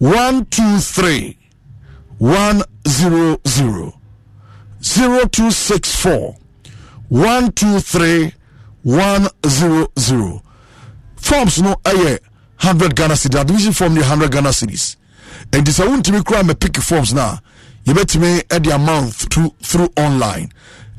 B: one two three one zero zero zero two six four one two three one zero zero forms no ɛyɛ eh, hundred Ghana cedis admission form no yɛ hundred Ghana cedis ɛnti sɛ wontumi koraa pick forms no a yɛbɛtumi ɛde eh, amount through, through online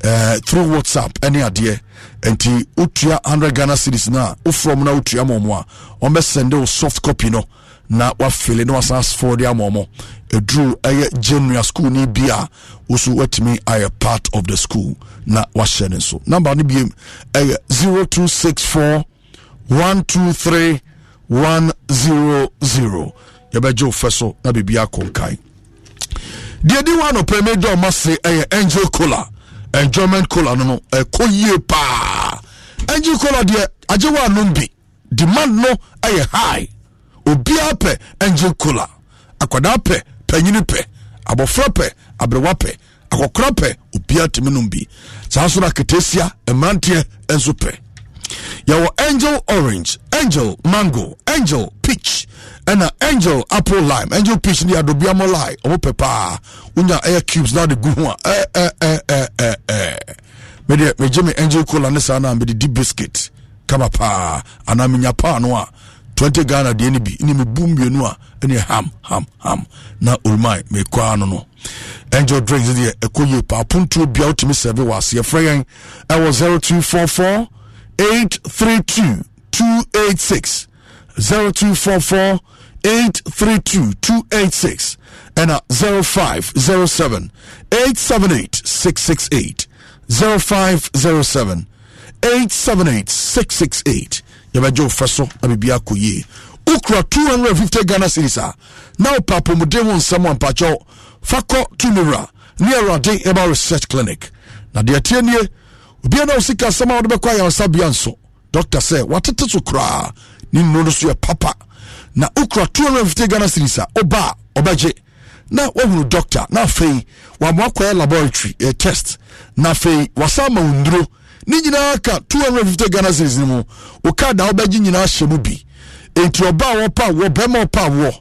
B: uh, through whatsapp ɛne adeɛ ɛnti wotua hundred Ghana cedis no a wofrɔm no a wotua ma ɔmo a ɔmbɛsɛnde wo soft copy no na wafele na wasan asfɔde ama ɔmo eduru ɛyɛ general school ni bi a woso watumi ayɛ part of the school na wahyɛ ne nso namba no biem ɛyɛ zero two six four one two three one zero zero yɛbɛgye ofɛ so na biribi akɔ nkae deɛ di wa anɔpɛ mi dɔn ma se ɛyɛ angel kola enjoyment cola. no no ɛkɔ yie paa angel cola deɛ agye wa anum bi demand no ɛyɛ high obiara pɛ angel kola akwadaa pɛ panyini pɛ abɔfra pɛ aberewa pɛ akɔkora pɛ obiara tumi nom bi saa nso na ketesia mmeranteɛ nso pɛ yɛwɔ angel orange angel mango angel peach ɛna angel apple lime angel peach ne adobiamɔ lime ɔmo pɛ paa wonya ɛyɛ cubes na de gu ho a ɛɛɛɛɛɛɛ medeɛ megye me angel cola ne saa na mede di biscuit kama paa anaa menya paano a 20 ghana deɛ no bi ne mebu mmienu a ɛne ham ham ham na olmai mekɔa no no angel drinks deɛ ɛkɔ yie pa apontuo bia wotumi sɛbe wɔ aseɛ frɛ yɛn ɛwɔ 0244 832 286 0244 832 286 ɛna 0507 878 668 0507 878 668 yɛbɛgye wo fa so na biribi akɔ yie wokura 250 ghana series a na wopɛ apɔmuden ho nsɛm a mpakyɛw fa kɔ tumira ne awurade ɛba research clinic na deɛ tie nie obia na wo sika asɛm a wode bɛkɔ ayaresabea nso dɔkta sɛ watete so koraa ne nnuro no so yɛ papa na wokura 250 ghana series a woba a ɔbɛgye na wahunu dɔkta na afei wamoakɔyɛ laboratory eh, test na afei wasa ma wo nduro ne nyinaa ka 250 ghana series no mu wo card a wobɛgye nyinaa hyɛ mu bi enti ɔbaa pa wɔ bɛrima ɔpa wɔ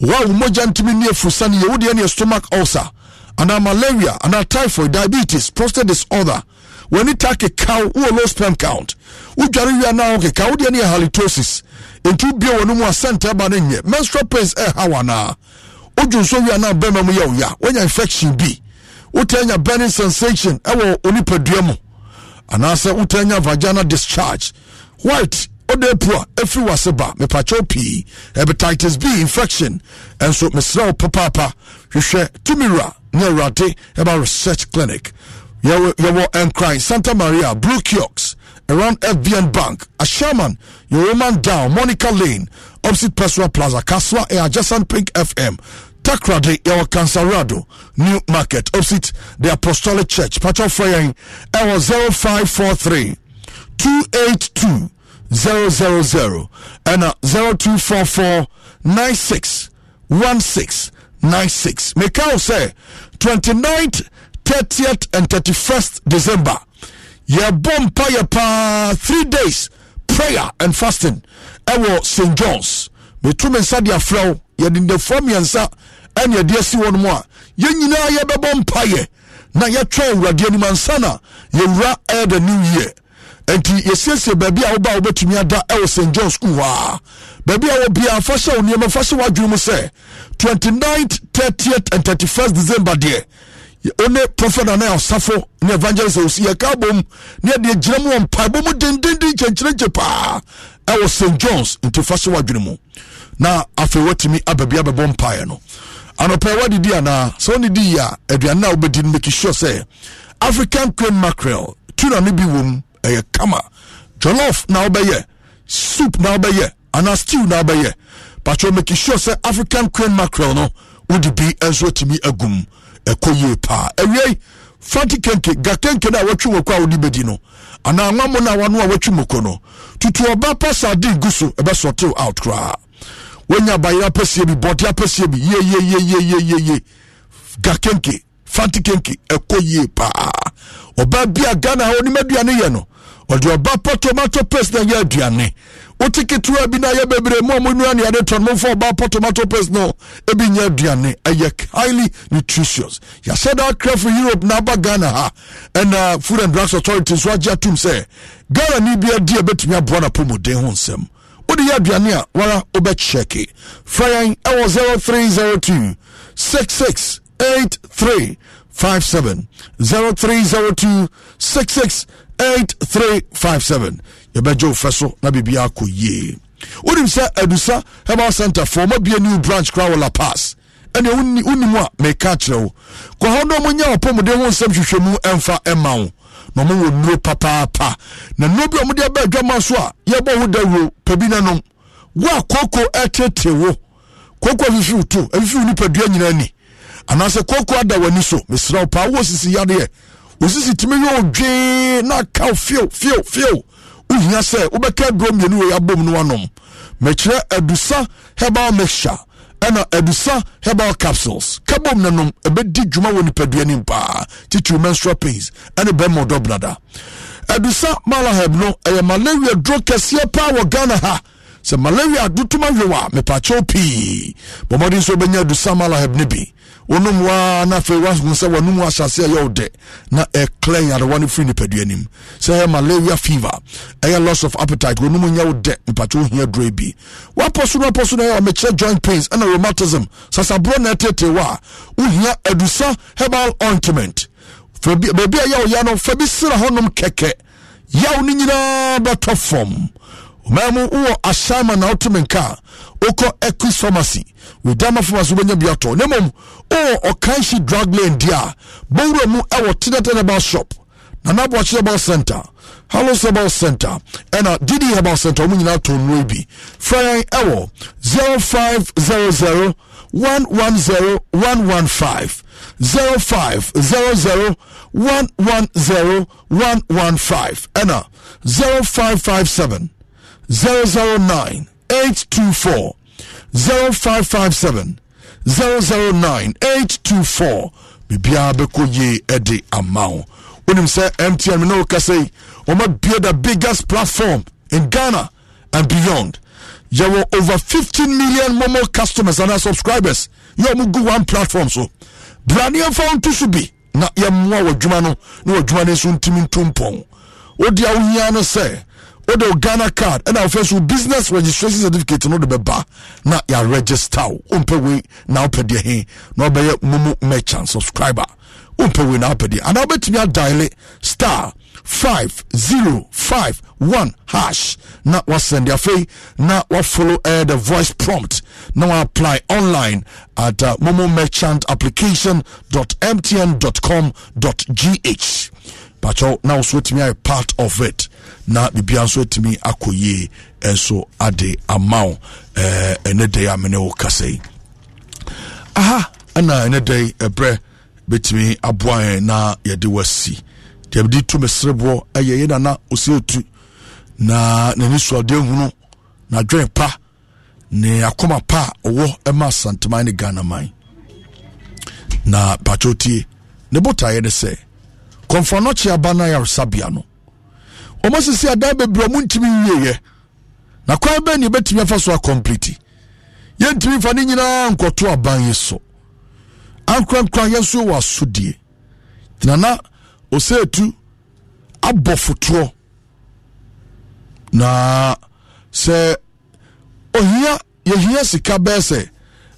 B: wo a wo mogya ntumi ne afurusa no yɛ wodeɛ ne yɛ stomach ulcer anaa malaria anaa typhoid diabetes prostate disorder w'ani ta kekaw wowɔ low sperm count wodware wie anaa wo kekaw wodeɛ ne yɛ halitosis enti wobie wɔ no mu a sɛnta ba no nyɛ menstrual pains ɛha wo anaa wodwo nso wie anaa bɛrima mu yɛ wo ya woanya infection bi wotɛ nya burning sensation ɛwɔ onipadua mu anaasɛ wotɛ nya vagina discharge white ɔde apu a ɛfiri wase ba mepakyɛw pii hepatitis b infection ɛnso mesrɛ wo papaapa hwehwɛ tumira ne awurade ɛba research clinic yɛwɔ ɛnkran santa maria blue kiox around fbn bank asherman yɛ roman down monica lane opposite personal plaza kasoa ɛ adjacent pink fm takrade yɛwɔ cansarado new market opposite the apostolic church patro frɛ yɛn ɛwɔ 0543 282 000 ɛna 0244 96 16 96 sɛ 29th 30th and 31st december yɛbɔ mpayɛ paa 3 days prayer and fasting ɛwɔ st johns metu me nsa de afrɛ wo yɛde nnɛfoɔ mmiɛnsa ɛne ɛde asi wɔn mu a yɛn nyinaa yɛbɛbɔ mpayɛ na yɛtwɛn awurade anim ansa na yɛwura ɛyɛ the new year nti yɛsiesie baabi a woba a wobɛtumi ada ɛwɔ st john school hɔ a baabi a wɔbiaa fa hyɛ wo nneɛma fa hyɛ woadwene mu sɛ 29 30th and 31st december deɛ one prophet ana ɔsafo ne evangelist osi yɛka abom ne yɛde agyina mu wɔ mpaebɔ mu dendenden kyɛnkyerɛnkyɛ paa ɛwɔ st johns nti fa hyɛ woadwene mu na afei watumi ababi abɛbɔ mpaeɛ no anɔpɛ wadidi anaa sɛ wonedi yie a aduane no a wobɛdi no make sure sɛ african crane mackerel tuna no bi wɔm ɛyɛ kama jolof na wobɛyɛ soup na wobɛyɛ anaa stew na wobɛyɛ patro make sure sɛ african crane mackerel no wode bi nso atumi agum ɛkɔ yie paa awiei fanti kenke ga kenke no a watwe wɔkɔ a wode bɛdi no anaa nwamo no a wano a watwe mɔkɔ no tutu ɔba pa sardine gu so ɛbɛsɔtew out koraa wonya bayerɛ apɛseɛ bi bɔnte apɛseɛ bi ye ga kenke fante kenke ɛkɔ yie paa ɔbaa bi a ghana a onim aduane yɛ no ɔde ɔba pɔ tomato paste na yɛ aduane wote ketewa bi na yɛ bebree mu a monua neade tɔ no momfa ɔba pɔ tomato paste no ebi nyɛ aduane ɛyɛ highly nutritious yɛhyɛ da akra firi europe na aba ghana ha ɛna uh, food and drugs authority nso agye atom sɛ ghana ni bi adi a ɛbɛtumi aboa napɔmuden ho nsɛm wode yɛ aduane a wara wobɛkyɛke fra yɛn ɛwɔ 0302 6683 0302 668357 yɛbɛgye wo fɛ so na biribiaa kɔ yie wonim sɛ adusa herbal center foɔ ma bia new branch kora wɔ lapas ɛneɛ wonim a meka kyerɛ wo kɔhɔ no monyɛ ɔpɔmuden ho nsɛm hwehwɛmu ɛmfa ɛma wo ma mo wɔ nuro papaapa na nuro bi a wɔde aba adwama so a yɛbɔ wo dawuro pɛ bi nanom wo a kooko ɛtetee wo kooko afifiw to afifiw nipadua nyinaa ni anaasɛ kooko ada w'ani so mesrɛ wo paa wo sisi yadeɛ osisi tumi yɛ odwee na aka wo fiew fiew fiew wohia sɛ wobɛka aduro mmienu wɔ yɛabom no wanom mekyerɛ adusa herbal mixture ɛna adusa herbal capsules ka na nom ɛbɛdi dwuma wɔ nipadua nim paa titiri menstrual pains ɛne bɛma ɔdɔ blada adusa malahab no ɛyɛ malaria duro kɛseɛ paa wɔ ghana ha sɛ malaria adotoma yowa mepakyɛw pii bɔmmɔden nso wobɛnya adusamalahab no bi wonom waa na afei wahu sɛ wanom ahyɛse ɛyɛ wo dɛ na ɛclɛn adewa no firi nipadua anim sɛ ɛyɛ malaria fever ɛyɛ loss of appetite wonom nyɛ wo dɛ mepakyɛ wohia durɛ bi woapɔ so no apɔ so no ɛyɛ mekyerɛ joint pains ɛna rheumatism sasaborɔ na ɛtetee wo a wohia adusa herbal ointment baabi a yɛ wo ya no fa bi sera hɔnom kɛkɛ yaw no nyinaa bɛtɔ fam maamu wowɔ ahyɛma na wotem nka a wokɔ equis pharmacy wɔdama pharmacy wobɛnya bi atɔ na mmom wowɔ ɔkanhye drug lane deɛ a bɔwura mu ɛwɔ tenatene ba shop nanaboakye herbal center hallo herbal center ɛna didi herbal center ɔmo nyinaa to nnuro bi fra yɛn ɛwɔ one 110 115 0500 zero five five seven 009 824 0557 009 824 biribiara bɛkɔ yie de ama wo wonim sɛ mtn me ne wo kasa yi wɔma bia the biggest platform in ghana and beyond yɛwɔ over 15 million momo customers and subscribers yɛ ɔmo gu one platform so braneɛmfa wo nto so bi na yɛmmoa wɔ adwuma no na wɔ adwuma no nso ntimi nto mpɔn wode a wohia no sɛ wode wo ghana card ɛna wofɛ so business registration certificate no de bɛba na yɛaregister wo wompɛ wei na wopɛ deɛ he na wobɛyɛ momu merchant subscriber wompɛ wei na wopɛ deɛ anaa wobɛtumi adaele star five five zero one hash na wasɛnde afei na wafollow uh, eh, the voice prompt na apply online at uh, momo merchant application dot mtn dot com dot gh patro na nso tumi ayɛ part of it na biribiara nso tumi akɔ yie nso ade ama wo ɛɛ eh, ɛne dɛ a mene wo aha ɛna ɛne dɛ ɛbrɛ bɛtumi aboa yɛn na yɛde wasi deɛ bɛde tu mesreboɔ ɛyɛ yɛ nana osi etu na n'ani soade hunu n'adwene pa ne akoma pa a ɔwɔ ɛma santeman ne ghana man na patro tie ne botaeɛ ne sɛ kɔmfɔ abana aba no ayaresabea no ɔmo sisi adan bebree ɔmo ntumi yieɛ na kwan bɛn na yɛbɛtumi afa so akɔmpliti yɛntumi fa ne nyinaa nkɔto aban yi so ankorankora yɛn nso wɔ asodie nana oseetu abɔ fotoɔ na sɛ ohia yɛhia sika bɛɛ sɛ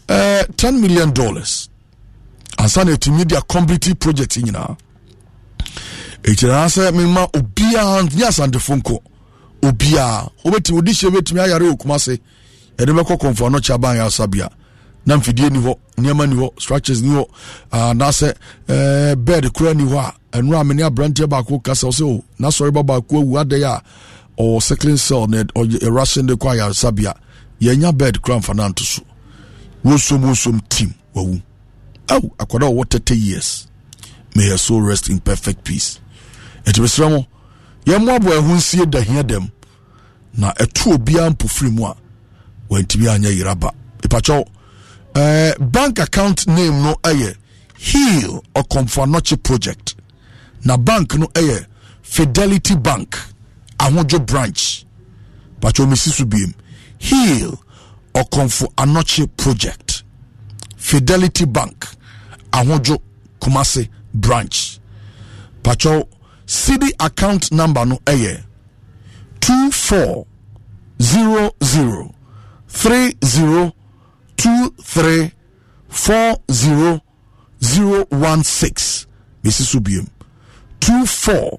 B: ɛɛ ten million dollars ansa na etumi de akɔmpliti project nyinaa ɛgyina sɛ mema obiaa nyɛ asantefo nkɔ obiaa wobɛtumi wode hyɛ bɛtumi ayare ɔkuma se ɛde bɛkɔ kɔmfoa no kyɛ aban yɛasabea na mfidie ni hɔ nneɛma ni hɔ structures ni hɔ ah, anaasɛ eh, bed kura ni hɔ a ɛno a mene aberanteɛ baako kasa sɛ o oh, nasɔre ba baako awu adɛ a ɔwɔ cyclin cell ne russian de kɔ ayaresabea yɛnya bed kora mfa no anto so wosom wosom tim wawu aw akwadaa ɔwɔ 30 years may her soul rest in perfect peace ɛti mesrɛ mo yɛmmo ɛho nsie da hia dɛm na ɛto mpo mpofiri mu a wantumi anyɛ yera ba ɛpakyɛw eh, bank account name no ɛyɛ heal ɔkɔmfoanɔkye project na bank no ɛyɛ fidelity bank ahodwo branch pakyɛ mesi so biem heal ɔkɔmfo anɔkye project fidelity bank ahodwo kumase branch pakyɛw cd account number no ɛyɛ eh, two four zero zero three zero two three four zero zero one six mesi so biem two four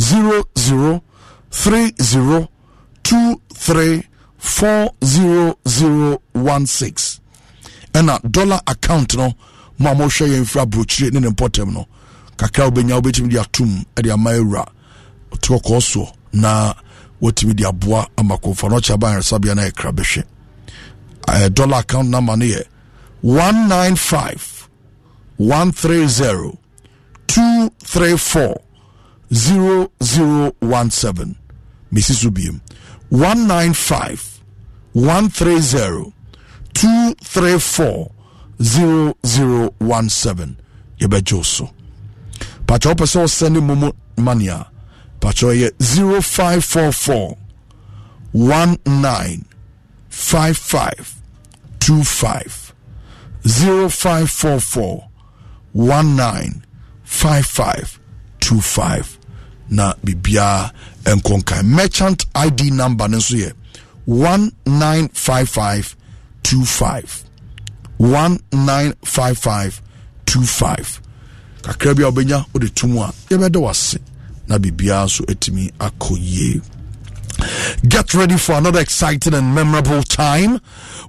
B: zero zero three zero two three four zero zero one six ɛna dollar account no mo a mo hwɛ yɛn fira burokyire ne ne mpɔtɛm no. kakra wobɛnya wobɛtumi de atom de ama awura ɔte kɔkɔɔ soɔ na watumi de aboa ama komfa no ɔkyɛ bayaresabea no yɛkra bɛhwɛ uh, dollar account number no yɛ 195 130 234 0017 mesi so biom 195 130 234 0017 yɛbɛgye so mania. zero five four four one nine five five two five zero five four four one nine five five two five na biribiaa nkonkan merchant id number no nso five two five. kakra bi a wobɛnya wode to mu a na biribiara nso atumi akɔ yie Get ready for another exciting and memorable time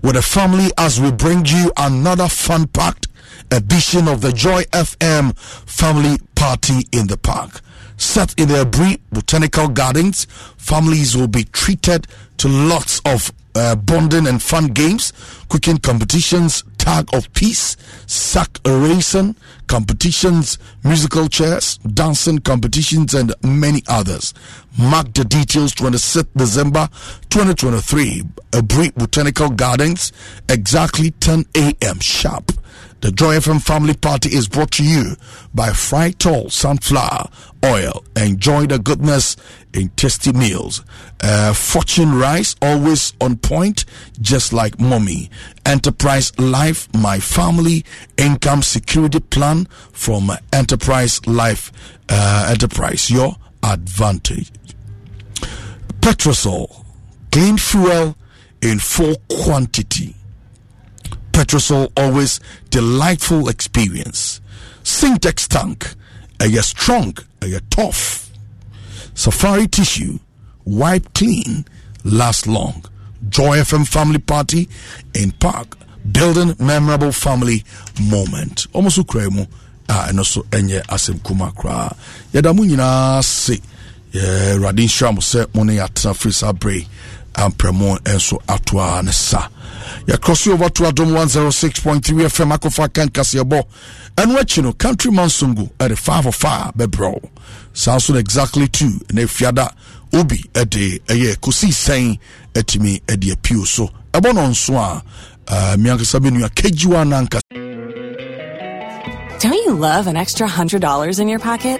B: with the family as we bring you another fun packed edition of the Joy FM Family Party in the Park. Set in the Abri Botanical Gardens, families will be treated to lots of uh, bonding and fun games, cooking competitions, tag of peace, sack racing competitions, musical chairs, dancing competitions, and many others. Mark the details 26th December 2023, Abri Botanical Gardens, exactly 10 a.m. sharp. The Joy FM Family Party is brought to you by Fritol Sunflower Oil. Enjoy the goodness in tasty meals. Uh, fortune Rice, always on point, just like mommy. Enterprise Life, my family income security plan from Enterprise Life uh, Enterprise. Your advantage. Petrosol, clean fuel in full quantity Petrosol always delightful experience. Syntex tank, a you strong, a you tough. Safari tissue, wipe clean, last long. Joy FM family party in park, building memorable family moment. Almost kremu, and ah, also Enye Asem Kumakra. Yadamunina se, Radin Shram se, Mone Yatra Bray, and Premon, and so Atwa yɛkɔ over to adom 106.3 fm akɔfa ka nkaseɛbɔ ɛno akyi no country man songo ɛde faa bɛbrɛw saa nso no exactly two na afiada obi ɛde ɛyɛ kɔsii sɛn atumi ɛde apio so ɛbɔ no nso a uh, eh, meankasa bɛnua kagyiwa na
C: Don't you love an extra $100 in your pocket?